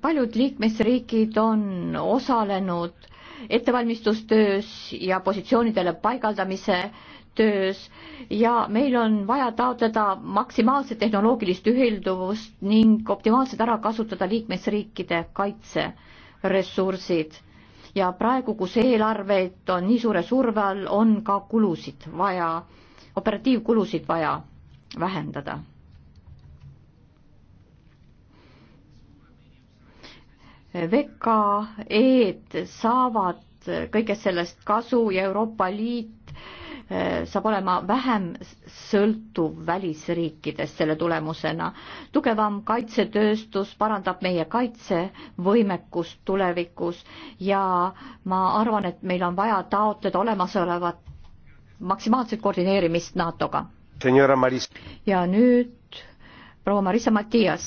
Speaker 2: paljud liikmesriigid on osalenud ettevalmistustöös ja positsioonidele paigaldamise töös ja meil on vaja taotleda maksimaalset tehnoloogilist ühilduvust ning optimaalselt ära kasutada liikmesriikide kaitseressursid. ja praegu, kus eelarved on nii suure surve all, on ka kulusid vaja, operatiivkulusid vaja vähendada VKE-d saavad kõigest sellest kasu ja Euroopa Liit eh, saab olema vähem sõltuv välisriikidest selle tulemusena. tugevam kaitsetööstus parandab meie kaitsevõimekust tulevikus ja ma arvan, et meil on vaja taotleda olemasolevat maksimaalset koordineerimist NATO-ga. ja nüüd proua Marissa Matias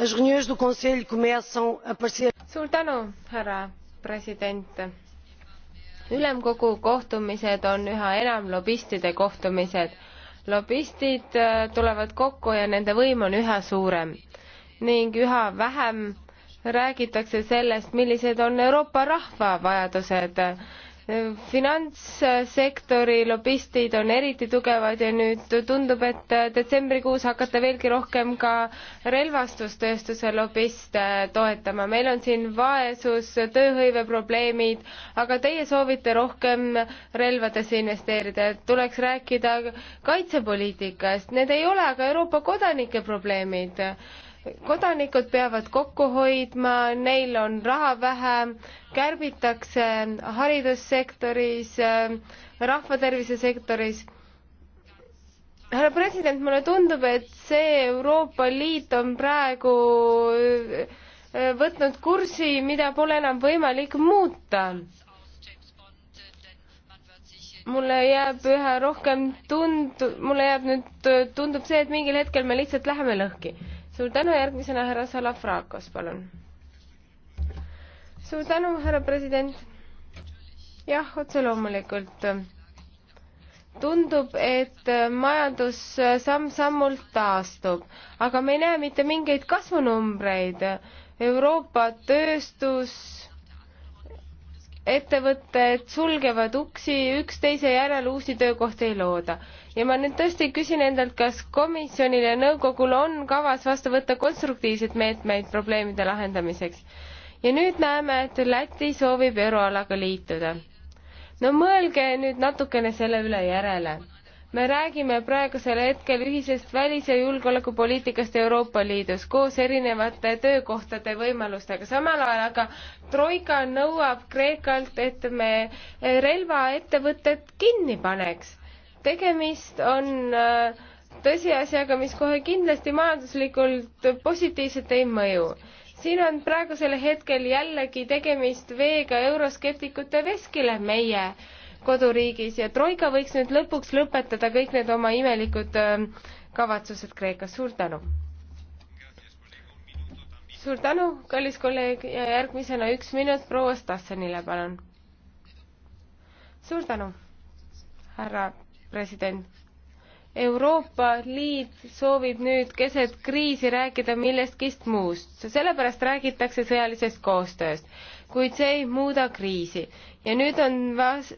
Speaker 3: as
Speaker 1: reuniões do conselho começam a parecer. suur tänu härra president ülemkogu kohtumised on üha enam lobistide kohtumised lobistid äh, tulevad kokku ja nende võim on üha suurem ning üha vähem räägitakse sellest millised on euroopa rahva vajadused finantssektori lobistid on eriti tugevad ja nüüd tundub, et detsembrikuus hakata veelgi rohkem ka relvastustööstuse lobiste toetama. meil on siin vaesus, tööhõiveprobleemid, aga teie soovite rohkem relvadesse investeerida, et tuleks rääkida kaitsepoliitikast. Need ei ole aga Euroopa kodanike probleemid kodanikud peavad kokku hoidma, neil on raha vähe, kärbitakse haridussektoris, rahvatervise sektoris. härra president, mulle tundub, et see Euroopa Liit on praegu äh, võtnud kursi, mida pole enam võimalik muuta mulle jääb üha rohkem tund-, mulle jääb nüüd, tundub see, et mingil hetkel me lihtsalt läheme lõhki suur tänu, järgmisena härra Salafrakos, palun. suur tänu, härra president. jah, otse loomulikult. tundub, et majandus samm-sammult taastub, aga me ei näe mitte mingeid kasvunumbreid. Euroopa tööstus ettevõtted sulgevad uksi üksteise järel, uusi töökohti ei looda. ja ma nüüd tõesti küsin endalt, kas komisjonil ja nõukogul on kavas vastu võtta konstruktiivseid meetmeid probleemide lahendamiseks? ja nüüd näeme, et Läti soovib euroalaga liituda. no mõelge nüüd natukene selle üle järele me räägime praegusel hetkel ühisest välis- ja julgeolekupoliitikast Euroopa Liidus koos erinevate töökohtade võimalustega. samal ajal aga Troika nõuab Kreekalt, et me relvaettevõtted kinni paneks. tegemist on äh, tõsiasjaga, mis kohe kindlasti majanduslikult positiivselt ei mõju siin on praegusel hetkel jällegi tegemist veega euroskeptikute veskile meie äh, koduriigis ja Troika võiks nüüd lõpuks lõpetada kõik need oma imelikud ähm, kavatsused Kreekas, suur tänu! suur tänu, kallis kolleeg ja järgmisena üks minut proua Stassenile, palun. suur tänu, härra president. Euroopa Liit soovib nüüd keset kriisi rääkida millestki muust, sellepärast räägitakse sõjalisest koostööst, kuid see ei muuda kriisi ja nüüd on vas-,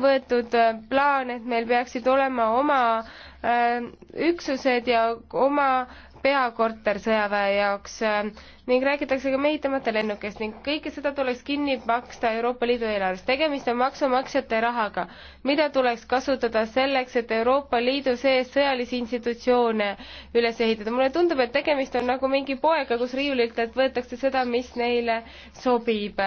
Speaker 1: võetud äh, plaan, et meil peaksid olema oma äh, üksused ja oma peakorter sõjaväe jaoks äh, ning räägitakse ka mehitamata lennukist ning kõike seda tuleks kinni maksta Euroopa Liidu eelarvest. tegemist on maksumaksjate rahaga, mida tuleks kasutada selleks, et Euroopa Liidu sees sõjalisi institutsioone üles ehitada. mulle tundub, et tegemist on nagu mingi poega, kus riiulitelt võetakse seda, mis neile sobib.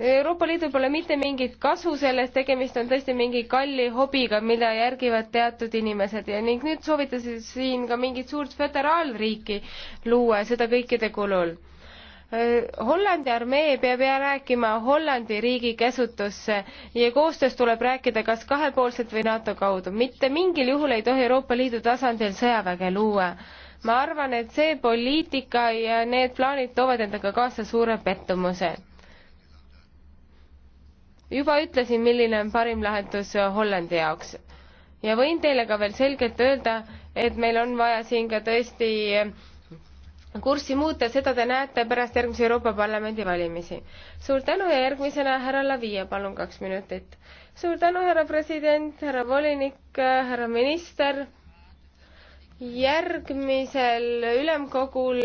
Speaker 1: Euroopa Liidul pole mitte mingit kasu sellest, tegemist on tõesti mingi kalli hobiga, mida järgivad teatud inimesed ja ning nüüd soovitas siin ka mingit suurt föderaalriiki, riiki luua ja seda kõikide kulul Hollandi armee peab jää rääkima Hollandi riigi käsutusse ja koostöös tuleb rääkida kas kahepoolselt või NATO kaudu. mitte mingil juhul ei tohi Euroopa Liidu tasandil sõjaväge luua. ma arvan, et see poliitika ja need plaanid toovad endaga kaasa suure pettumuse. juba ütlesin, milline on parim lahendus Hollandi jaoks ja võin teile ka veel selgelt öelda, et meil on vaja siin ka tõesti kurssi muuta, seda te näete pärast järgmisi Euroopa Parlamendi valimisi. suur tänu ja järgmisena härra Lavia, palun kaks minutit. suur tänu, härra president, härra volinik, härra minister. järgmisel ülemkogul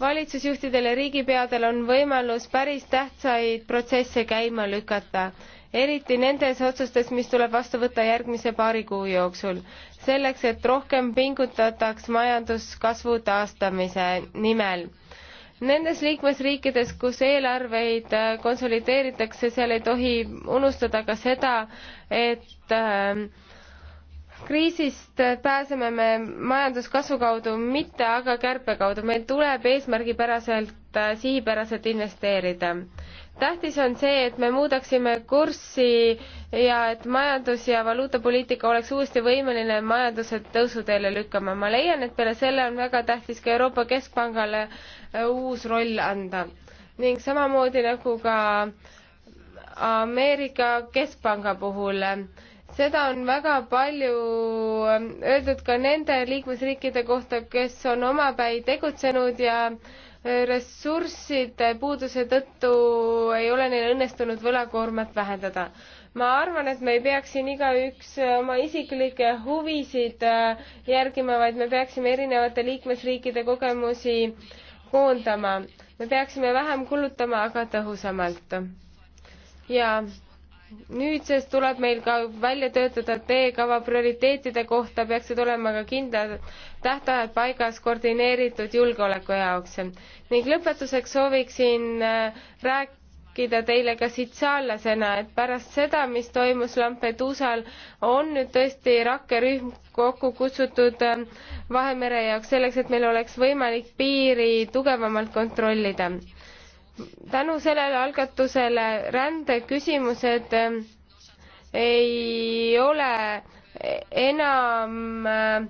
Speaker 1: valitsusjuhtidel ja riigipeadel on võimalus päris tähtsaid protsesse käima lükata eriti nendes otsustes, mis tuleb vastu võtta järgmise paari kuu jooksul, selleks et rohkem pingutataks majanduskasvu taastamise nimel. Nendes liikmesriikides, kus eelarveid äh, konsolideeritakse, seal ei tohi unustada ka seda, et ähm, kriisist pääseme me majanduskasvu kaudu, mitte aga kärpe kaudu, meil tuleb eesmärgipäraselt, äh, sihipäraselt investeerida tähtis on see, et me muudaksime kurssi ja et majandus- ja valuutapoliitika oleks uuesti võimeline majandused tõusuteele lükkama. ma leian, et peale selle on väga tähtis ka Euroopa Keskpangale äh, uus roll anda ning samamoodi nagu ka Ameerika Keskpanga puhul seda on väga palju äh, öeldud ka nende liikmesriikide kohta, kes on omapäi tegutsenud ja äh, ressursside puuduse tõttu ei ole neil õnnestunud võlakoormat vähendada. ma arvan, et me ei peaks siin igaüks äh, oma isiklikke huvisid äh, järgima, vaid me peaksime erinevate liikmesriikide kogemusi koondama. me peaksime vähem kulutama, aga tõhusamalt. ja nüüdsest tuleb meil ka välja töötada teekava prioriteetide kohta, peaksid olema ka kindlad tähtajad paigas koordineeritud julgeoleku jaoks. ning lõpetuseks sooviksin äh, rääkida teile ka sitsiaallasena, et pärast seda, mis toimus Lampedusal, on nüüd tõesti rakkerühm kokku kutsutud äh, Vahemere jaoks selleks, et meil oleks võimalik piiri tugevamalt kontrollida tänu sellele algatusele rändeküsimused ähm, ei ole enam ähm,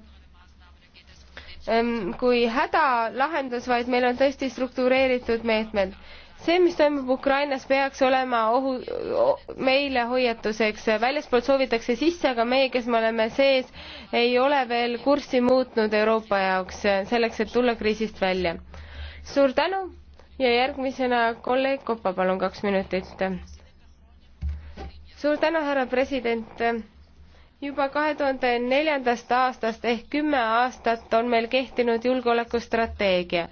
Speaker 1: kui hädalahendus, vaid meil on tõesti struktureeritud meetmed. see, mis toimub Ukrainas, peaks olema ohu, meile hoiatuseks. väljaspoolt soovitakse sisse, aga meie, kes me oleme sees, ei ole veel kurssi muutnud Euroopa jaoks, selleks et tulla kriisist välja. suur tänu ja järgmisena kolleeg Koppa, palun kaks minutit. suur tänu, härra president juba kahe tuhande neljandast aastast ehk kümme aastat on meil kehtinud julgeolekustrateegia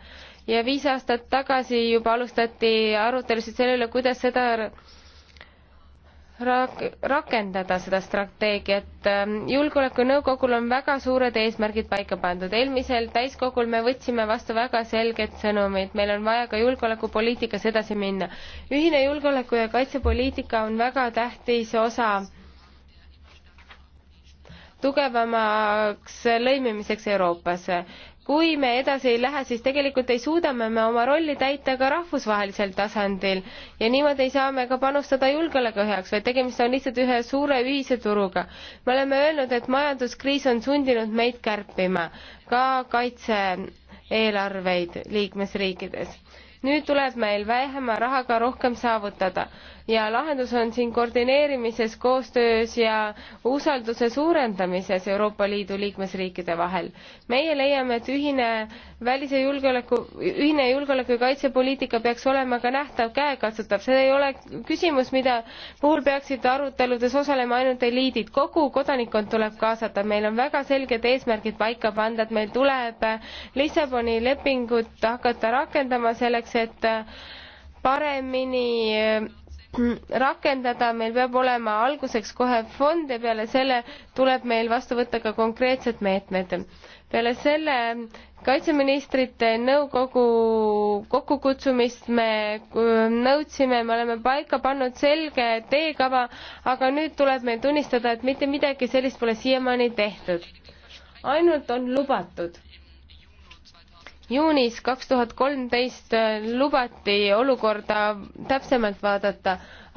Speaker 1: ja viis aastat tagasi juba alustati arutelusid selle üle, kuidas seda rak-, rakendada seda strateegiat. Ähm, julgeolekunõukogul on väga suured eesmärgid paika pandud. eelmisel täiskogul me võtsime vastu väga selged sõnumid, meil on vaja ka julgeolekupoliitikas edasi minna. ühine julgeoleku- ja kaitsepoliitika on väga tähtis osa tugevamaks lõimimiseks Euroopas kui me edasi ei lähe, siis tegelikult ei suuda me oma rolli täita ka rahvusvahelisel tasandil ja niimoodi ei saa me ka panustada julgeoleku heaks, vaid tegemist on lihtsalt ühe suure ühise turuga. me oleme öelnud, et majanduskriis on sundinud meid kärpima ka kaitse-eelarveid liikmesriikides. nüüd tuleb meil vähema rahaga rohkem saavutada ja lahendus on siin koordineerimises, koostöös ja usalduse suurendamises Euroopa Liidu liikmesriikide vahel. meie leiame, et ühine välis- ja julgeoleku, ühine julgeoleku ja kaitsepoliitika peaks olema ka nähtav, käekatsutav, see ei ole küsimus, mida puhul peaksid aruteludes osalema ainult eliidid, kogu kodanikkond tuleb kaasata, meil on väga selged eesmärgid paika pandud, et meil tuleb Lissaboni lepingut hakata rakendama selleks, et paremini rakendada, meil peab olema alguseks kohe fond ja peale selle tuleb meil vastu võtta ka konkreetsed meetmed. peale selle kaitseministrite nõukogu kokkukutsumist me nõudsime, me oleme paika pannud selge teekava, aga nüüd tuleb meil tunnistada, et mitte midagi sellist pole siiamaani tehtud. ainult on lubatud juunis kaks tuhat kolmteist äh, lubati olukorda täpsemalt vaadata,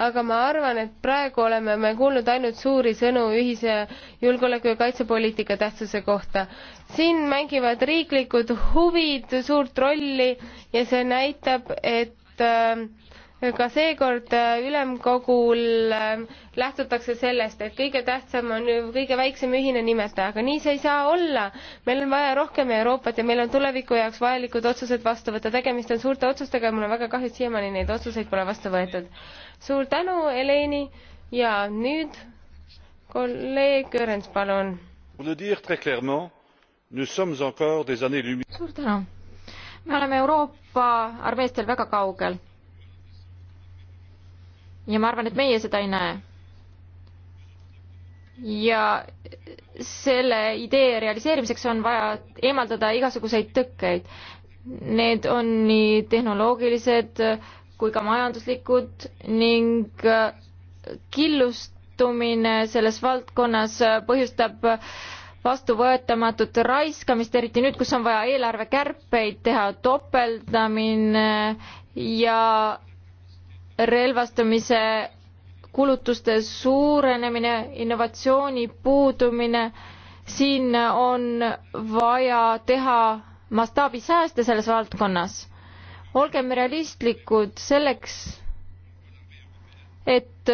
Speaker 1: aga ma arvan, et praegu oleme me kuulnud ainult suuri sõnu ühise julgeoleku ja kaitsepoliitika tähtsuse kohta. siin mängivad riiklikud huvid suurt rolli ja see näitab, et äh, ka seekord äh, ülemkogul äh, lähtutakse sellest, et kõige tähtsam on kõige väiksem ühine nimetaja, aga nii see ei saa olla. meil on vaja rohkem Euroopat ja meil on tuleviku jaoks vajalikud otsused vastu võtta, tegemist on suurte otsustega ja mul on väga kahju, et siiamaani neid otsuseid pole vastu võetud. suur tänu, Eleni ja nüüd kolleeg Jürens, palun. suur tänu.
Speaker 4: me oleme Euroopa armeestel väga kaugel ja ma arvan, et meie seda ei näe. ja selle idee realiseerimiseks on vaja eemaldada igasuguseid tõkkeid. Need on nii tehnoloogilised kui ka majanduslikud ning killustumine selles valdkonnas põhjustab vastuvõetamatut raiskamist, eriti nüüd, kus on vaja eelarvekärpeid teha, topeldamine ja relvastumise kulutuste suurenemine, innovatsiooni puudumine, siin on vaja teha mastaabisääste selles valdkonnas. olgem realistlikud selleks, et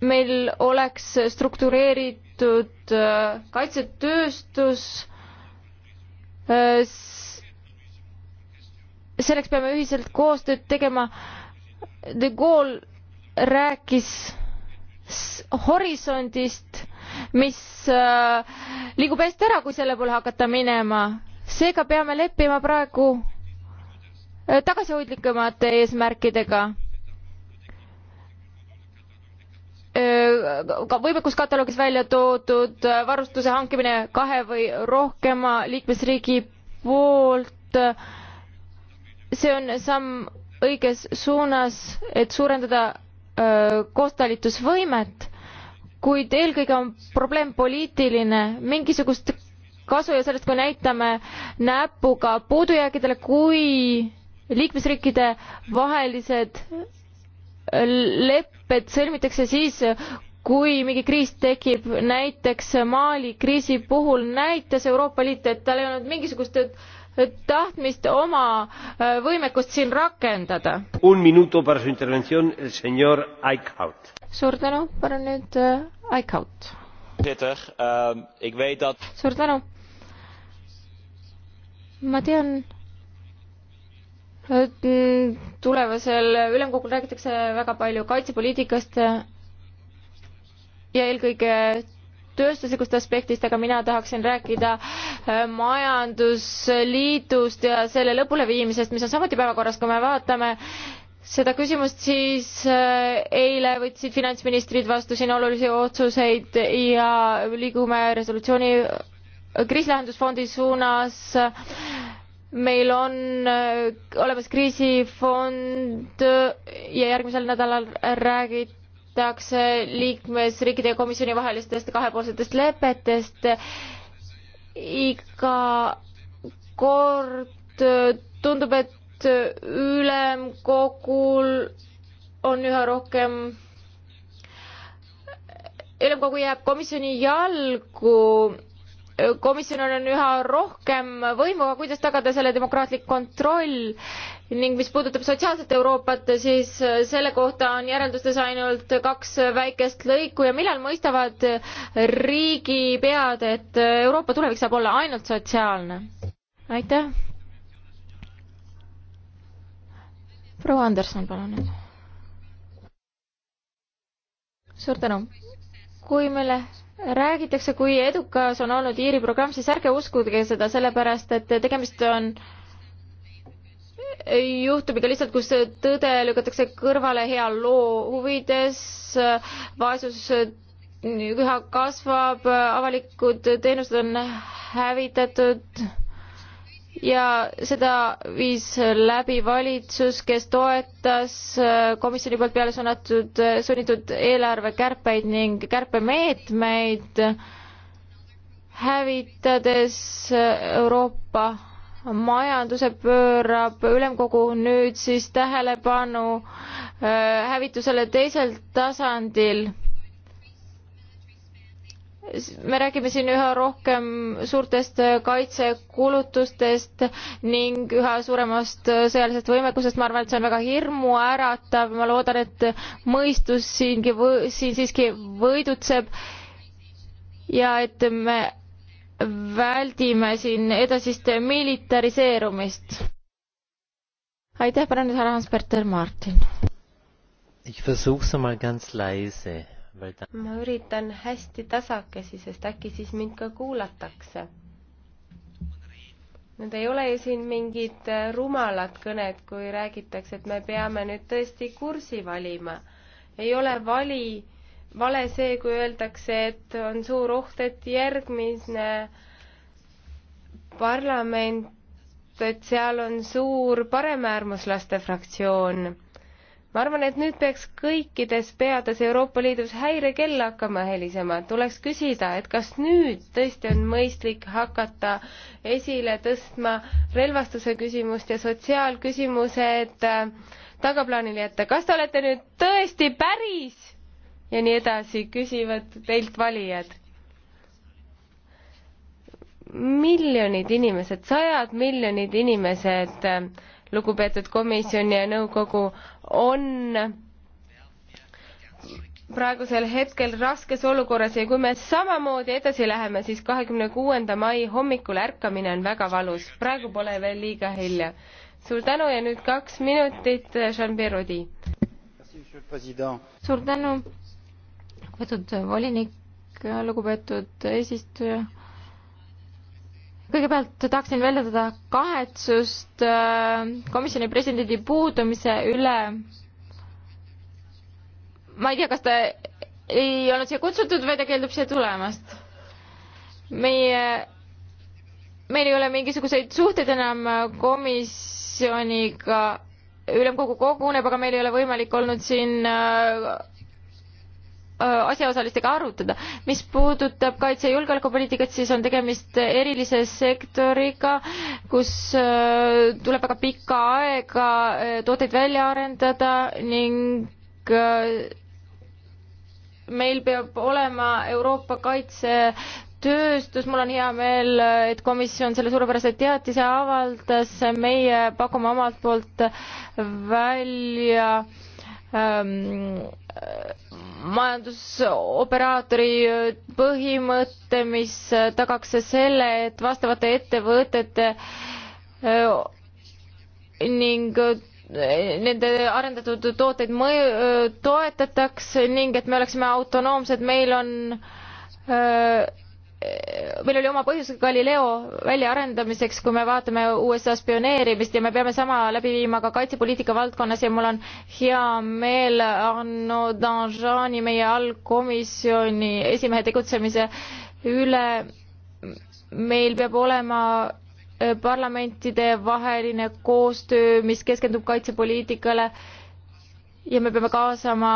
Speaker 4: meil oleks struktureeritud äh, kaitsetööstus. Äh, selleks peame ühiselt koostööd tegema de Gaulle rääkis horisondist, mis äh, liigub eest ära, kui selle poole hakata minema. seega peame leppima praegu äh, tagasihoidlikumate eesmärkidega äh, võimekuskataloogis välja toodud varustuse hankimine kahe või rohkema liikmesriigi poolt, see on samm õiges suunas, et suurendada koostalitusvõimet, kuid eelkõige on probleem poliitiline, mingisugust kasu ja sellest, kui näitame näpuga puudujääkidele, kui liikmesriikide vahelised lepped sõlmitakse siis, kui mingi kriis tekib, näiteks Mali kriisi puhul näitas Euroopa Liit, et tal ei olnud mingisugust tahtmist oma äh, võimekust siin rakendada. suur tänu, palun nüüd äh,
Speaker 3: Eichhout. Ehm,
Speaker 4: suur tänu. ma tean, et äh, tulevasel ülemkogul räägitakse väga palju kaitsepoliitikast ja eelkõige tööstuslikust aspektist, aga mina tahaksin rääkida äh, majandusliidust ja selle lõpuleviimisest, mis on samuti päevakorras, kui me vaatame seda küsimust, siis äh, eile võtsid finantsministrid vastu siin olulisi otsuseid ja liigume resolutsiooni äh, kriisilahendusfondi suunas meil on olemas kriisifond ja järgmisel nädalal räägid tehakse liikmesriikide ja komisjoni vahelistest kahepoolsetest lepetest. iga kord tundub, et ülemkogul on üha rohkem, ülemkogu jääb komisjoni jalgu komisjonil on üha rohkem võimu, aga kuidas tagada selle demokraatlik kontroll ning mis puudutab sotsiaalset Euroopat, siis selle kohta on järeldustes ainult kaks väikest lõiku ja millal mõistavad riigipead, et Euroopa tulevik saab olla ainult sotsiaalne? aitäh. proua Anderson, palun nüüd. suur tänu. kui meile räägitakse, kui edukas on olnud Iiri programm, siis ärge uskuge seda, sellepärast et tegemist on juhtumiga lihtsalt, kus tõde lükatakse kõrvale hea loo huvides, vaesus üha kasvab, avalikud teenused on hävitatud ja seda viis läbi valitsus, kes toetas äh, komisjoni poolt peale suunatud, äh, sunnitud eelarvekärpeid ning kärpemeetmeid, hävitades äh, Euroopa majanduse, pöörab ülemkogu nüüd siis tähelepanu hävitusele teisel tasandil me räägime siin üha rohkem suurtest kaitsekulutustest ning üha suuremast sõjalisest võimekusest, ma arvan, et see on väga hirmuäratav, ma loodan, et mõistus siingi, siin siiski võidutseb ja et me väldime siin edasist militariseerumist. aitäh, Pärnu härra Hans-Peter Martin.
Speaker 3: Ich versuche mal ganz leise
Speaker 1: ma üritan hästi tasakesi, sest äkki siis mind ka kuulatakse. Need ei ole ju siin mingid äh, rumalad kõned, kui räägitakse, et me peame nüüd tõesti kursi valima. ei ole vali, vale see, kui öeldakse, et on suur oht, et järgmine parlament, et seal on suur paremäärmuslaste fraktsioon ma arvan, et nüüd peaks kõikides peades Euroopa Liidus häirekell hakkama helisema, tuleks küsida, et kas nüüd tõesti on mõistlik hakata esile tõstma relvastuse küsimust ja sotsiaalküsimused äh, tagaplaanile jätta, kas te olete nüüd tõesti päris ja nii edasi, küsivad teilt valijad. miljonid inimesed, sajad miljonid inimesed äh, lugupeetud komisjon ja nõukogu on praegusel hetkel raskes olukorras ja kui me samamoodi edasi läheme, siis kahekümne kuuenda mai hommikul ärkamine on väga valus. praegu pole veel liiga hilja. suur tänu ja nüüd kaks minutit, Jean-Pierre Audi. suur tänu, lugupeetud volinik,
Speaker 4: lugupeetud eesistuja kõigepealt tahaksin väljendada kahetsust äh, komisjoni presidendi puudumise üle. ma ei tea, kas ta ei olnud siia kutsutud või ta keeldub siia tulemast. meie, meil ei ole mingisuguseid suhteid enam komisjoniga, ülemkogu koguneb, aga meil ei ole võimalik olnud siin äh, Äh, asjaosalistega arutada. mis puudutab kaitse- ja julgeolekupoliitikat, siis on tegemist erilise sektoriga, kus äh, tuleb väga pikka aega äh, tooteid välja arendada ning meil peab olema Euroopa kaitse tööstus, mul on hea meel, et komisjon selle suurepärase teatise avaldas, meie pakume omalt poolt välja ähm, majandusoperaatori põhimõte, mis tagaks selle, et vastavate ettevõtete ning nende arendatud tooteid mõju, toetataks ning et me oleksime autonoomsed, meil on öö, meil oli oma põhjus Galileo väljaarendamiseks, kui me vaatame USA spioneerimist ja me peame sama läbi viima ka kaitsepoliitika valdkonnas ja mul on hea meel Arno Danjani, meie allkomisjoni esimehe tegutsemise üle. meil peab olema eh, parlamentide vaheline koostöö, mis keskendub kaitsepoliitikale ja me peame kaasama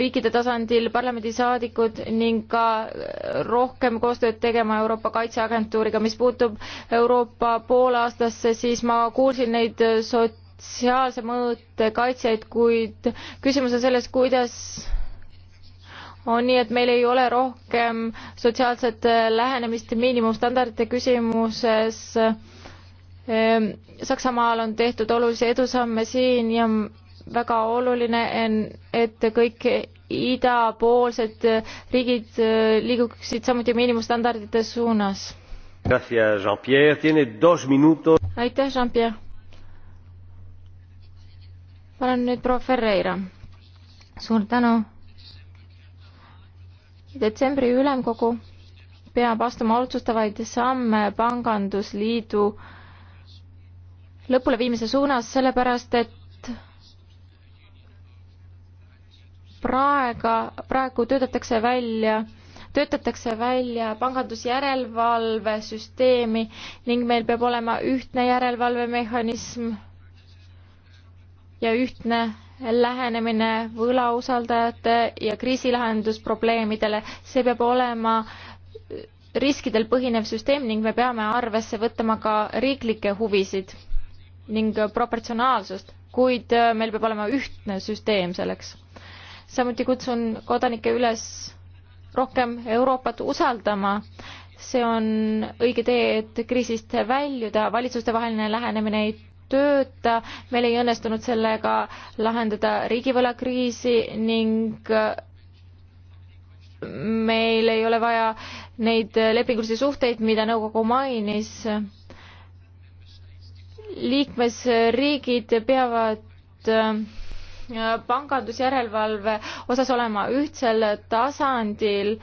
Speaker 4: riikide tasandil parlamendisaadikud ning ka rohkem koostööd tegema Euroopa Kaitseagentuuriga. mis puutub Euroopa poolaastasse, siis ma kuulsin neid sotsiaalse mõõte kaitsjaid, kuid küsimus on selles, kuidas on nii, et meil ei ole rohkem sotsiaalset lähenemist miinimumstandardite küsimuses. Ehm, Saksamaal on tehtud olulisi edusamme siin ja väga oluline on, et kõik idapoolsed riigid äh, liiguksid samuti miinimumstandardite suunas. aitäh, Jean-Pierre. palun nüüd proua Ferreira. suur tänu. detsembri ülemkogu peab astuma otsustavaid samme pangandusliidu lõpuleviimise suunas, sellepärast et praega, praegu töötatakse välja töötatakse välja pangandusjärelevalvesüsteemi ning meil peab olema ühtne järelevalvemehhanism ja ühtne lähenemine võlausaldajate ja kriisilahendusprobleemidele. see peab olema riskidel põhinev süsteem ning me peame arvesse võtma ka riiklikke huvisid ning proportsionaalsust, kuid meil peab olema ühtne süsteem selleks samuti kutsun kodanikke üles rohkem Euroopat usaldama. see on õige tee, et kriisist väljuda, valitsustevaheline lähenemine ei tööta, meil ei õnnestunud sellega lahendada riigivõlakriisi ning meil ei ole vaja neid lepingulisi suhteid, mida nõukogu mainis. liikmesriigid peavad pangandusjärelevalve osas olema ühtsel tasandil.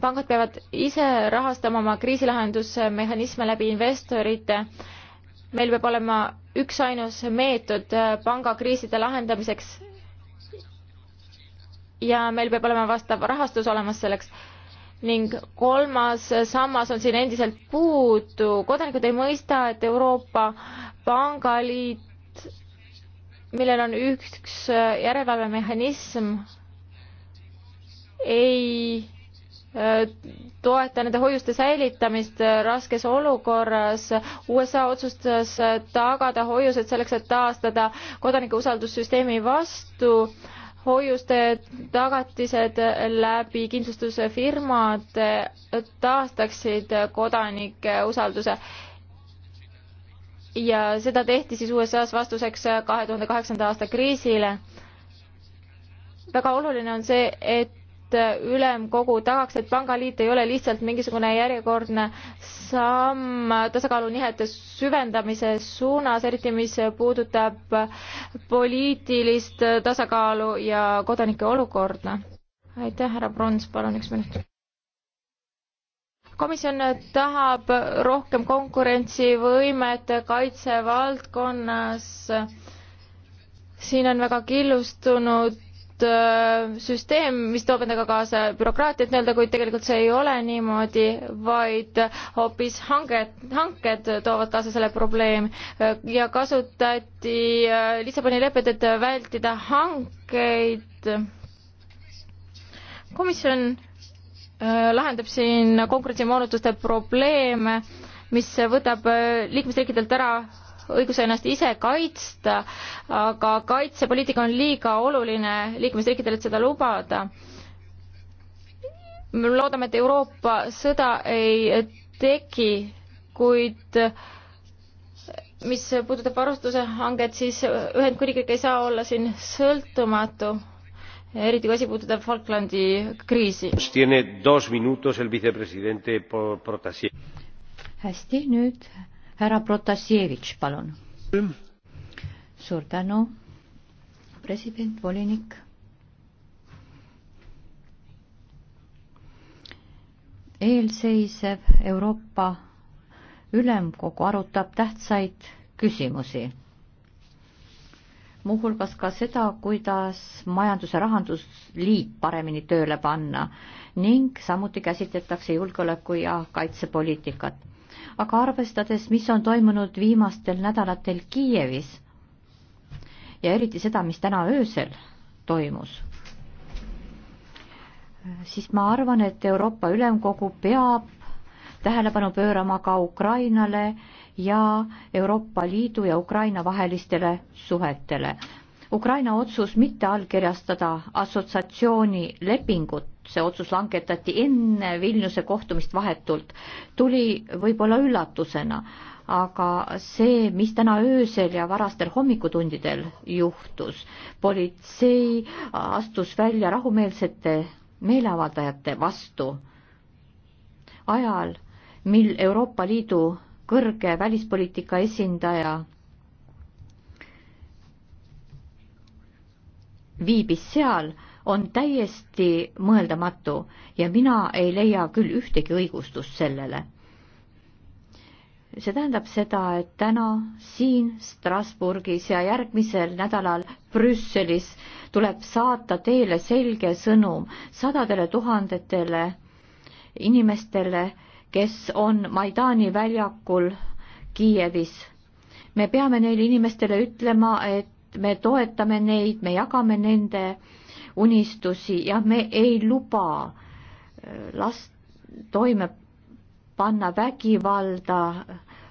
Speaker 4: pangad peavad ise rahastama oma kriisilahendusmehhanisme läbi investorite. meil peab olema üksainus meetod pangakriiside lahendamiseks ja meil peab olema vastav rahastus olemas selleks ning kolmas sammas on siin endiselt puudu. kodanikud ei mõista, et Euroopa Pangaliit millel on üks äh, järelevalvemehhanism, ei äh, toeta nende hoiuste säilitamist äh, raskes olukorras. USA otsustas tagada hoiused selleks, et taastada kodanike usaldussüsteemi vastu hoiuste tagatised läbi kindlustusfirmad taastaksid kodanike usalduse ja seda tehti siis USA-s vastuseks äh, kahe tuhande kaheksanda aasta kriisile. väga oluline on see, et äh, ülemkogu tagaks, et pangaliit ei ole lihtsalt mingisugune järjekordne samm tasakaalunihete süvendamise suunas, eriti mis puudutab äh, poliitilist tasakaalu ja kodanike olukorda. aitäh, härra Prons, palun üks minut komisjon tahab rohkem konkurentsivõimet kaitsevaldkonnas. siin on väga killustunud äh, süsteem, mis toob endaga kaasa bürokraatiat nii-öelda, kuid tegelikult see ei ole niimoodi, vaid hoopis hanged, hanked toovad kaasa selle probleemi ja kasutati äh, Lissaboni lepet, et vältida hankeid. komisjon Äh, lahendab siin konkurentsimoonutuste probleeme, mis võtab äh, liikmesriikidelt ära õiguse ennast ise kaitsta, aga kaitsepoliitika on liiga oluline liikmesriikidele, et seda lubada. loodame, et Euroopa sõda ei teki, kuid mis puudutab varustuse hanget, siis Ühendkuningriik ei saa olla siin sõltumatu eriti kui asi puudutab Falklandi kriisi.
Speaker 2: hästi, nüüd härra Protasevitš, palun. suur tänu, president, volinik. eelseisev Euroopa Ülemkogu arutab tähtsaid küsimusi muuhulgas ka seda, kuidas majandus- ja rahandusliit paremini tööle panna ning samuti käsitletakse julgeoleku ja kaitsepoliitikat. aga arvestades, mis on toimunud viimastel nädalatel Kiievis ja eriti seda, mis täna öösel toimus, siis ma arvan, et Euroopa Ülemkogu peab tähelepanu pöörama ka Ukrainale ja Euroopa Liidu ja Ukraina vahelistele suhetele. Ukraina otsus mitte allkirjastada assotsiatsiooni lepingut, see otsus langetati enne Vilniuse kohtumist vahetult, tuli võib-olla üllatusena, aga see, mis täna öösel ja varastel hommikutundidel juhtus, politsei astus välja rahumeelsete meeleavaldajate vastu ajal, mil Euroopa Liidu kõrge välispoliitika esindaja viibis seal, on täiesti mõeldamatu ja mina ei leia küll ühtegi õigustust sellele. see tähendab seda, et täna siin Strasburgis ja järgmisel nädalal Brüsselis tuleb saata teile selge sõnum sadadele tuhandetele inimestele, kes on Maidani väljakul Kiievis. me peame neile inimestele ütlema, et me toetame neid, me jagame nende unistusi ja me ei luba äh, last toime panna vägivalda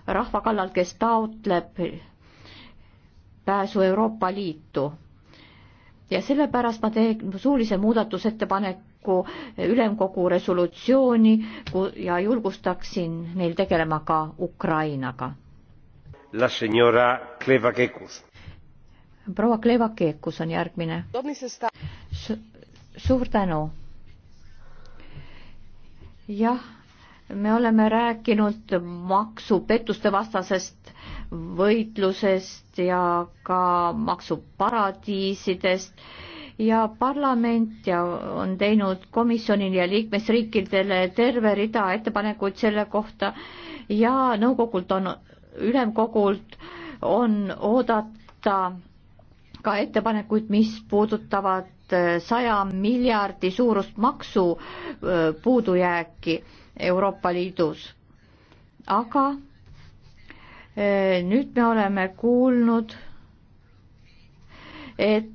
Speaker 2: rahva kallal, kes taotleb pääsu Euroopa Liitu ja sellepärast ma teen suulise muudatusettepaneku ülemkogu resolutsiooni ja julgustaksin neil tegelema ka Ukrainaga. proua Klevakekus on järgmine Su. suur tänu. jah, me oleme rääkinud maksupettuste vastasest võitlusest ja ka maksuparadiisidest ja parlament ja on teinud komisjonile ja liikmesriikidele terve rida ettepanekuid selle kohta ja nõukogult on, ülemkogult on oodata ka ettepanekuid, mis puudutavad äh, saja miljardi suurust maksu äh, puudujääki Euroopa Liidus. aga Äh, nüüd me oleme kuulnud, et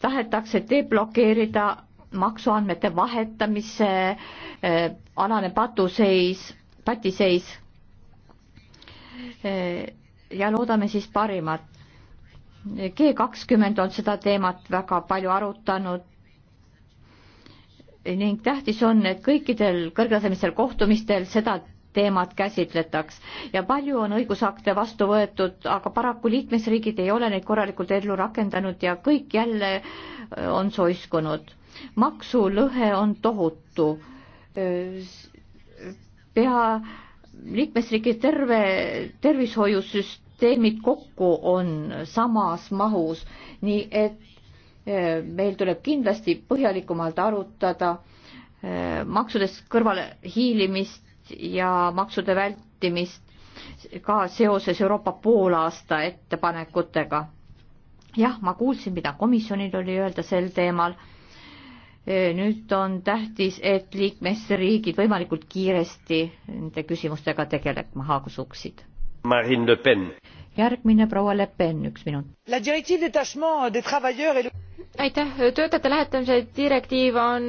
Speaker 2: tahetakse deblokeerida maksuandmete vahetamise äh, alane patuseis, patiseis. Äh, ja loodame siis parimat. G kakskümmend on seda teemat väga palju arutanud ning tähtis on, et kõikidel kõrgetasemelistel kohtumistel seda teemat käsitletaks ja palju on õigusakte vastu võetud, aga paraku liikmesriigid ei ole neid korralikult ellu rakendanud ja kõik jälle äh, on soiskunud. maksulõhe on tohutu. Äh, pea liikmesriigid terve tervishoiusüsteemid kokku on samas mahus, nii et äh, meil tuleb kindlasti põhjalikumalt arutada maksudest kõrvale hiilimist vältimist ja maksude vältimist ka seoses Euroopa poolaasta ettepanekutega. jah, ma kuulsin, mida komisjonil oli öelda sel teemal. nüüd on tähtis, et liikmesriigid võimalikult kiiresti nende küsimustega tegelema haagusuksid.
Speaker 3: Marine Le Pen.
Speaker 2: järgmine proua Le Pen, üks minut.
Speaker 3: La directive détachement des travailleurs et le
Speaker 4: aitäh, töötajate lähetamise direktiiv on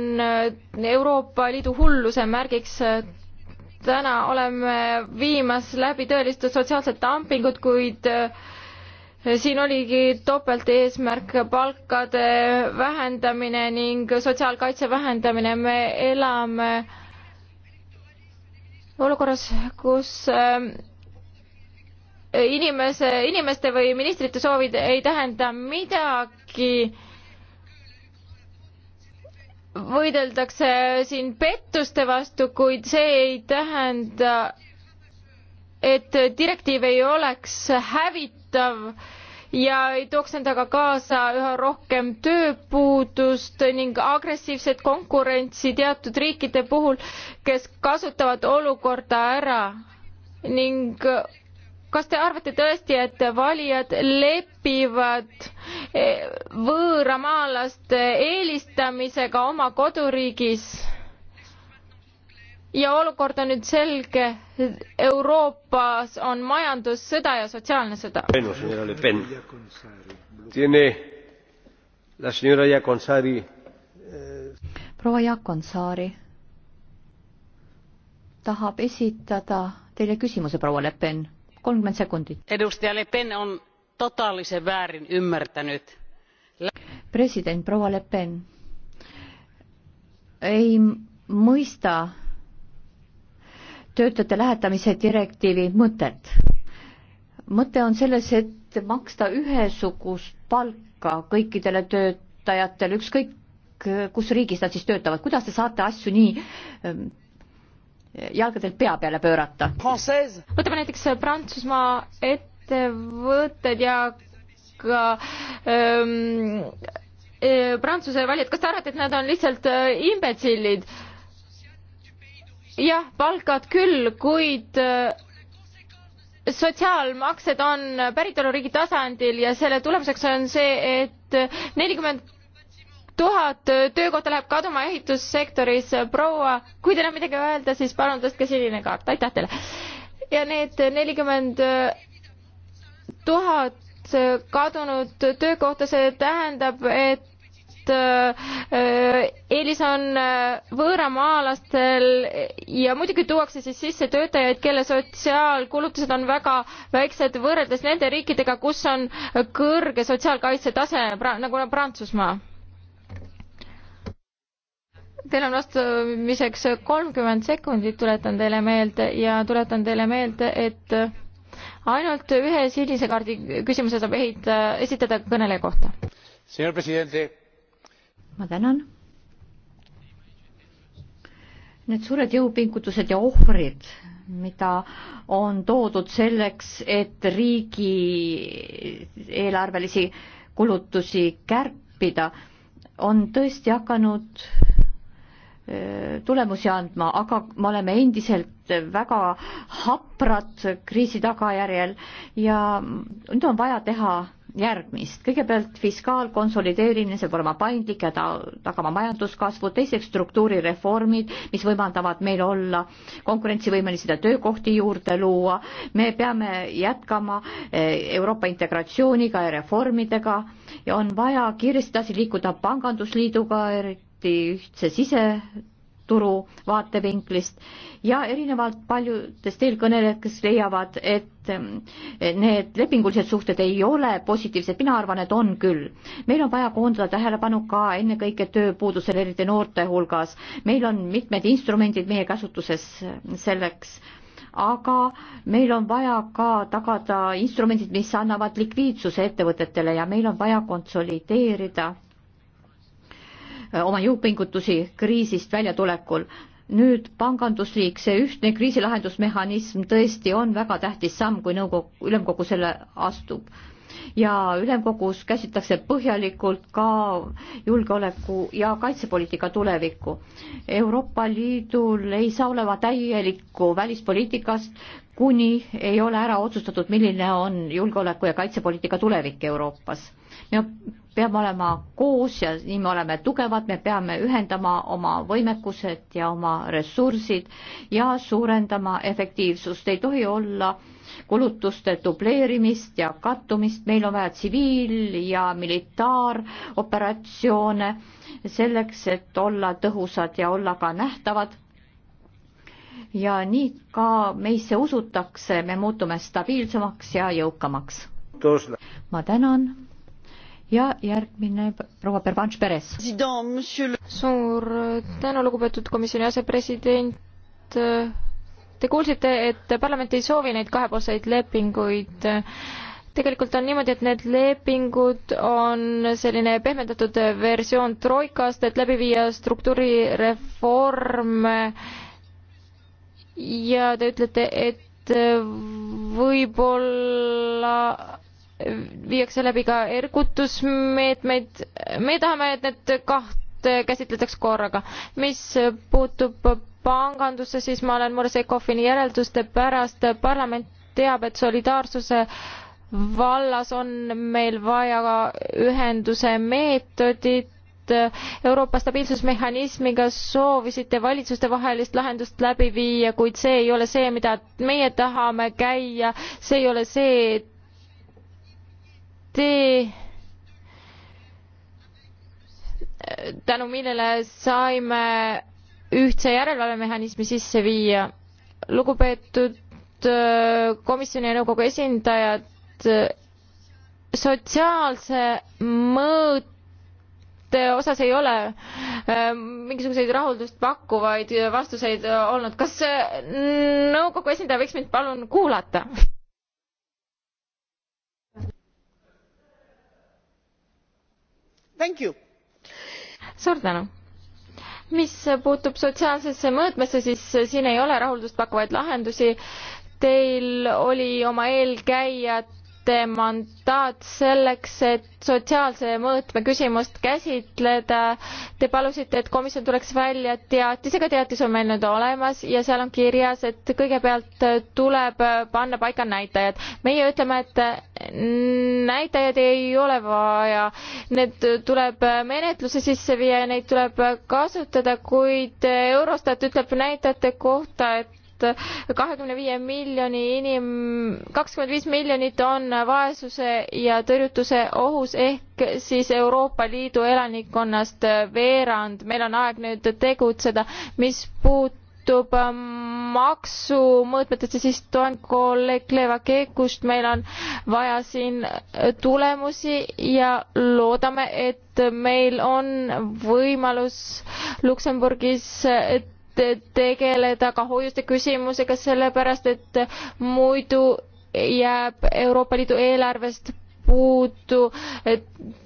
Speaker 4: Euroopa Liidu hulluse märgiks täna oleme viimas läbi tõelist sotsiaalset dumpingut, kuid eh, siin oligi topelteesmärk palkade vähendamine ning sotsiaalkaitse vähendamine. me elame olukorras, kus eh, inimese, inimeste või ministrite soovid ei tähenda midagi võideldakse siin pettuste vastu, kuid see ei tähenda, et direktiiv ei oleks hävitav ja ei tooks endaga kaasa üha rohkem tööpuudust ning agressiivset konkurentsi teatud riikide puhul, kes kasutavad olukorda ära ning kas te arvate tõesti, et valijad lepivad e, võõramaalaste eelistamisega oma koduriigis? ja olukord on nüüd selge, Euroopas on majandussõda
Speaker 2: ja sotsiaalne sõda. Eh, proua Jaakonsaari tahab esitada teile küsimuse, proua Le Pen kolmkümmend sekundit.
Speaker 4: edustaja Le Pen on totaalisen väärin ymmärtänyt.
Speaker 2: president proua Le Pen ei mõista töötajate lähetamise direktiivi mõtet. mõte on selles, et maksta ühesugust palka kõikidele töötajatele, ükskõik kus riigis nad siis töötavad, kuidas te saate asju nii ähm, jalgadel pea peale pöörata.
Speaker 4: võtame näiteks äh,
Speaker 2: Prantsusmaa
Speaker 4: ettevõtted ja ka ähm, äh, Prantsuse valijad, kas te arvate, et nad on lihtsalt äh, imbetsillid? jah, palkad küll, kuid sotsiaalmaksed on päritoluriigi tasandil ja selle tulemuseks on see et, et nelikümmend tuhat töökohta läheb kaduma ehitussektoris. proua, kui teil on midagi öelda, siis palun tõstke sinine kaart, aitäh teile. ja need nelikümmend tuhat kadunud töökohta, see tähendab, et äh, eelis on äh, võõramaalastel ja muidugi tuuakse siis sisse töötajaid, kelle sotsiaalkulutused on väga väiksed võrreldes nende riikidega, kus on kõrge sotsiaalkaitse tase, nagu Prantsusmaa Teil on vastamiseks kolmkümmend sekundit, tuletan teile meelde ja tuletan teile meelde, et ainult ühe sinise kaardi küsimuse saab ehita, esitada kõneleja kohta.
Speaker 2: ma tänan. Need suured jõupingutused ja ohvrid, mida on toodud selleks, et riigi eelarvelisi kulutusi kärpida, on tõesti hakanud Eh, tulemusi andma, aga me oleme endiselt väga haprad kriisi tagajärjel ja nüüd on vaja teha järgmist. kõigepealt fiskaalkonsolideerimine, see peab olema paindlik ja ta tagama majanduskasvu, teiseks struktuurireformid, mis võimaldavad meil olla konkurentsivõimelised ja töökohti juurde luua. me peame jätkama eh, Euroopa integratsiooniga ja reformidega ja on vaja kiiresti edasi liikuda pangandusliiduga, samuti ühtse siseturu vaatevinklist ja erinevalt paljudest eelkõnelejad, kes leiavad, et ähm, need lepingulised suhted ei ole positiivsed, mina arvan, et on küll. meil on vaja koondada tähelepanu ka ennekõike tööpuudusele, eriti noorte hulgas. meil on mitmed instrumendid meie käsutuses äh, selleks aga meil on vaja ka tagada instrumendid, mis annavad likviidsuse ettevõtetele ja meil on vaja konsolideerida Äh, oma jõupingutusi kriisist väljatulekul. nüüd pangandusriik, see ühtne kriisilahendusmehhanism tõesti on väga tähtis samm, kui nõukogu, ülemkogu selle astub ja ülemkogus käsitletakse põhjalikult ka julgeoleku ja kaitsepoliitika tulevikku. Euroopa Liidul ei saa olema täielikku välispoliitikast, kuni ei ole ära otsustatud, milline on julgeoleku ja kaitsepoliitika tulevik Euroopas. me peame olema koos ja nii me oleme tugevad, me peame ühendama oma võimekused ja oma ressursid ja suurendama efektiivsust, ei tohi olla kulutuste dubleerimist ja kattumist, meil on vaja tsiviil- ja militaaroperatsioone selleks, et olla tõhusad ja olla ka nähtavad ja nii ka meisse usutakse, me muutume stabiilsemaks ja jõukamaks. ma tänan ja järgmine proua Pervanš Peres.
Speaker 4: suur tänu, lugupeetud komisjoni asepresident. Te kuulsite, et parlament ei soovi neid kahepoolseid lepinguid tegelikult on niimoodi, et need lepingud on selline pehmendatud versioon troikast, et läbi viia struktuurireform. ja te ütlete, et võib-olla viiakse läbi ka ergutusmeetmeid. me tahame, et need kahte käsitletaks korraga. mis puutub pangandusse, siis ma olen mures ECOFIN-i järelduste pärast. parlament teab, et solidaarsuse vallas on meil vaja ühenduse meetodit. Euroopa stabiilsusmehhanismiga soovisite valitsustevahelist lahendust läbi viia, kuid see ei ole see, mida meie tahame käia. see ei ole see tee, tänu millele saime ühtse järelevalvemehhanismi sisse viia. lugupeetud äh, komisjoni ja nõukogu esindajad, äh, sotsiaalse mõõte osas ei ole äh, mingisuguseid rahuldust pakkuvaid vastuseid olnud. kas nõukogu esindaja võiks mind palun kuulata? suur tänu mis puutub sotsiaalsesse mõõtmesse siis siin ei ole rahuldust pakkuvaid lahendusi teil oli oma eelkäijad andsite mandaat selleks, et sotsiaalse mõõtme küsimust käsitleda. Te palusite, et komisjon tuleks välja teatisega, teatis on meil nüüd olemas ja seal on kirjas, et kõigepealt tuleb panna paika näitajad. meie ütleme, et näitajaid ei ole vaja, need tuleb menetluse sisse viia ja neid tuleb kasutada, kuid Eurostat ütleb näitajate kohta, et et kahekümne viie miljoni inim-, kakskümmend viis miljonit on vaesuse ja tõrjutuse ohus ehk siis Euroopa Liidu elanikkonnast veerand. meil on aeg nüüd tegutseda, mis puudutab sõltub ähm, maksumõõtmetest ja siis toon kolleeg Kleva Keekust, meil on vaja siin tulemusi ja loodame, et meil on võimalus Luksemburgis tegeleda ka hoiuste küsimusega, sellepärast et muidu jääb Euroopa Liidu eelarvest puudu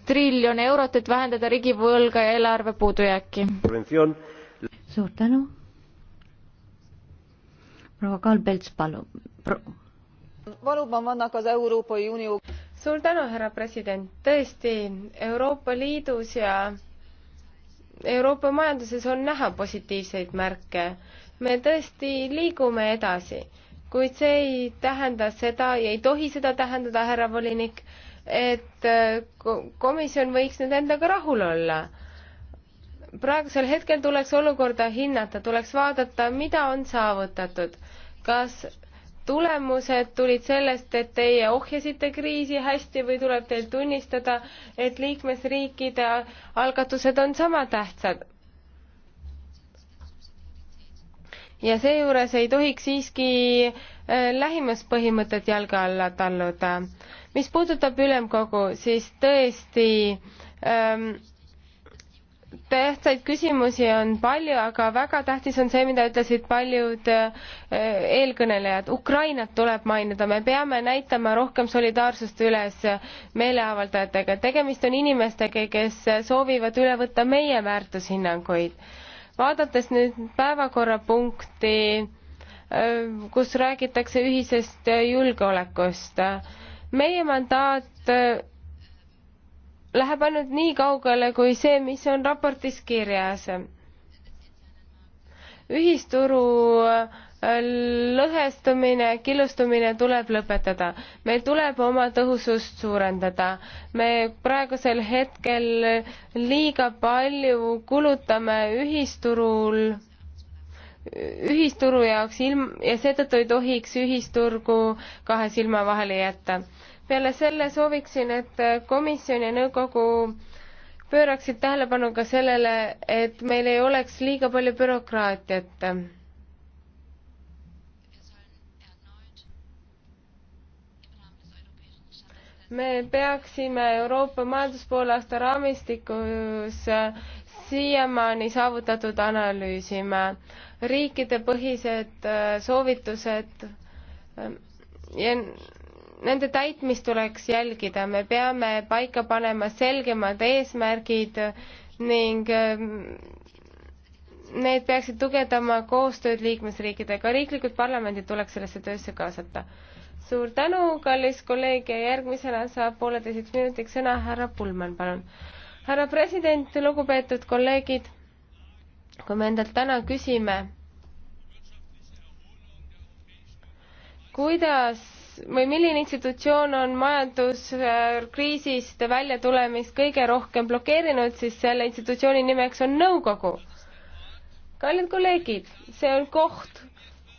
Speaker 4: triljon eurot, et vähendada riigivõlga ja eelarve puudujääki.
Speaker 2: suur tänu. proua Kalbelts, palun Pro
Speaker 5: valóban vannak az
Speaker 1: európai unió. suur tänu härra president tõesti euroopa liidus ja Euroopa majanduses on näha positiivseid märke. me tõesti liigume edasi, kuid see ei tähenda seda ja ei tohi seda tähendada, härra volinik, et äh, komisjon võiks nüüd endaga rahul olla praegusel hetkel tuleks olukorda hinnata, tuleks vaadata, mida on saavutatud, kas tulemused tulid sellest, et teie ohjasite kriisi hästi või tuleb teil tunnistada, et liikmesriikide algatused on sama tähtsad? ja seejuures ei tohiks siiski äh, lähimuspõhimõtet jalge alla talluda. mis puudutab ülemkogu, siis tõesti ähm, tähtsaid küsimusi on palju, aga väga tähtis on see, mida ütlesid paljud eh, eelkõnelejad. Ukrainat tuleb mainida, me peame näitama rohkem solidaarsust üles meeleavaldajatega. tegemist on inimestega, kes soovivad üle võtta meie väärtushinnanguid. vaadates nüüd päevakorrapunkti, eh, kus räägitakse ühisest julgeolekust, meie mandaat eh, läheb ainult nii kaugele kui see, mis on raportis kirjas. ühisturu äh, lõhestumine, killustumine tuleb lõpetada. meil tuleb oma tõhusust suurendada. me praegusel hetkel liiga palju kulutame ühisturul, ühisturu jaoks ilm ja seetõttu ei tohiks ühisturgu kahe silma vahele jätta peale selle sooviksin, et komisjon ja nõukogu pööraksid tähelepanu ka sellele, et meil ei oleks liiga palju bürokraatiat. me peaksime Euroopa majanduspoolaasta raamistikus siiamaani saavutatud analüüsima, riikidepõhised soovitused ja nende täitmist tuleks jälgida, me peame paika panema selgemad eesmärgid ning ähm, need peaksid tugevdama koostööd liikmesriikidega, riiklikud parlamendid tuleks sellesse töösse kaasata. suur tänu, kallis kolleeg ja järgmisena saab pooleteiseks minutiks sõna härra Pullmann, palun. härra president, lugupeetud kolleegid, kui me endalt täna küsime, kuidas või milline institutsioon on majanduskriisist väljatulemist kõige rohkem blokeerinud, siis selle institutsiooni nimeks on nõukogu. kallid kolleegid, see on koht,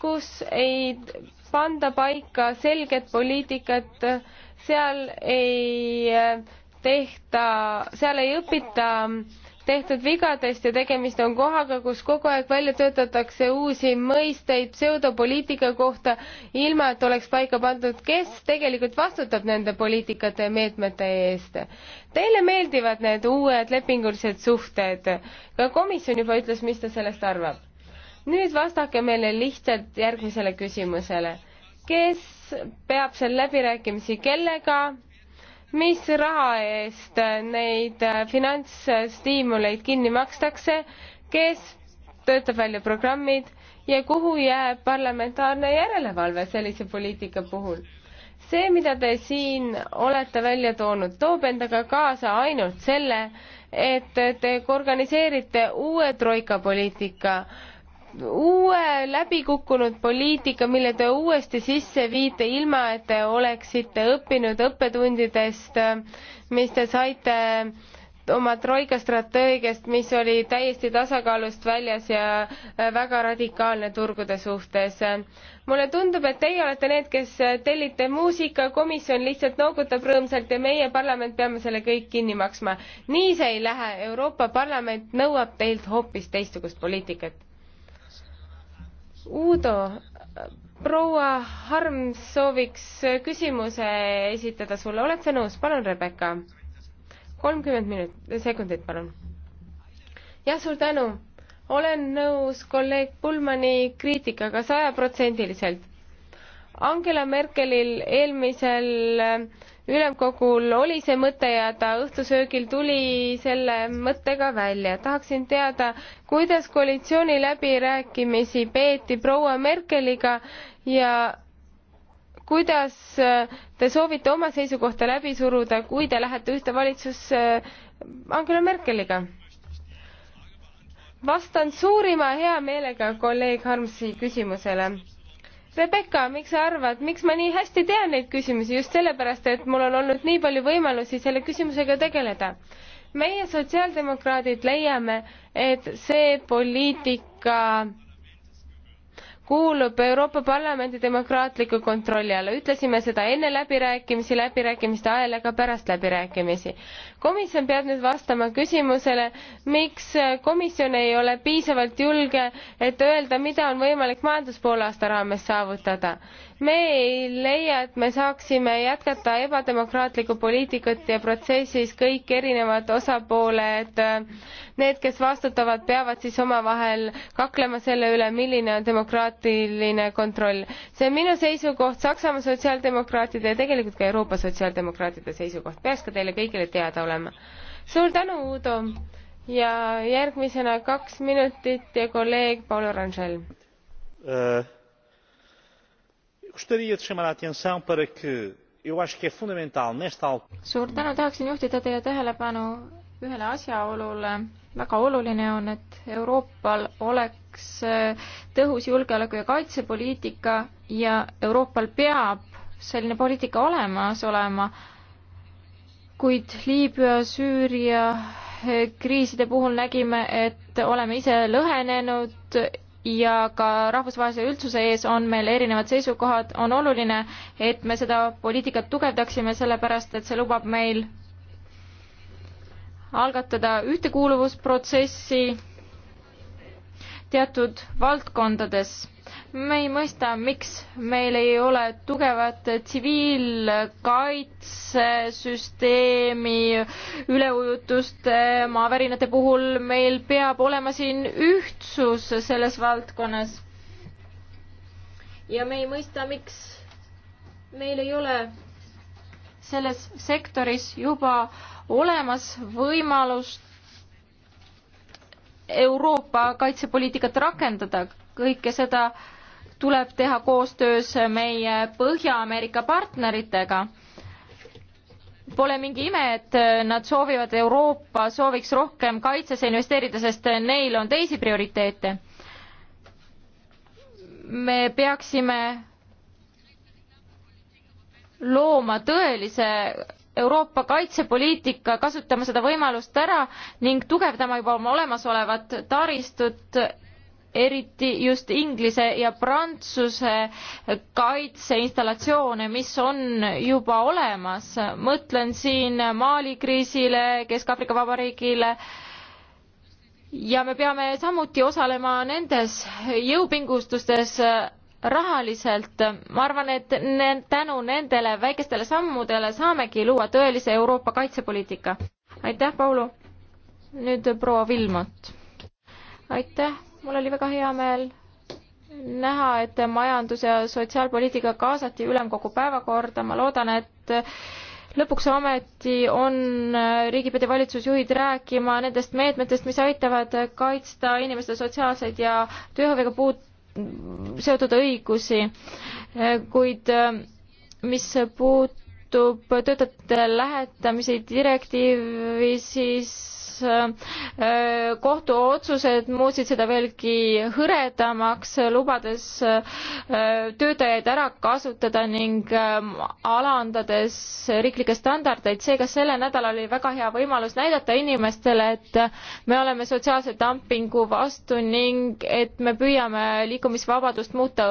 Speaker 1: kus ei panda paika selget poliitikat, seal ei tehta, seal ei õpita äh, tehtud vigadest ja tegemist on kohaga, kus kogu aeg välja töötatakse uusi mõisteid pseudopoliitika kohta, ilma et oleks paika pandud, kes tegelikult vastutab nende poliitikate ja meetmete eest. Teile meeldivad need uued lepingulised suhted? ka komisjon juba ütles, mis ta sellest arvab. nüüd vastake meile lihtsalt järgmisele küsimusele. kes peab seal läbirääkimisi, kellega? mis raha eest neid finantsstiimuleid kinni makstakse, kes töötab välja programmid ja kuhu jääb parlamentaarne järelevalve sellise poliitika puhul? see, mida te siin olete välja toonud, toob endaga kaasa ainult selle, et te organiseerite uue troika poliitika äh, uue läbikukkunud poliitika, mille te uuesti sisse viite, ilma et te oleksite õppinud õppetundidest, mis te saite oma troika strateegiast, mis oli täiesti tasakaalust väljas ja äh, väga radikaalne turgude suhtes. mulle tundub, et teie olete need, kes tellite muusika, komisjon lihtsalt noogutab rõõmsalt ja meie parlament peame selle kõik kinni maksma. nii see ei lähe, Euroopa Parlament nõuab teilt hoopis teistsugust poliitikat Uudo, proua Harms sooviks küsimuse esitada sulle, oled sa nõus, palun, Rebecca. kolmkümmend minut-, sekundit, palun. jah, suur tänu. olen nõus kolleeg Pulmani kriitikaga sajaprotsendiliselt Angela Merkelil eelmisel äh, ülemkogul oli see mõte ja ta õhtusöögil tuli selle mõttega välja. tahaksin teada, kuidas koalitsiooni läbirääkimisi peeti proua Merkeliga ja kuidas äh, te soovite oma seisukohta läbi suruda, kui te lähete ühte valitsusse äh, Angela Merkeliga? vastan suurima heameelega kolleeg Harmsi küsimusele Rebecca, miks sa arvad, miks ma nii hästi tean neid küsimusi, just sellepärast, et mul on olnud nii palju võimalusi selle küsimusega tegeleda. meie sotsiaaldemokraadid leiame, et see poliitika kuulub Euroopa Parlamendi demokraatliku kontrolli alla. ütlesime seda enne läbirääkimisi, läbirääkimiste ajal ja ka pärast läbirääkimisi. komisjon peab nüüd vastama küsimusele, miks komisjon ei ole piisavalt julge, et öelda, mida on võimalik majanduspoolaasta raames saavutada me ei leia, et me saaksime jätkata ebademokraatlikku poliitikat ja protsessis kõik erinevad osapooled, need, kes vastutavad, peavad siis omavahel kaklema selle üle, milline on demokraatiline kontroll. see on minu seisukoht, Saksamaa sotsiaaldemokraatide ja tegelikult ka Euroopa sotsiaaldemokraatide seisukoht, peaks ka teile kõigile teada olema. suur tänu, Uudo! ja järgmisena kaks minutit ja kolleeg Paul Oranžel uh
Speaker 3: äh, gostaria de chamar a atenção para que eu acho que é fundamental nesta
Speaker 4: suur tänu, tahaksin juhtida teie tähelepanu ühele asjaolule. väga oluline on, et Euroopal oleks äh, tõhus julgeoleku ja kaitsepoliitika ja Euroopal peab selline poliitika olemas olema. kuid Liibüa, Süüria äh, kriiside puhul nägime, et oleme ise lõhenenud ja ka rahvusvahelise üldsuse ees on meil erinevad seisukohad, on oluline, et me seda poliitikat tugevdaksime, sellepärast et see lubab meil algatada ühtekuuluvusprotsessi teatud valdkondades. me ei mõista, miks meil ei ole tugevat tsiviilkaitsesüsteemi üleujutuste, maavärinate puhul, meil peab olema siin ühtsus selles valdkonnas. ja me ei mõista, miks meil ei ole selles sektoris juba olemas võimalust Euroopa kaitsepoliitikat rakendada, kõike seda tuleb teha koostöös meie Põhja-Ameerika partneritega. Pole mingi ime, et nad soovivad, Euroopa sooviks rohkem kaitsesse investeerida, sest neil on teisi prioriteete. me peaksime looma tõelise Euroopa kaitsepoliitika kasutama seda võimalust ära ning tugevdama juba oma olemasolevat taristut, eriti just Inglise ja Prantsuse kaitseinstallatsioone, mis on juba olemas. mõtlen siin Mali kriisile, Kesk-Aafrika Vabariigile ja me peame samuti osalema nendes jõupingustustes rahaliselt, ma arvan, et ne-, tänu nendele väikestele sammudele saamegi luua tõelise Euroopa kaitsepoliitika. aitäh, Paulu! nüüd proua Vilmot. aitäh, mul oli väga hea meel näha, et majandus- ja sotsiaalpoliitika kaasati ülemkogu päevakorda, ma loodan, et lõpuks ometi on riigipead ja valitsusjuhid rääkima nendest meetmetest, mis aitavad kaitsta inimeste sotsiaalseid ja tööhõivega puut-, seotud õigusi, kuid äh, mis puutub töötajate lähetamise direktiivi, siis Äh, kohtuotsused muutsid seda veelgi hõredamaks, lubades äh, töötajaid ära kasutada ning äh, alandades riiklikke standardeid. seega sellel nädalal oli väga hea võimalus näidata inimestele, et me oleme sotsiaalse dumpingu vastu ning et me püüame liikumisvabadust muuta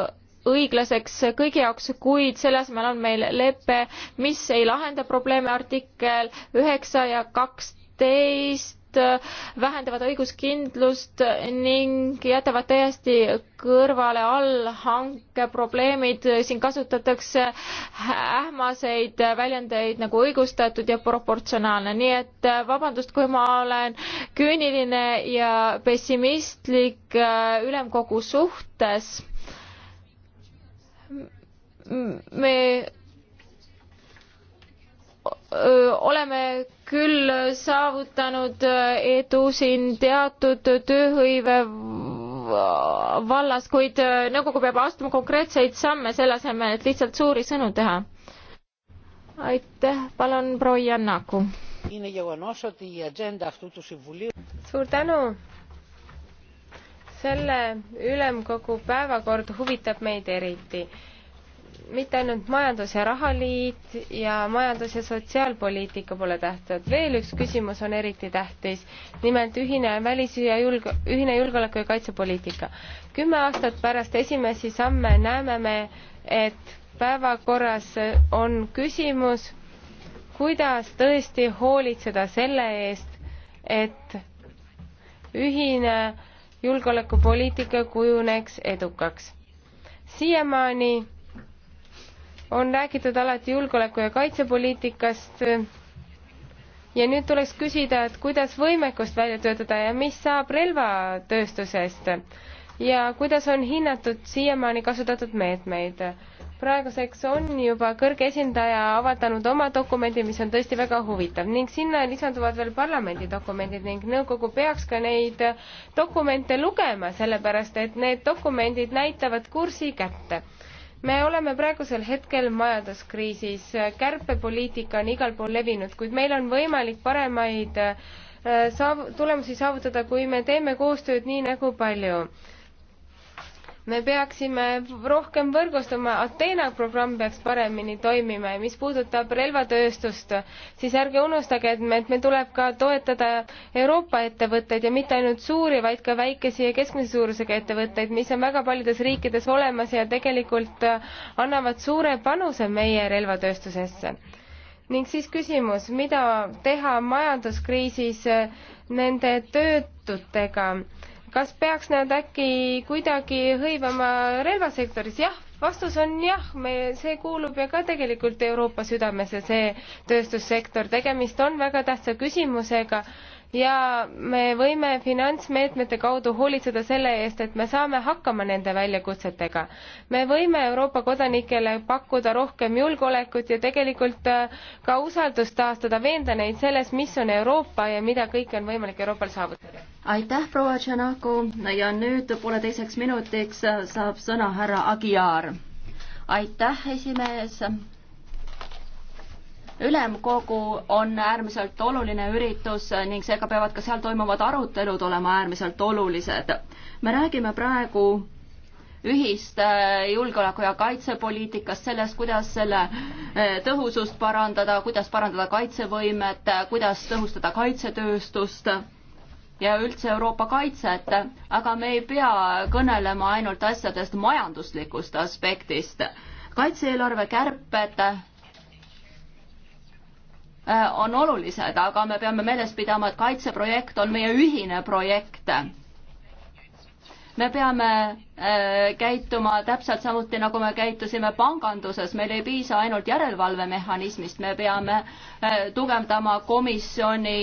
Speaker 4: õiglaseks kõigi jaoks, kuid selle asemel on meil lepe, mis ei lahenda probleeme, artikkel üheksa ja kaksteist Äh, vähendavad õiguskindlust ning jätavad täiesti kõrvale allhanke probleemid. siin kasutatakse ähmaseid väljendeid nagu õigustatud ja proportsionaalne, nii et äh, vabandust, kui ma olen küüniline ja pessimistlik äh, ülemkogu suhtes. me oleme küll saavutanud edu siin teatud tööhõive vallas, kuid nõukogu peab astuma konkreetseid samme selle asemel, et lihtsalt suuri sõnu teha. aitäh, palun proua Jannaku.
Speaker 1: suur tänu. selle ülemkogu päevakord huvitab meid eriti mitte ainult Majandus- ja Rahaliit ja majandus- ja sotsiaalpoliitika pole tähtsad, veel üks küsimus on eriti tähtis, nimelt ühine välis- ja julge-, ühine julgeoleku- ja kaitsepoliitika. kümme aastat pärast esimesi samme näeme me, et päevakorras on küsimus, kuidas tõesti hoolitseda selle eest, et ühine julgeolekupoliitika kujuneks edukaks. siiamaani on räägitud alati julgeoleku- ja kaitsepoliitikast ja nüüd tuleks küsida, et kuidas võimekust välja töötada ja mis saab relvatööstusest ja kuidas on hinnatud siiamaani kasutatud meetmeid. praeguseks on juba kõrge esindaja avaldanud oma dokumendi, mis on tõesti väga huvitav ning sinna lisanduvad veel parlamendi dokumendid ning nõukogu peaks ka neid dokumente lugema, sellepärast et need dokumendid näitavad kursi kätte me oleme praegusel hetkel majanduskriisis, kärpepoliitika on igal pool levinud, kuid meil on võimalik paremaid äh, saav-, tulemusi saavutada, kui me teeme koostööd nii nagu palju me peaksime rohkem võrgustuma, Ateena programm peaks paremini toimima ja mis puudutab relvatööstust, siis ärge unustage, et me, et meil tuleb ka toetada Euroopa ettevõtteid ja mitte ainult suuri, vaid ka väikesi ja keskmise suurusega ettevõtteid, mis on väga paljudes riikides olemas ja tegelikult äh, annavad suure panuse meie relvatööstusesse ning siis küsimus, mida teha majanduskriisis äh, nende töötutega kas peaks nad äkki kuidagi hõivama relvasektoris? jah, vastus on jah, me, see kuulub ju ka tegelikult Euroopa südamesse, see tööstussektor, tegemist on väga tähtsa küsimusega ja me võime finantsmeetmete kaudu hoolitseda selle eest, et me saame hakkama nende väljakutsetega. me võime Euroopa kodanikele pakkuda rohkem julgeolekut ja tegelikult äh, ka usaldust taastada, veenda neid selles, mis on Euroopa ja mida kõike on võimalik Euroopal saavutada
Speaker 5: aitäh, proua Tšenako ja nüüd pooleteiseks minutiks saab sõna härra Agiar. aitäh, esimees. ülemkogu on äärmiselt oluline üritus ning seega peavad ka seal toimuvad arutelud olema äärmiselt olulised. me räägime praegu ühist äh, julgeoleku- ja kaitsepoliitikast, sellest, kuidas selle äh, tõhusust parandada, kuidas parandada kaitsevõimet, äh, kuidas tõhustada kaitsetööstust ja üldse Euroopa kaitset, aga me ei pea kõnelema ainult asjadest majanduslikust aspektist. kaitse-eelarve kärped äh, on olulised, aga me peame meeles pidama, et kaitseprojekt on meie ühine projekt. me peame äh, käituma täpselt samuti, nagu me käitusime panganduses, meil ei piisa ainult järelevalvemehhanismist, me peame äh, tugevdama komisjoni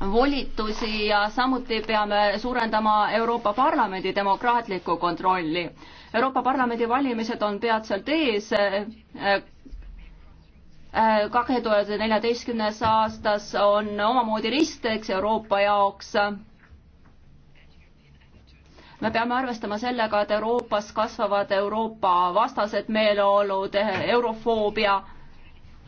Speaker 5: volitusi ja samuti peame suurendama Euroopa Parlamendi demokraatlikku kontrolli. Euroopa Parlamendi valimised on peatselt ees. Äh, äh, kahe tuhande neljateistkümnes aastas on omamoodi ristteks Euroopa jaoks. me peame arvestama sellega, et Euroopas kasvavad Euroopa vastased meeleolud, eurofoobia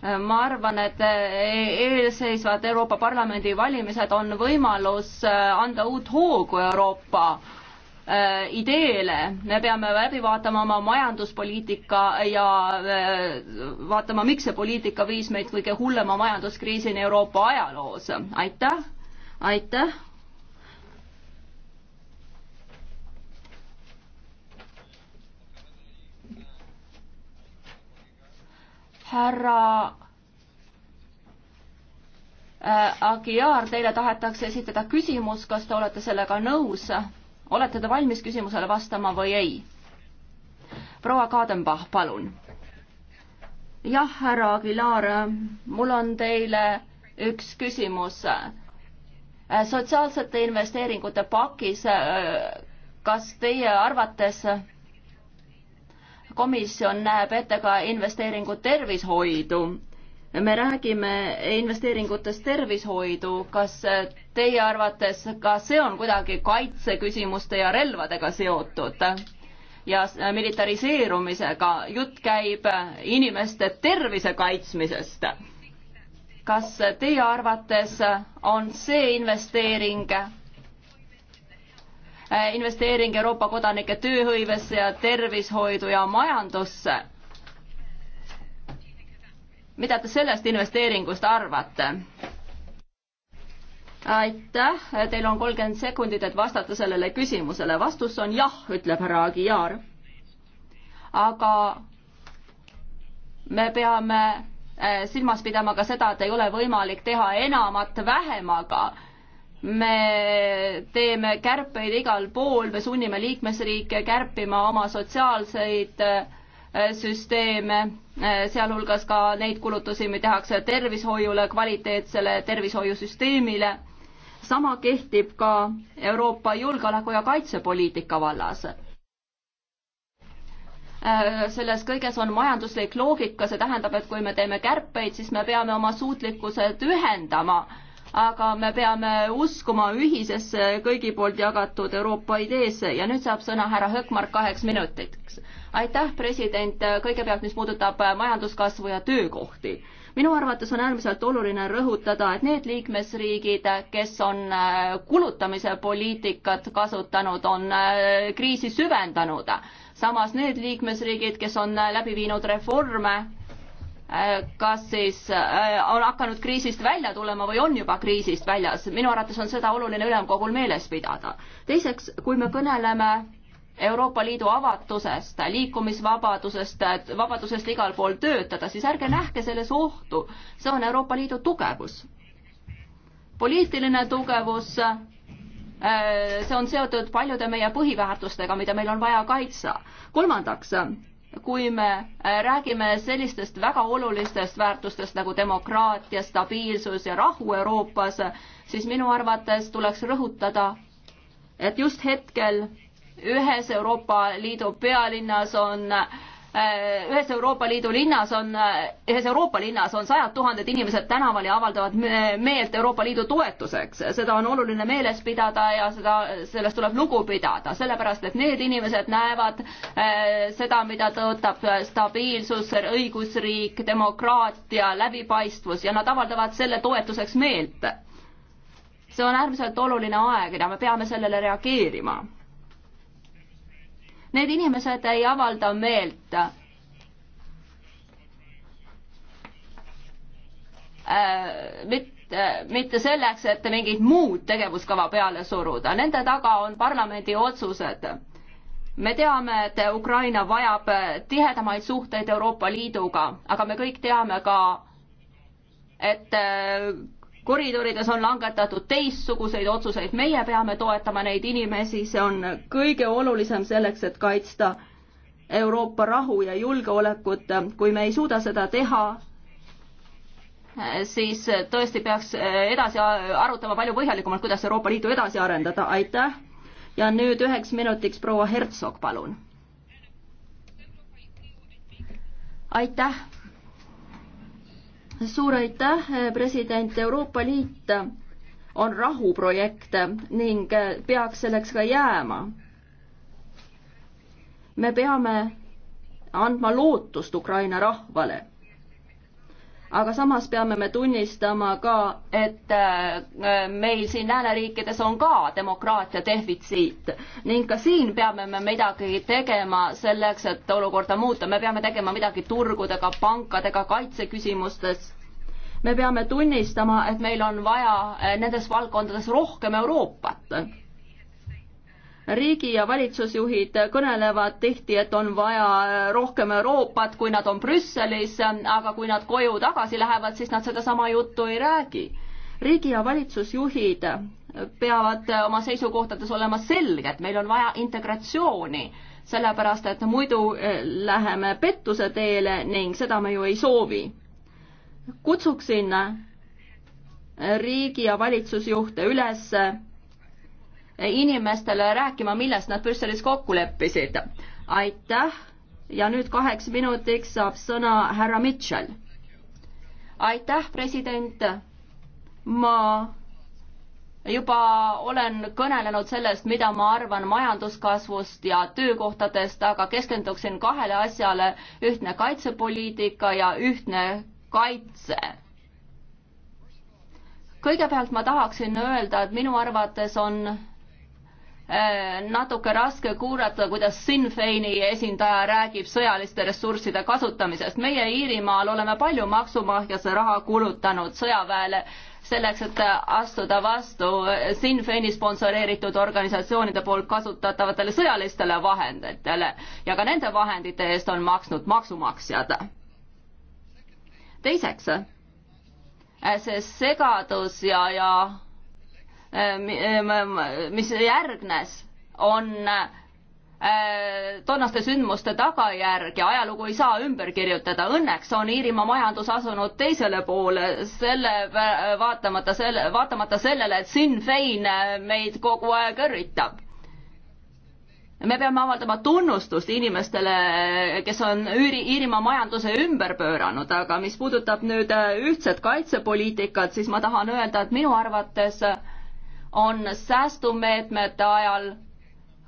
Speaker 5: ma arvan, et eh, eelseisvad Euroopa Parlamendi valimised on võimalus eh, anda uut hoogu Euroopa eh, ideele, me peame läbi vaatama oma majanduspoliitika ja vaatama, miks see poliitika viis meid kõige hullema majanduskriisini Euroopa ajaloos. aitäh, aitäh härra äh, Agiar, teile tahetakse esitada küsimus, kas te olete sellega nõus? olete te valmis küsimusele vastama või ei? proua Kadenbach, palun. jah, härra Aguilar, mul on teile üks küsimus. Äh, sotsiaalsete investeeringute pakis, äh, kas teie arvates komisjon näeb ette ka investeeringud tervishoidu. me räägime investeeringutest tervishoidu, kas teie arvates ka see on kuidagi kaitseküsimuste ja relvadega seotud? ja militariseerumisega, jutt käib inimeste tervise kaitsmisest. kas teie arvates on see investeering Äh, investeering Euroopa kodanike tööhõivesse ja tervishoidu ja majandusse. mida te sellest investeeringust arvate? aitäh, teil on kolmkümmend sekundit, et vastata sellele küsimusele. vastus on jah, ütleb härra Agiar. aga me peame äh, silmas pidama ka seda, et ei ole võimalik teha enamat vähemaga me teeme kärpeid igal pool, me sunnime liikmesriike kärpima oma sotsiaalseid äh, süsteeme, äh, sealhulgas ka neid kulutusi, mida tehakse tervishoiule, kvaliteetsele tervishoiusüsteemile. sama kehtib ka Euroopa julgeoleku- ja kaitsepoliitika vallas äh, selles kõiges on majanduslik loogika, see tähendab, et kui me teeme kärpeid, siis me peame oma suutlikkused ühendama aga me peame uskuma ühisesse kõigi poolt jagatud Euroopa ideesse ja nüüd saab sõna härra Hökmark kaheks minutiks. aitäh, president, kõigepealt, mis puudutab majanduskasvu ja töökohti. minu arvates on äärmiselt oluline rõhutada, et need liikmesriigid, kes on äh, kulutamise poliitikat kasutanud, on äh, kriisi süvendanud. samas need liikmesriigid, kes on äh, läbi viinud reforme, Äh, kas siis äh, on hakanud kriisist välja tulema või on juba kriisist väljas. minu arvates on seda oluline ülemkogul meeles pidada. teiseks, kui me kõneleme Euroopa Liidu avatusest, liikumisvabadusest, vabadusest igal pool töötada, siis ärge nähke selles ohtu. see on Euroopa Liidu tugevus. poliitiline tugevus, äh, see on seotud paljude meie põhiväärtustega, mida meil on vaja kaitsta. kolmandaks kui me äh, räägime sellistest väga olulistest väärtustest nagu demokraatia, stabiilsus ja rahu Euroopas, siis minu arvates tuleks rõhutada, et just hetkel ühes Euroopa Liidu pealinnas on äh, Äh, ühes Euroopa Liidu linnas on, äh, ühes Euroopa linnas on sajad tuhanded inimesed tänaval ja avaldavad meelt Euroopa Liidu toetuseks. seda on oluline meeles pidada ja seda, sellest tuleb lugu pidada, sellepärast et need inimesed näevad äh, seda, mida tõotab stabiilsus, õigusriik, demokraatia, läbipaistvus ja nad avaldavad selle toetuseks meelt. see on äärmiselt oluline aeg ja me peame sellele reageerima Need inimesed ei avalda meelt äh,. mitte mitte selleks, et mingit muud tegevuskava peale suruda, nende taga on parlamendi otsused. me teame, et Ukraina vajab tihedamaid suhteid Euroopa Liiduga, aga me kõik teame ka, et äh, koridorides on langetatud teistsuguseid otsuseid, meie peame toetama neid inimesi, see on kõige olulisem selleks, et kaitsta Euroopa rahu ja julgeolekut, kui me ei suuda seda teha, siis tõesti peaks edasi arutama palju põhjalikumalt, kuidas Euroopa Liitu edasi arendada, aitäh. ja nüüd üheks minutiks proua Hertsog, palun. aitäh suur aitäh, president, Euroopa Liit on rahuprojekt ning peaks selleks ka jääma. me peame andma lootust Ukraina rahvale aga samas peame me tunnistama ka, et äh, meil siin lääneriikides on ka demokraatia defitsiit ning ka siin peame me midagi tegema selleks, et olukorda muuta, me peame tegema midagi turgudega, pankadega, kaitseküsimustes. me peame tunnistama, et meil on vaja äh, nendes valdkondades rohkem Euroopat riigi- ja valitsusjuhid kõnelevad tihti, et on vaja rohkem Euroopat, kui nad on Brüsselis, aga kui nad koju tagasi lähevad, siis nad sedasama juttu ei räägi. riigi- ja valitsusjuhid peavad oma seisukohtades olema selged, meil on vaja integratsiooni, sellepärast et muidu eh, läheme pettuse teele ning seda me ju ei soovi. kutsuksin riigi- ja valitsusjuhte üles inimestele rääkima, millest nad Brüsselis kokku leppisid. aitäh ja nüüd kaheks minutiks saab sõna härra Mitchell. aitäh, president. ma juba olen kõnelenud sellest, mida ma arvan majanduskasvust ja töökohtadest, aga keskenduksin kahele asjale, ühtne kaitsepoliitika ja ühtne kaitse kõigepealt ma tahaksin öelda, et minu arvates on Äh, natuke raske kuulata, kuidas Sinn Feini esindaja räägib sõjaliste ressursside kasutamisest. meie Iirimaal oleme palju maksumahjase raha kulutanud sõjaväele selleks, et astuda vastu Sinn Feini sponsoreeritud organisatsioonide poolt kasutatavatele sõjalistele vahenditele ja ka nende vahendite eest on maksnud maksumaksjad. teiseks, äh, see segadus ja, ja Äh, äh, mis järgnes, on äh, toonaste sündmuste tagajärg ja ajalugu ei saa ümber kirjutada. Õnneks on Iirimaa majandus asunud teisele poole, selle vaatamata selle, vaatamata sellele, et Sinn Fein meid kogu aeg õrritab. me peame avaldama tunnustust inimestele, kes on Iiri, Iirimaa majanduse ümber pööranud, aga mis puudutab nüüd ühtset kaitsepoliitikat, siis ma tahan öelda, et minu arvates äh, on säästumeetmete ajal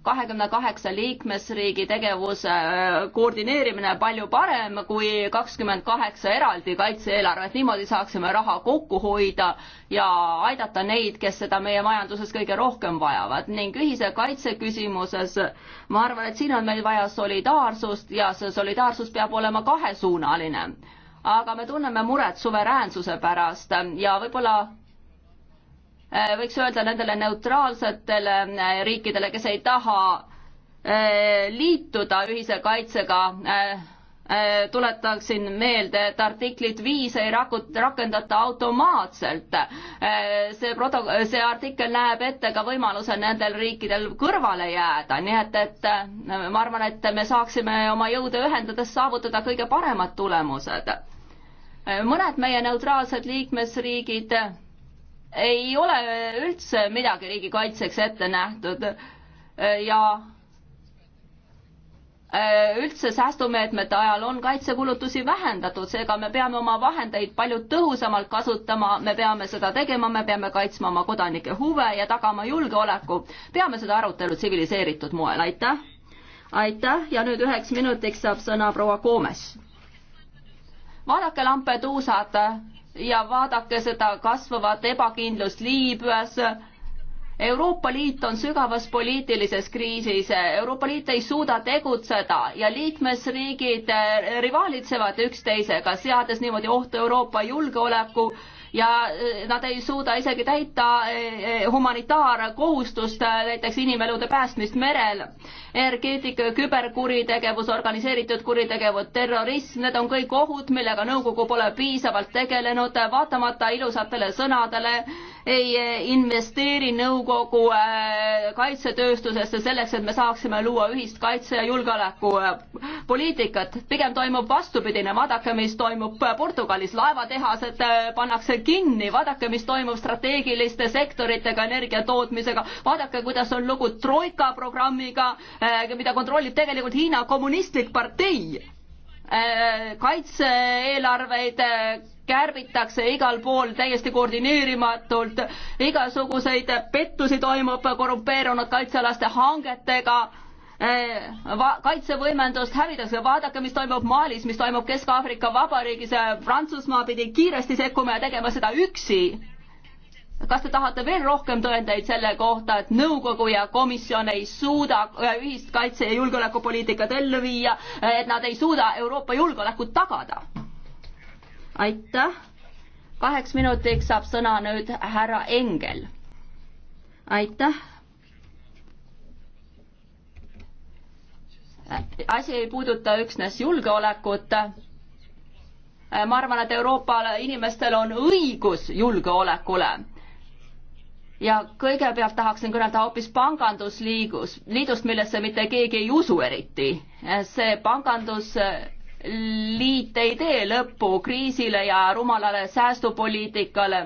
Speaker 5: kahekümne kaheksa liikmesriigi tegevuse äh, koordineerimine palju parem kui kakskümmend kaheksa eraldi kaitse-eelarvet, niimoodi saaksime raha kokku hoida ja aidata neid, kes seda meie majanduses kõige rohkem vajavad ning ühise kaitse küsimuses ma arvan, et siin on meil vaja solidaarsust ja see solidaarsus peab olema kahesuunaline. aga me tunneme muret suveräänsuse pärast ja võib-olla Äh, võiks öelda nendele neutraalsetele äh, riikidele, kes ei taha äh, liituda ühise kaitsega, tuletaksin meelde, et artiklit viis ei raku-, rakendata automaatselt. see proto-, see artikkel näeb ette ka võimaluse nendel riikidel kõrvale jääda, nii et, et ma arvan, et me saaksime oma jõude ühendades saavutada kõige paremad tulemused. mõned meie neutraalsed liikmesriigid ei ole üldse midagi riigi kaitseks ette nähtud ja äh, üldse säästumeetmete ajal on kaitsekulutusi vähendatud, seega me peame oma vahendeid palju tõhusamalt kasutama, me peame seda tegema, me peame kaitsma oma kodanike huve ja tagama julgeoleku. peame seda arutelu tsiviliseeritud moel, aitäh! aitäh ja nüüd üheks minutiks saab sõna proua Koomes. vaadake Lampeduusad ja vaadake seda kasvavat ebakindlust Liibüas. Euroopa Liit on sügavas poliitilises kriisis, Euroopa Liit ei suuda tegutseda ja liikmesriigid rivaalitsevad üksteisega, seades niimoodi ohtu Euroopa julgeoleku ja e, nad ei suuda isegi täita e, e, humanitaarkohustust, näiteks inimelude päästmist merel. energeetika, küberkuritegevus, organiseeritud kuritegevus, terrorism, need on kõik ohud, millega nõukogu pole piisavalt tegelenud, vaatamata ilusatele sõnadele ei eh, investeeri nõukogu eh, kaitsetööstusesse selleks, et me saaksime luua ühist kaitse- ja julgeolekupoliitikat. Eh, pigem toimub vastupidine, vaadake, mis toimub Portugalis, laevatehased pannakse kinni, vaadake, mis toimub strateegiliste sektoritega, energia tootmisega, vaadake, kuidas on lugu Troika programmiga, mida kontrollib tegelikult Hiina kommunistlik partei kaitse-eelarveid kärbitakse igal pool täiesti koordineerimatult, igasuguseid pettusi toimub korrumpeerunud kaitsealaste hangetega, eh, kaitsevõimendust hävitakse, vaadake, mis toimub Malis, mis toimub Kesk-Aafrika Vabariigis, Prantsusmaa pidi kiiresti sekkuma ja tegema seda üksi. kas te tahate veel rohkem tõendeid selle kohta, et nõukogu ja komisjon ei suuda ühist kaitse- ja julgeolekupoliitikat ellu viia, et nad ei suuda Euroopa julgeolekut tagada? aitäh. kaheks minutiks saab sõna nüüd härra Engel. aitäh. asi ei puuduta üksnes julgeolekut. ma arvan, et Euroopa inimestel on õigus julgeolekule ja kõigepealt tahaksin kõnelda hoopis pangandusliigus, liidust, millesse mitte keegi ei usu eriti. see pangandus liit ei tee lõppu kriisile ja rumalale säästupoliitikale,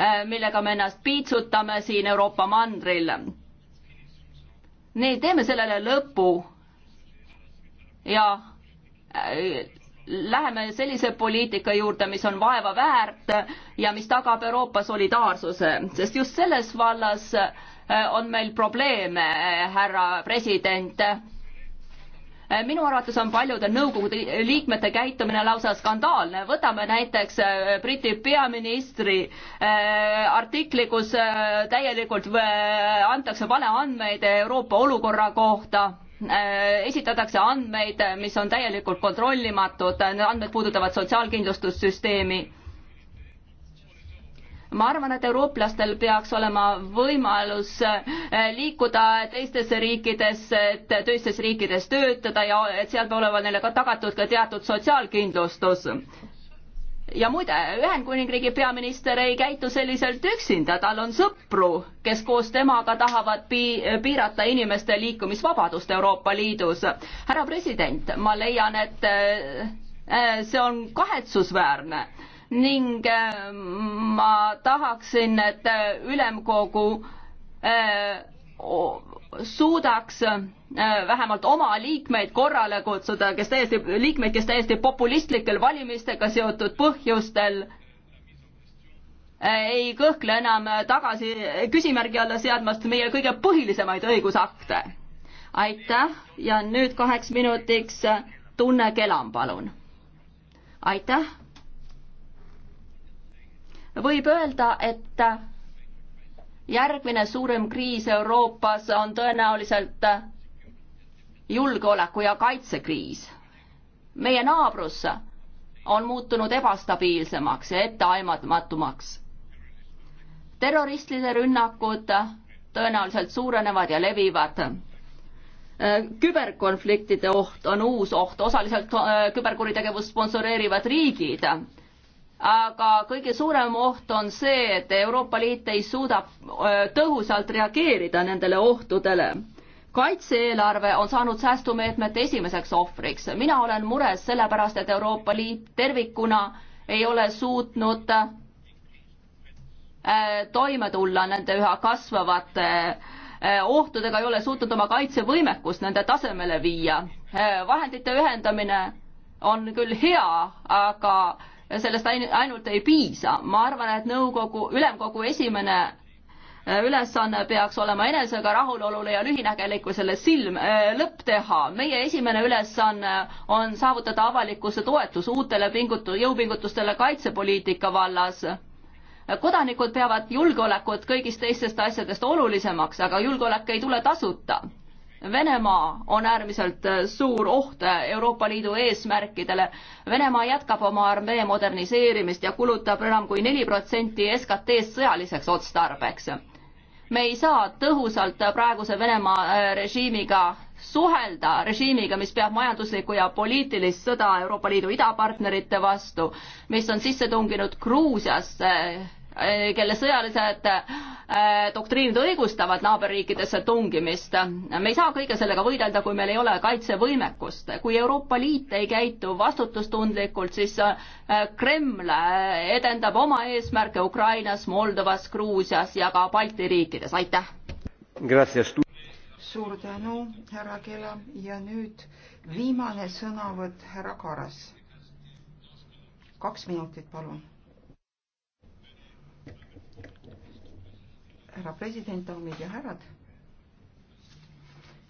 Speaker 5: äh, millega me ennast piitsutame siin Euroopa mandril. nii, teeme sellele lõpu ja äh, läheme sellise poliitika juurde, mis on vaeva väärt ja mis tagab Euroopa solidaarsuse, sest just selles vallas äh, on meil probleeme, härra president Äh, minu arvates on paljude nõukogude liikmete käitumine lausa skandaalne. võtame näiteks äh, Briti peaministri äh, artikli, kus täielikult antakse valeandmeid Euroopa olukorra kohta esitatakse andmeid, mis on täielikult kontrollimatud, need andmed puudutavad sotsiaalkindlustussüsteemi ma arvan, et eurooplastel peaks olema võimalus eh, liikuda teistesse riikidesse, et teistes riikides töötada ja et seal peab olema neile ka tagatud ka teatud sotsiaalkindlustus ja muide, Ühendkuningriigi peaminister ei käitu selliselt üksinda, tal on sõpru, kes koos temaga tahavad pi-, piirata inimeste liikumisvabadust Euroopa Liidus. härra president, ma leian, et eh, see on kahetsusväärne ning äh, ma tahaksin, et äh, ülemkogu äh, suudaks vähemalt oma liikmeid korrale kutsuda, kes täiesti, liikmeid, kes täiesti populistlikel valimistega seotud põhjustel ei kõhkle enam tagasi küsimärgi alla seadmast meie kõige põhilisemaid õigusakte. aitäh ja nüüd kaheks minutiks Tunne Kelam, palun. aitäh võib öelda, et järgmine suurem kriis Euroopas on tõenäoliselt julgeoleku ja kaitsekriis. meie naabrus on muutunud ebastabiilsemaks ja etteaimamatumaks. terroristide rünnakud tõenäoliselt suurenevad ja levivad. küberkonfliktide oht on uus oht, osaliselt äh, küberkuritegevust sponsoreerivad riigid aga kõige suurem oht on see, et Euroopa Liit ei suuda tõhusalt reageerida nendele ohtudele. kaitse-eelarve on saanud säästumeetmete esimeseks ohvriks. mina olen mures sellepärast, et Euroopa Liit tervikuna ei ole suutnud toime tulla nende üha kasvavate ohtudega, ei ole suutnud oma kaitsevõimekust nende tasemele viia. vahendite ühendamine on küll hea, aga sellest ainult ei piisa. ma arvan, et nõukogu, ülemkogu esimene äh, ülesanne peaks olema enesega rahulolule ja lühinägelikkusele silm, äh, lõpp teha. meie esimene ülesanne on saavutada avalikkuse toetus uutele pingutu-, jõupingutustele kaitsepoliitika vallas. kodanikud peavad julgeolekut kõigist teistest asjadest olulisemaks, aga julgeolek ei tule tasuta Venemaa on äärmiselt äh, suur oht äh, Euroopa Liidu eesmärkidele. Venemaa jätkab oma armee moderniseerimist ja kulutab enam kui neli protsenti SKT-st sõjaliseks otstarbeks. me ei saa tõhusalt praeguse Venemaa äh, režiimiga suhelda režiimiga, mis peab majanduslikku ja poliitilist sõda Euroopa Liidu idapartnerite vastu, mis on sisse tunginud Gruusiasse kelle sõjalised äh, doktriinid õigustavad naaberriikidesse tungimist. me ei saa kõige sellega võidelda, kui meil ei ole kaitsevõimekust. kui Euroopa Liit ei käitu vastutustundlikult, siis äh, Kreml äh, edendab oma eesmärke Ukrainas, Moldovas, Gruusias ja ka Balti riikides, aitäh!
Speaker 6: suur tänu, härra Kela ja nüüd viimane sõnavõtt, härra Karas. kaks minutit, palun härra president, daamid ja härrad.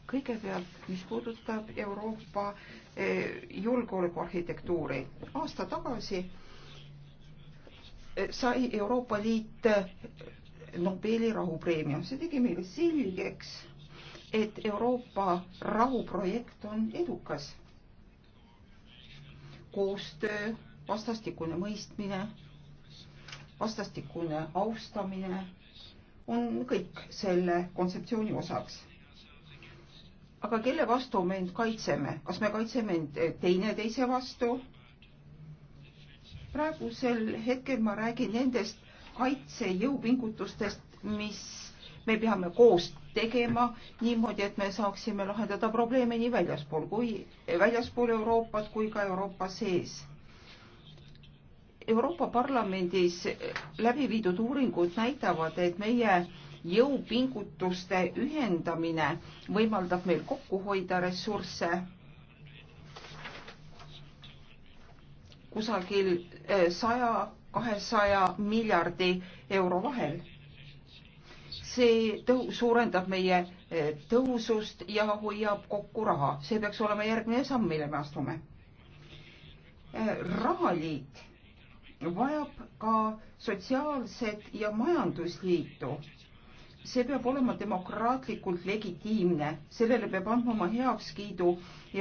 Speaker 6: kõigepealt, mis puudutab Euroopa eh, julgeolekuarhitektuuri, aasta tagasi eh, sai Euroopa Liit eh, Nobeli rahupreemia, see tegi meile selgeks, et Euroopa rahuprojekt on edukas. koostöö, vastastikune mõistmine, vastastikune austamine on kõik selle kontseptsiooni osaks. aga kelle vastu me end kaitseme, kas me kaitseme end eh, teineteise vastu? praegusel hetkel ma räägin nendest kaitsejõupingutustest, mis me peame koos tegema niimoodi, et me saaksime lahendada probleeme nii väljaspool kui väljaspool Euroopat kui ka Euroopa sees Euroopa Parlamendis läbi viidud uuringud näitavad, et meie jõupingutuste ühendamine võimaldab meil kokku hoida ressursse kusagil eh, saja, kahesaja miljardi euro vahel. see tõu-, suurendab meie eh, tõhusust ja hoiab kokku raha. see peaks olema järgmine samm, mille me astume. Eh, rahaliit vajab ka sotsiaalset ja majandusliitu. see peab olema demokraatlikult legitiimne, sellele peab andma oma heakskiidu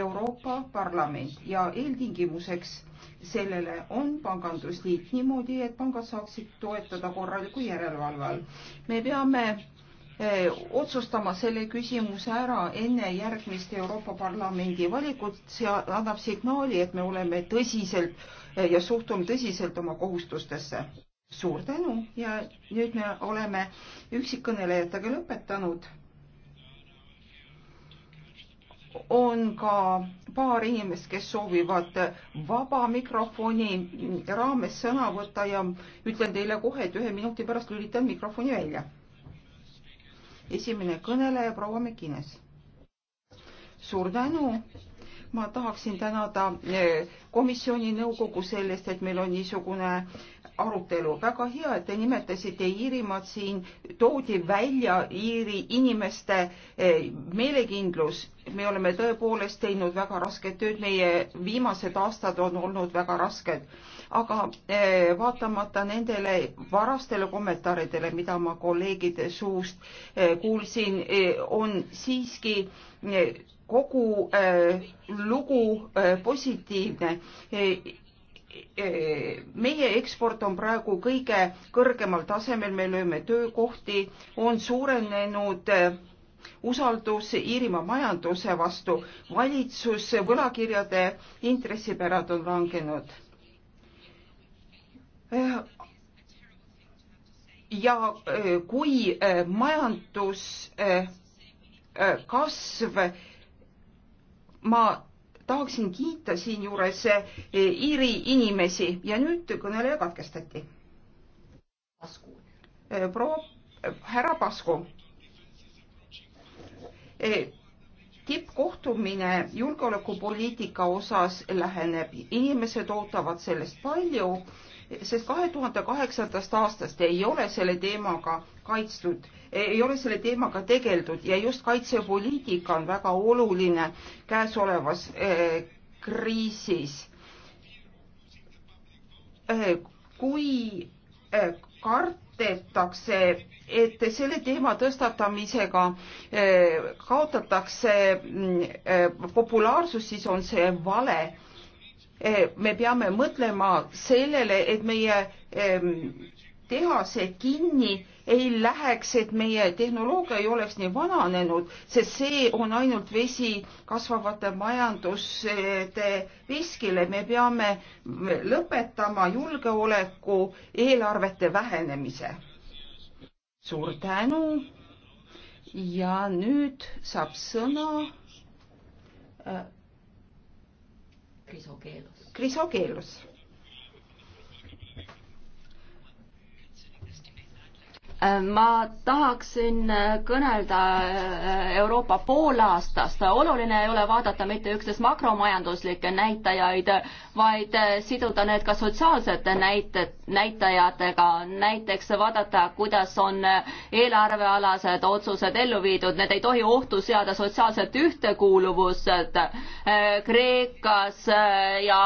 Speaker 6: Euroopa Parlament ja eeltingimuseks sellele on pangandusliit niimoodi, et pangad saaksid toetada korraliku järelevalve all. me peame eh, otsustama selle küsimuse ära enne järgmist Euroopa Parlamendi valikut, see annab signaali, et me oleme tõsiselt Eh, ja suhtun tõsiselt oma kohustustesse. suur tänu ja nüüd me oleme üksikkõnelejatega lõpetanud. on ka paar inimest, kes soovivad vaba mikrofoni raames sõna võtta ja ütlen teile kohe, et ühe minuti pärast lülitan mikrofoni välja. esimene kõneleja, proua Mekines. suur tänu ma tahaksin tänada e, komisjoni nõukogu sellest, et meil on niisugune arutelu. väga hea, et te nimetasite Iirimaad siin, toodi välja Iiri inimeste e, meelekindlus. me oleme tõepoolest teinud väga rasket tööd, meie viimased aastad on olnud väga rasked. aga e, vaatamata nendele varastele kommentaaridele, mida ma kolleegide suust kuulsin, on siiski kogu äh, lugu äh, positiivne. Äh, meie eksport on praegu kõige kõrgemal tasemel, me lööme töökohti, on suurenenud usaldus Iirimaa majanduse vastu, valitsus, võlakirjade intressipärad on langenud. ja kui majandus kasv ma tahaksin kiita siinjuures eh, Iiri inimesi ja nüüd kõneleja katkestati. Eh, proua, eh, härra Pasku. tippkohtumine julgeolekupoliitika osas läheneb, inimesed ootavad sellest palju, sest kahe tuhande kaheksandast aastast ei ole selle teemaga kaitstud ei ole selle teemaga tegeldud ja just kaitsepoliitika on väga oluline käesolevas eh, kriisis. Eh, kui eh, kardetakse, et selle teema tõstatamisega kaotatakse mm, populaarsus, siis on see vale. me peame mõtlema sellele, et meie tehase kinni ei läheks, et meie tehnoloogia ei oleks nii vananenud, sest see on ainult vesi kasvavate majanduste veskile. me peame lõpetama julgeoleku eelarvete vähenemise. suur tänu. ja nüüd saab sõna äh,
Speaker 2: Krisokeelus.
Speaker 5: Krisokeelus ma tahaksin kõnelda äh, Euroopa poolaastast. oluline ei ole vaadata mitte üksnes makromajanduslikke näitajaid, vaid äh, siduda need ka sotsiaalsete näite, näitajatega. näiteks vaadata, kuidas on äh, eelarvealased otsused ellu viidud, need ei tohi ohtu seada sotsiaalset ühtekuuluvust. Kreekas ja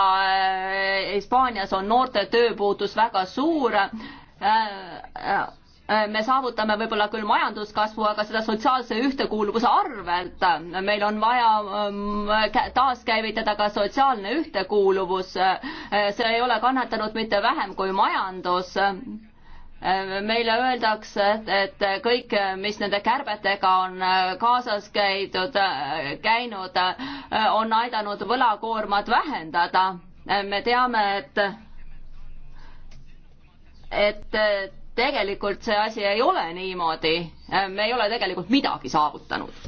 Speaker 5: Hispaanias on noorte tööpuutus väga suur Äh, me saavutame võib-olla küll majanduskasvu, aga seda sotsiaalse ühtekuuluvuse arvelt. meil on vaja ähm, taaskäivitada ka sotsiaalne ühtekuuluvus. Äh, see ei ole kannatanud mitte vähem kui majandus äh, meile öeldakse, et kõik, mis nende kärbetega on kaasas käidud, käinud, on aidanud võlakoormat vähendada. me teame, et, et tegelikult see asi ei ole niimoodi, me ei ole tegelikult midagi saavutanud.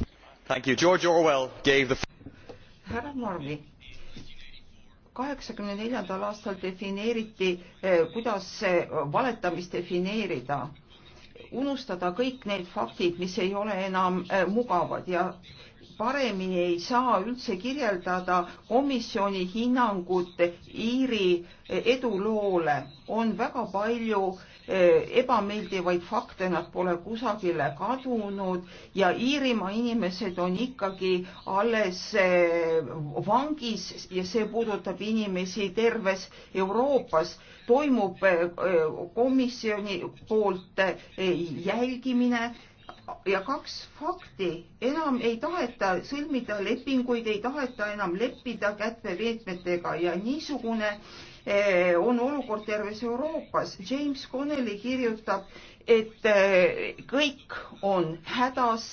Speaker 3: The...
Speaker 6: härra Marli, kaheksakümne neljandal aastal defineeriti, eh, kuidas valetamist defineerida unustada kõik need faktid, mis ei ole enam eh, mugavad ja paremini ei saa üldse kirjeldada komisjoni hinnangut Iiri eh, eduloole. on väga palju ebameeldivaid fakte nad pole kusagile kadunud ja Iirimaa inimesed on ikkagi alles eh, vangis ja see puudutab inimesi terves Euroopas. toimub eh, eh, komisjoni poolt jälgimine ja kaks fakti, enam ei taheta sõlmida lepinguid, ei taheta enam leppida kätteveetmetega ja niisugune äh, Eh, on olukord terves Euroopas. James Connelly kirjutab, et eh, kõik on hädas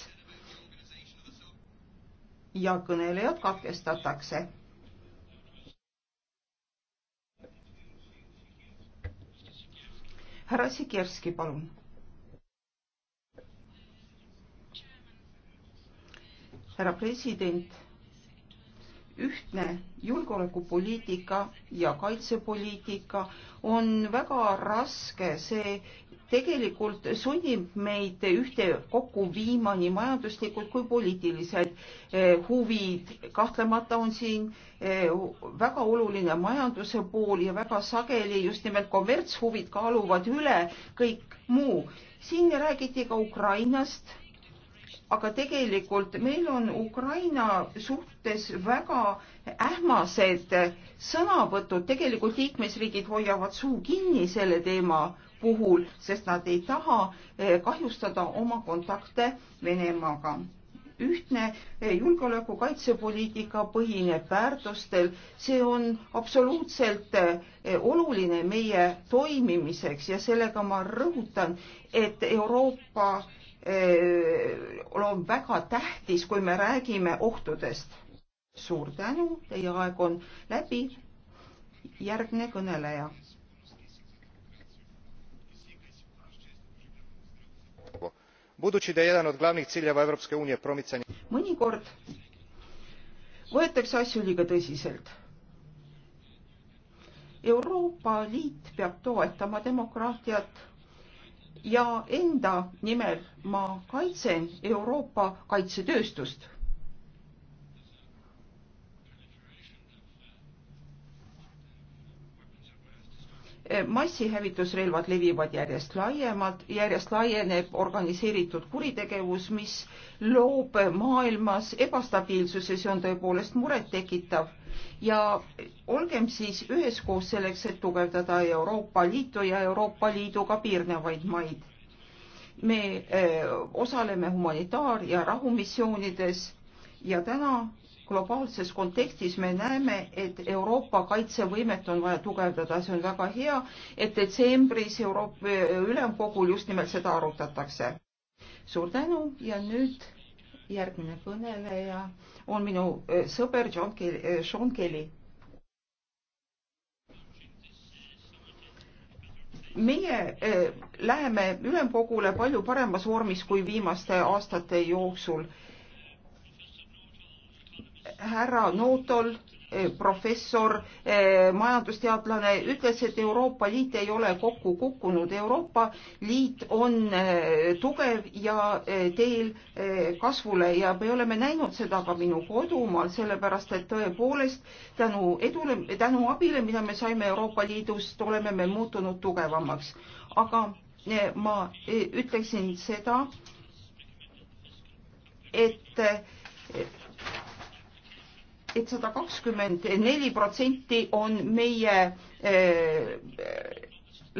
Speaker 6: ja kõnelejad katkestatakse. härra Sikerski, palun. härra president ühtne julgeolekupoliitika ja kaitsepoliitika on väga raske, see tegelikult sunnib meid ühtekokku viima nii majanduslikud kui poliitilised eh, huvid. kahtlemata on siin eh, väga oluline majanduse pool ja väga sageli just nimelt kommertshuvid kaaluvad üle kõik muu. siin räägiti ka Ukrainast aga tegelikult meil on Ukraina suhtes väga ähmased sõnavõtud, tegelikult liikmesriigid hoiavad suu kinni selle teema puhul, sest nad ei taha eh, kahjustada oma kontakte Venemaaga. ühtne eh, julgeoleku kaitsepoliitika põhineb väärtustel, see on absoluutselt eh, oluline meie toimimiseks ja sellega ma rõhutan, et Euroopa Äh, on väga tähtis, kui me räägime ohtudest. suur tänu, teie aeg on läbi. järgne kõneleja. Budući da je jedan od glavnih ciljeva Europske unije promicanje mõnikord võetakse asju liiga tõsiselt. Euroopa Liit peab toetama demokraatiat ja enda nimel ma kaitsen Euroopa kaitsetööstust. massihävitusrelvad levivad järjest laiemalt, järjest laieneb organiseeritud kuritegevus, mis loob maailmas ebastabiilsuse, see on tõepoolest murettekitav ja olgem siis üheskoos selleks, et tugevdada Euroopa Liitu ja Euroopa Liiduga piirnevaid maid. me äh, osaleme humanitaar- ja rahumissioonides ja täna globaalses kontekstis me näeme, et Euroopa kaitsevõimet on vaja tugevdada, see on väga hea, et detsembris Euroopa äh, Ülemkogul just nimelt seda arutatakse. suur tänu ja nüüd järgmine kõneleja on minu eh, sõber John Kelly, eh, Sean Kelly. meie eh, läheme ülemkogule palju paremas vormis kui viimaste aastate jooksul. härra Nootol Eh, professor, eh, majandusteadlane, ütles, et Euroopa Liit ei ole kokku kukkunud. Euroopa Liit on eh, tugev ja teel kasvule ja me oleme näinud seda ka minu kodumaal, sellepärast et tõepoolest tänu edule, tänu abile, mida me saime Euroopa Liidust, oleme me muutunud tugevamaks. aga ma ütleksin seda, et et sada kakskümmend neli protsenti on meie eh,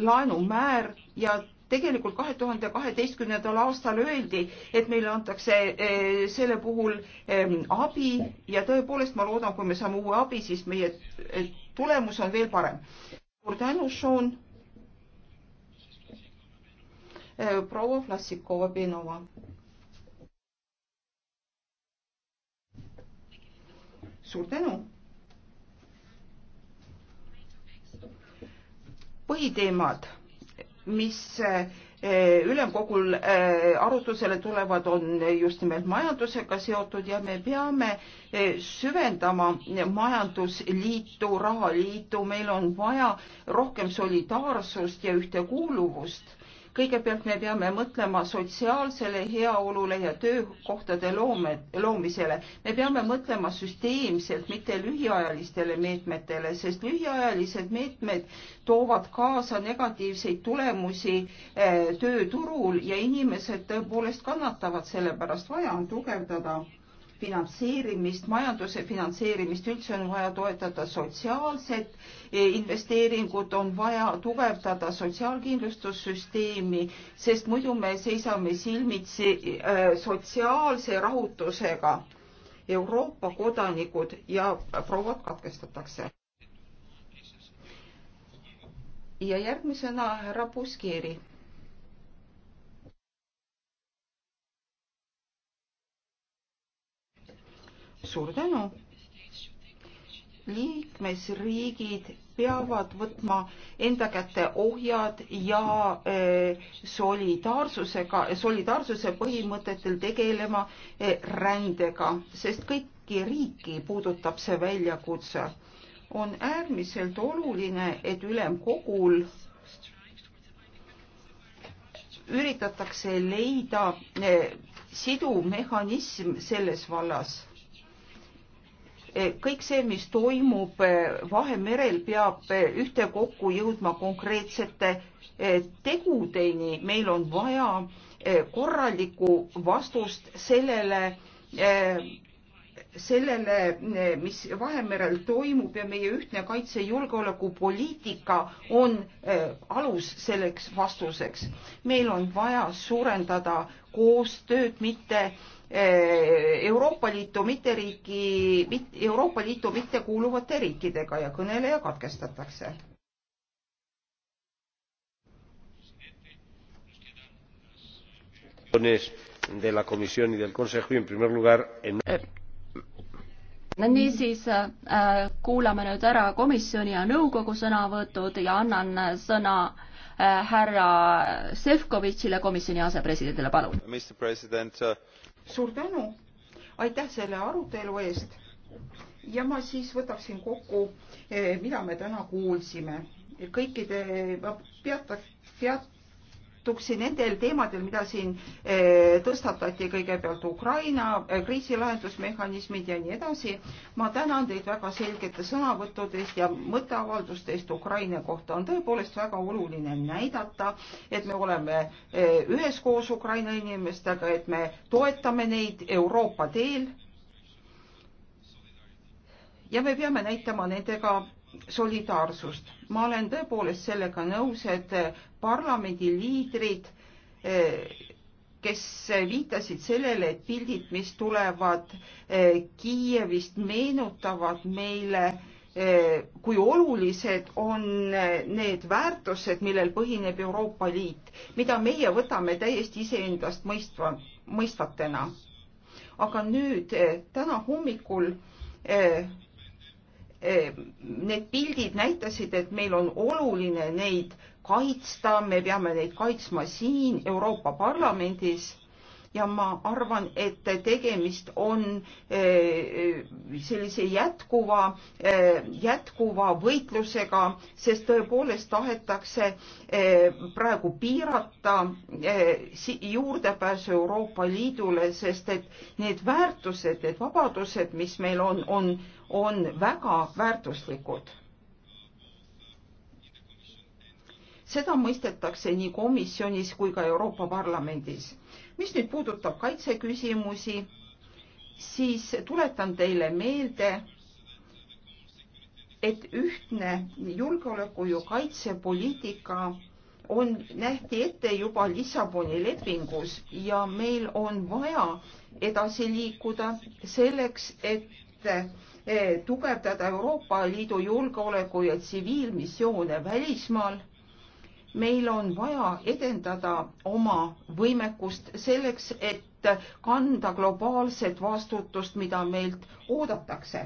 Speaker 6: laenumäär ja tegelikult kahe tuhande kaheteistkümnendal aastal öeldi, et meile antakse eh, selle puhul eh, abi ja tõepoolest ma loodan, kui me saame uue abi, siis meie tulemus on veel parem. suur tänu, Sean. proua Vlassikova-Benova. suur tänu. põhiteemad, mis eh, ülemkogul eh, arutlusele tulevad, on just nimelt majandusega seotud ja me peame eh, süvendama majandusliitu, rahaliitu, meil on vaja rohkem solidaarsust ja ühtekuuluvust kõigepealt me peame mõtlema sotsiaalsele heaolule ja töökohtade loome, loomisele. me peame mõtlema süsteemselt, mitte lühiajalistele meetmetele, sest lühiajalised meetmed toovad kaasa negatiivseid tulemusi eh, tööturul ja inimesed tõepoolest kannatavad selle pärast. vaja on tugevdada finantseerimist, majanduse finantseerimist, üldse on vaja toetada sotsiaalset e, investeeringut, on vaja tugevdada sotsiaalkindlustussüsteemi, sest muidu me seisame silmitsi e, sotsiaalse rahutusega. Euroopa kodanikud ja prouad katkestatakse. ja järgmisena härra Puskeri suur tänu. liikmesriigid peavad võtma enda kätte ohjad ja äh, solidaarsusega, solidaarsuse põhimõtetel tegelema äh, rändega, sest kõiki riiki puudutab see väljakutse. on äärmiselt oluline, et ülemkogul üritatakse leida äh, siduv mehhanism selles vallas Eh, kõik see, mis toimub eh, Vahemerel, peab eh, ühtekokku jõudma konkreetsete tegudeni. meil on vaja korralikku vastust sellele, sellele, mis Vahemerel toimub ja meie ühtne kaitse- ja julgeolekupoliitika on alus selleks vastuseks. meil on vaja suurendada koostööd, mitte Eh, Euroopa Liitu mitteriiki, Euroopa Liitu mittekuuluvate riikidega ja kõneleja katkestatakse.
Speaker 3: de la Comisión y del Consejo y en primer lugar en eh,
Speaker 5: niisiis eh, kuulame nüüd ära komisjoni ja nõukogu sõnavõtud ja annan sõna härra Sefkovitšile, komisjoni asepresidendile, palun. President, uh,
Speaker 6: suur tänu, aitäh selle arutelu eest ja ma siis võtaksin kokku, eh, mida me täna kuulsime. kõikide, ma peata-, peat-, peatuksin nendel teemadel, mida siin eh, tõstatati kõigepealt Ukraina eh, kriisilahendusmehhanismid ja nii edasi. ma tänan teid väga selgete sõnavõttudest ja mõtteavaldustest Ukraina kohta. on tõepoolest väga oluline näidata, et me oleme eh, üheskoos Ukraina inimestega, et me toetame neid Euroopa teel. ja me peame näitama nendega solidaarsust. ma olen tõepoolest sellega nõus, et parlamendi liidrid, eh, kes viitasid sellele, et pildid, mis tulevad eh, Kiievist, meenutavad meile eh, kui olulised on need väärtused, millel põhineb Euroopa Liit, mida meie võtame täiesti iseendast mõistva, mõistvatena. aga nüüd täna hommikul Äh, need pildid näitasid, et meil on oluline neid kaitsta, me peame neid kaitsma siin Euroopa Parlamendis ja ma arvan, et tegemist on äh, sellise jätkuva, äh, jätkuva võitlusega, sest tõepoolest tahetakse praegu piirata juurdepääsu Euroopa Liidule, sest et need väärtused, need vabadused, mis meil on, on on väga väärtuslikud. seda mõistetakse nii komisjonis kui ka Euroopa Parlamendis. mis nüüd puudutab kaitseküsimusi, siis tuletan teile meelde, et ühtne julgeoleku ja kaitsepoliitika on, nähti ette juba Lissaboni lepingus ja meil on vaja edasi liikuda selleks, et Eh, tugevdada Euroopa Liidu julgeoleku ja tsiviilmissioone välismaal. meil on vaja edendada oma võimekust selleks, et kanda globaalset vastutust, mida meilt oodatakse.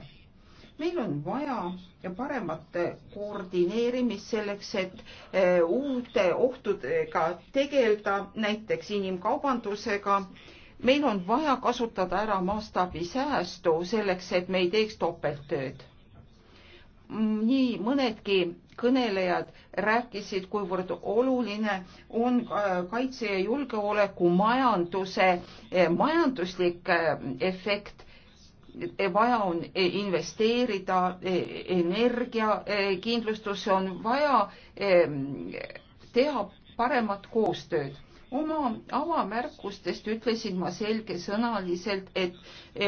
Speaker 6: meil on vaja paremat koordineerimist selleks, et eh, uute ohtudega tegeleda, näiteks inimkaubandusega meil on vaja kasutada ära mastaabisäästu selleks, et me ei teeks topelttööd. nii mõnedki kõnelejad rääkisid, kuivõrd oluline on kaitse ja julgeoleku majanduse eh, majanduslik eh, efekt eh, vaja on investeerida energiakindlustusse, on vaja teha paremat koostööd oma avamärkustest ütlesin ma selgesõnaliselt, et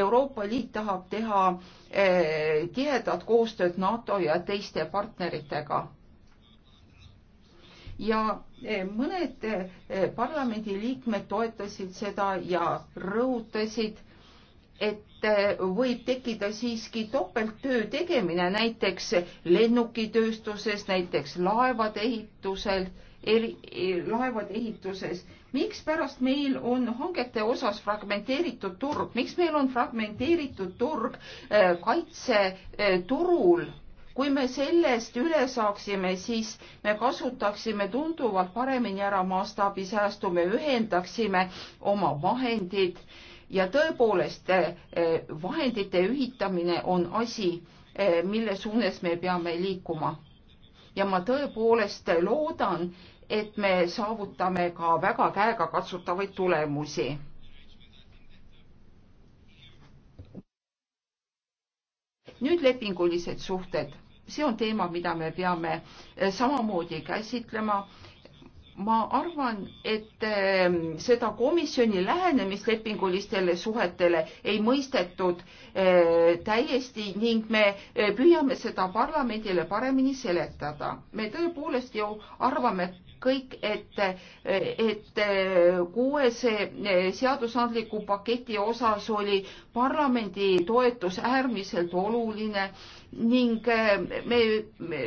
Speaker 6: Euroopa Liit tahab teha eh, tihedat koostööd NATO ja teiste partneritega. ja eh, mõned eh, parlamendiliikmed toetasid seda ja rõhutasid, et võib tekkida siiski topelttöö tegemine näiteks lennukitööstuses, näiteks laevade ehitusel eri, laevade ehituses. mikspärast meil on hangete osas fragmenteeritud turg, miks meil on fragmenteeritud turg äh, kaitseturul äh,? kui me sellest üle saaksime, siis me kasutaksime tunduvalt paremini ära mastaabisäästu, me ühendaksime oma vahendid ja tõepoolest äh, äh, vahendite ühitamine on asi, äh, mille suunas me peame liikuma. ja ma tõepoolest loodan, et me saavutame ka väga käegakatsutavaid tulemusi. nüüd lepingulised suhted, see on teema, mida me peame eh, samamoodi käsitlema ma arvan, et eh, seda komisjoni lähenemist lepingulistele suhetele ei mõistetud eh, täiesti ning me püüame seda parlamendile paremini seletada. me tõepoolest ju arvame, kõik, et, et kuuese seadusandliku paketi osas oli parlamendi toetus äärmiselt oluline ning me, me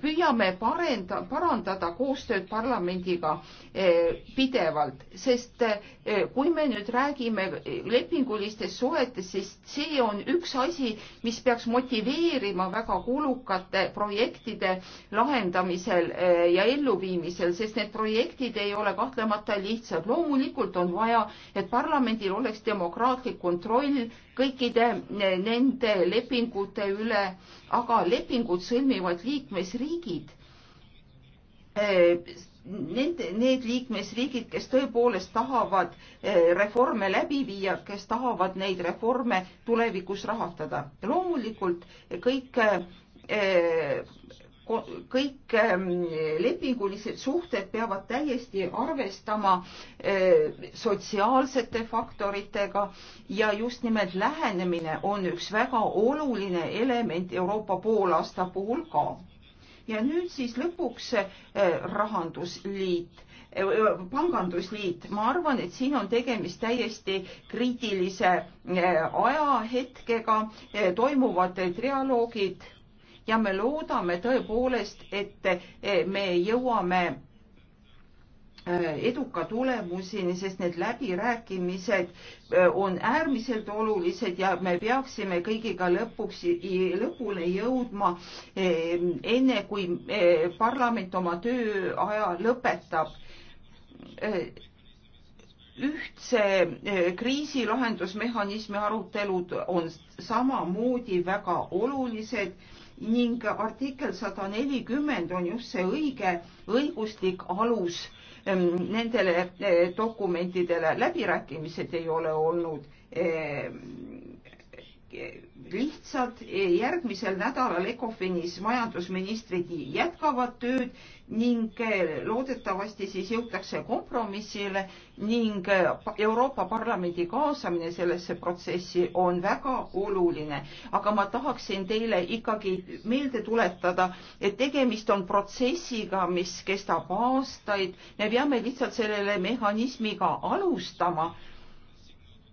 Speaker 6: püüame parenda, parandada koostööd parlamendiga eh, pidevalt, sest eh, kui me nüüd räägime lepingulistest suhetest, siis see on üks asi, mis peaks motiveerima väga kulukate projektide lahendamisel eh, ja elluviimisel, sest need projektid ei ole kahtlemata lihtsad. loomulikult on vaja, et parlamendil oleks demokraatlik kontroll kõikide nende lepingute üle, aga lepingud sõlmivad liikmesriigid liikmesriigid, need, need liikmesriigid, kes tõepoolest tahavad eh, reforme läbi viia, kes tahavad neid reforme tulevikus rahastada. loomulikult kõik eh, kõik ehm, lepingulised suhted peavad täiesti arvestama eh, sotsiaalsete faktoritega ja just nimelt lähenemine on üks väga oluline element Euroopa poolaasta puhul ka ja nüüd siis lõpuks äh, rahandusliit äh, pangandusliit, ma arvan, et siin on tegemist täiesti kriitilise äh, ajahetkega, toimuvad trialoogid ja me loodame tõepoolest, et me jõuame Äh, eduka tulemuseni, sest need läbirääkimised äh, on äärmiselt olulised ja me peaksime kõigiga lõpuks, lõpule jõudma ehm, enne, kui eh, parlament oma tööaja lõpetab äh, ühtse kriisilahendusmehhanismi arutelud on samamoodi väga olulised ning artikkel sada nelikümmend on just see õige õiguslik alus Ehm, nendele eh, dokumentidele. läbirääkimised ei ole olnud ehm, lihtsad. Eh, järgmisel nädalal Ecofinis majandusministrid jätkavad tööd ning eh, loodetavasti siis jõutakse kompromissile ning eh, Euroopa Parlamendi kaasamine sellesse protsessi on väga oluline. aga ma tahaksin teile ikkagi meelde tuletada, et tegemist on protsessiga, mis kestab aastaid. me peame lihtsalt sellele mehhanismiga alustama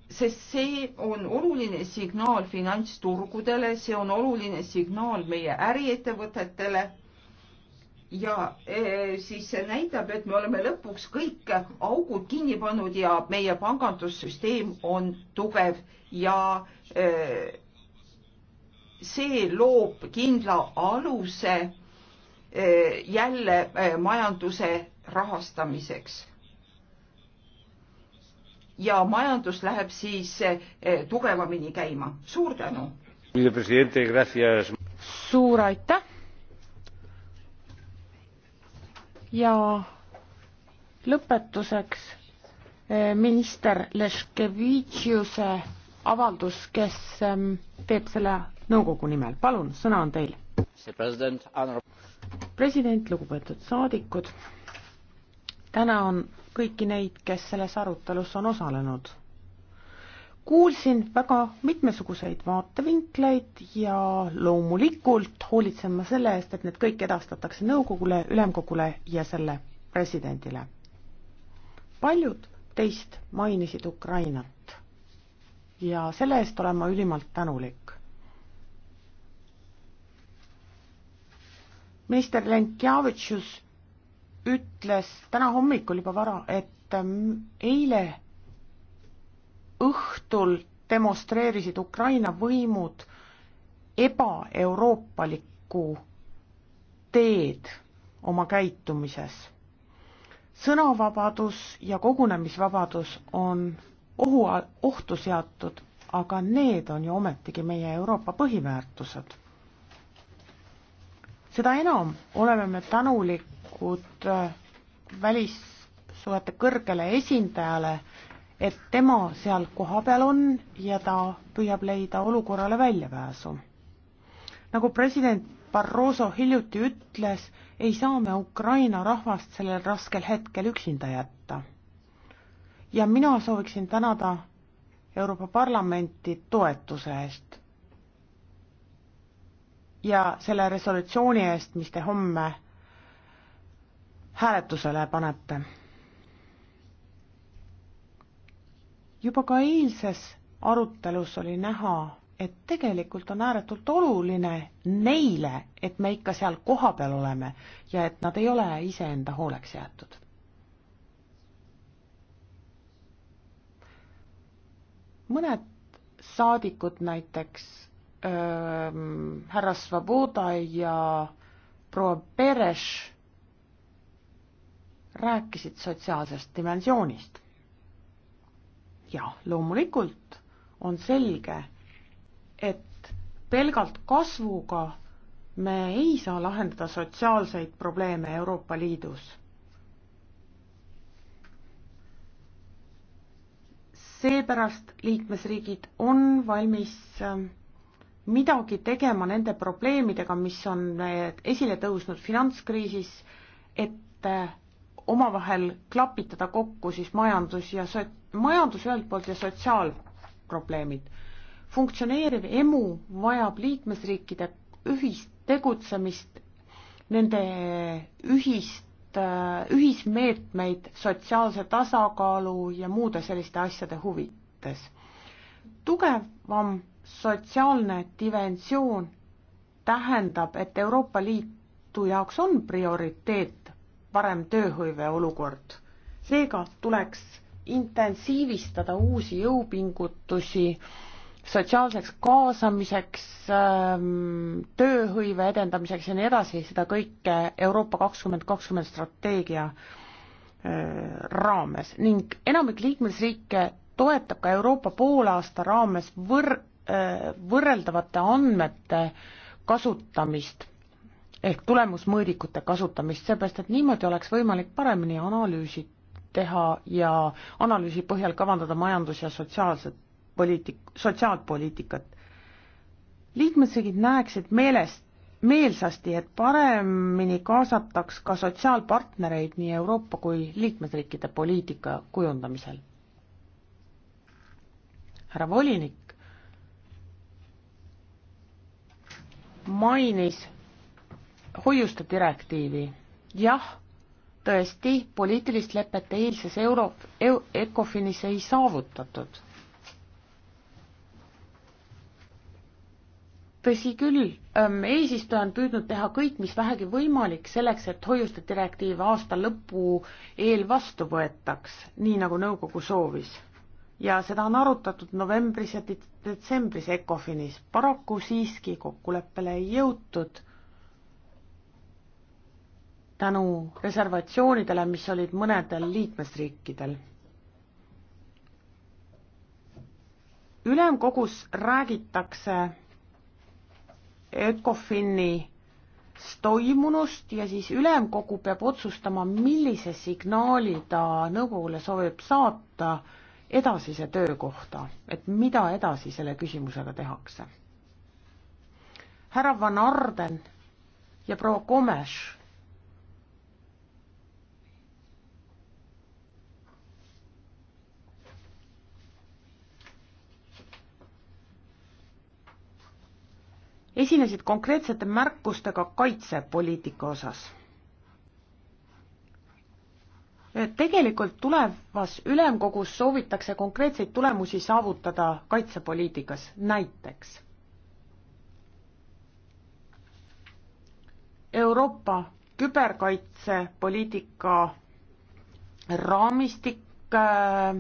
Speaker 6: sest see on oluline signaal finantsturgudele, see on oluline signaal meie äriettevõtetele ja e, siis see näitab, et me oleme lõpuks kõik augud kinni pannud ja meie pangandussüsteem on tugev ja e, see loob kindla aluse e, jälle majanduse rahastamiseks ja majandus läheb siis eh, tugevamini käima. suur tänu!
Speaker 7: suur aitäh! ja lõpetuseks eh, minister Leškevitšiuse avaldus, kes ehm, teeb selle nõukogu nimel. palun, sõna on teil. president, lugupeetud saadikud tänan kõiki neid, kes selles arutelus on osalenud. kuulsin väga mitmesuguseid vaatevinkleid ja loomulikult hoolitsen ma selle eest, et need kõik edastatakse nõukogule, ülemkogule ja selle presidendile. paljud teist mainisid Ukrainat ja selle eest olen ma ülimalt tänulik. minister Lenkjavitšus ütles täna hommikul juba vara, et ähm, eile õhtul demonstreerisid Ukraina võimud ebaeuroopalikku teed oma käitumises. sõnavabadus ja kogunemisvabadus on ohu, ohtu seatud, aga need on ju ometigi meie Euroopa põhiväärtused seda enam oleme me tänulik ettepanekud äh, välissuhete kõrgele esindajale, et tema seal kohapeal on ja ta püüab leida olukorrale väljapääsu. nagu president Barroso hiljuti ütles, ei saa me Ukraina rahvast sellel raskel hetkel üksinda jätta. ja mina sooviksin tänada Euroopa Parlamenti toetuse eest ja selle resolutsiooni eest, mis te homme hääletusele panete. juba ka eilses arutelus oli näha, et tegelikult on ääretult oluline neile, et me ikka seal kohapeal oleme ja et nad ei ole iseenda hooleks jäetud. mõned saadikud näiteks äh, härra Svoboda ja proua Beres rääkisid sotsiaalsest dimensioonist. ja loomulikult on selge, et pelgalt kasvuga me ei saa lahendada sotsiaalseid probleeme Euroopa Liidus. seepärast liikmesriigid on valmis ähm, midagi tegema nende probleemidega, mis on esile tõusnud finantskriisis, et äh, omavahel klapitada kokku siis majandus ja so-, majandus ühelt poolt ja sotsiaalprobleemid. funktsioneeriv emu vajab liikmesriikide ühist tegutsemist, nende ühist, äh, ühismeetmeid sotsiaalse tasakaalu ja muude selliste asjade huvides. tugevam sotsiaalne dimensioon tähendab, et Euroopa Liidu jaoks on prioriteet parem tööhõive olukord. seega tuleks intensiivistada uusi jõupingutusi sotsiaalseks kaasamiseks, ähm, tööhõive edendamiseks ja nii edasi, seda kõike Euroopa kakskümmend kakskümmend strateegia äh, raames ning enamik liikmesriike toetab ka Euroopa poolaasta raames võr-, äh, võrreldavate andmete kasutamist ehk tulemusmõõdikute kasutamist, seepärast et niimoodi oleks võimalik paremini analüüsi teha ja analüüsi põhjal kavandada majandus- ja sotsiaalset poliitik-, sotsiaalpoliitikat. liikmesriigid näeksid meelest, meelsasti, et paremini kaasataks ka sotsiaalpartnereid nii Euroopa kui liikmesriikide poliitika kujundamisel. härra volinik mainis hoiuste direktiivi. jah, tõesti, poliitilist lepet eilses euro EU,, ECOFINis ei saavutatud. tõsi küll, ähm, eesistuja on püüdnud teha kõik, mis vähegi võimalik selleks, et hoiuste direktiiv aasta lõpu eel vastu võetaks, nii nagu nõukogu soovis ja seda on arutatud novembris ja detsembris ECOFINis. paraku siiski kokkuleppele ei jõutud tänu reservatsioonidele, mis olid mõnedel liikmesriikidel. ülemkogus räägitakse ECOFINis toimunust ja siis ülemkogu peab otsustama, millise signaali ta nõukogule soovib saata edasise töö kohta, et mida edasi selle küsimusega tehakse. härra Van Arden ja proua Komes esinesid konkreetsete märkustega kaitsepoliitika osas. tegelikult tulevas ülemkogus soovitakse konkreetseid tulemusi saavutada kaitsepoliitikas, näiteks Euroopa küberkaitsepoliitika raamistik äh,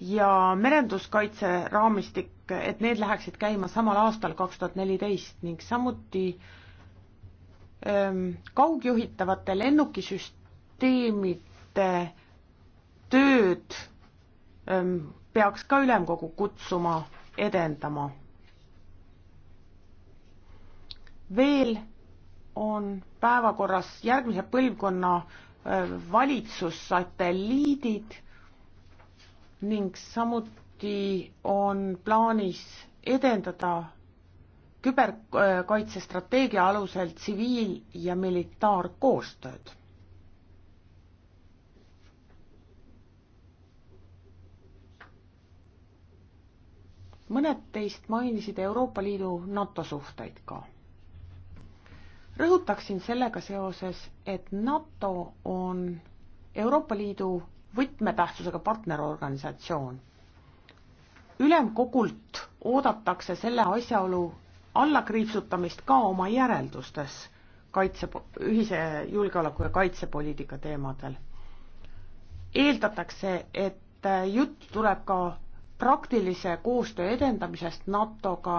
Speaker 7: ja merenduskaitse raamistik et need läheksid käima samal aastal, kaks tuhat neliteist ning samuti ähm, kaugjuhitavate lennukisüsteemide tööd ähm, peaks ka ülemkogu kutsuma edendama. veel on päevakorras järgmise põlvkonna äh, valitsussatelliidid ning samuti samuti on plaanis edendada küberkaitsestrateegia alusel tsiviil- ja militaarkoostööd. mõned teist mainisid Euroopa Liidu NATO suhteid ka. rõhutaksin sellega seoses, et NATO on Euroopa Liidu võtmetähtsusega partnerorganisatsioon ülemkogult oodatakse selle asjaolu allakriipsutamist ka oma järeldustes kaitse, ühise julgeoleku ja kaitsepoliitika teemadel. eeldatakse, et jutt tuleb ka praktilise koostöö edendamisest NATO-ga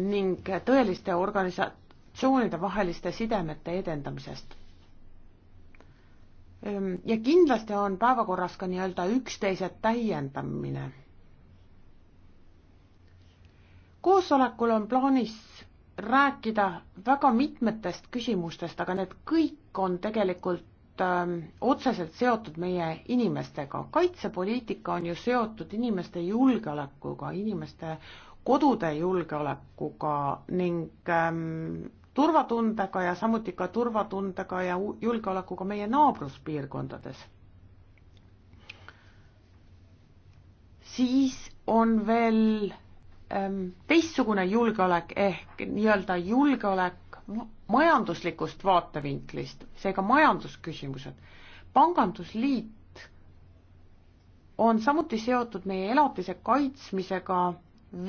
Speaker 7: ning tõeliste organisatsioonide vaheliste sidemete edendamisest Ehm, ja kindlasti on päevakorras ka nii-öelda üksteise täiendamine. koosolekul on plaanis rääkida väga mitmetest küsimustest, aga need kõik on tegelikult öö, ehm, otseselt seotud meie inimestega. kaitsepoliitika on ju seotud inimeste julgeolekuga, inimeste kodude julgeolekuga ning öö, ehm, turvatundega ja samuti ka turvatundega ja julgeolekuga meie naabruspiirkondades. siis on veel ähm, teistsugune julgeolek ehk nii-öelda julgeolek majanduslikust vaatevinklist, seega majandusküsimused. pangandusliit on samuti seotud meie elatise kaitsmisega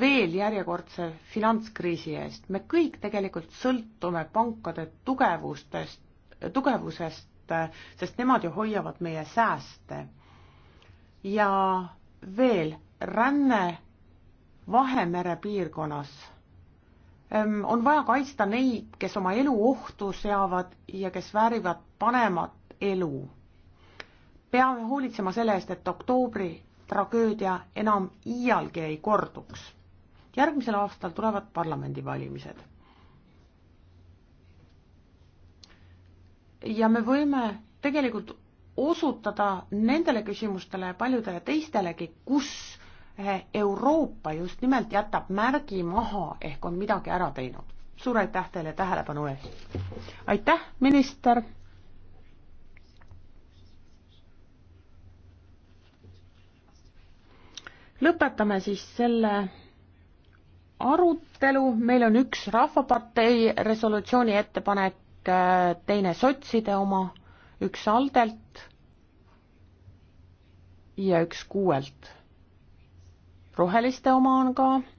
Speaker 7: veel järjekordse finantskriisi eest, me kõik tegelikult sõltume pankade tugevustest, tugevusest, sest nemad ju hoiavad meie sääste. ja veel, ränne Vahemere piirkonnas on vaja kaitsta neid, kes oma elu ohtu seavad ja kes väärivad panemat elu. peame hoolitsema selle eest, et oktoobri tragöödia enam iialgi ei korduks. järgmisel aastal tulevad parlamendivalimised. ja me võime tegelikult osutada nendele küsimustele ja paljudele teistelegi, kus eh, Euroopa just nimelt jätab märgi maha ehk on midagi ära teinud. suur aitäh teile tähelepanu eest! aitäh, minister! lõpetame siis selle arutelu, meil on üks Rahvapartei resolutsiooni ettepanek, äh, teine sotside oma, üks Aldelt ja üks Kuuelt. roheliste oma on ka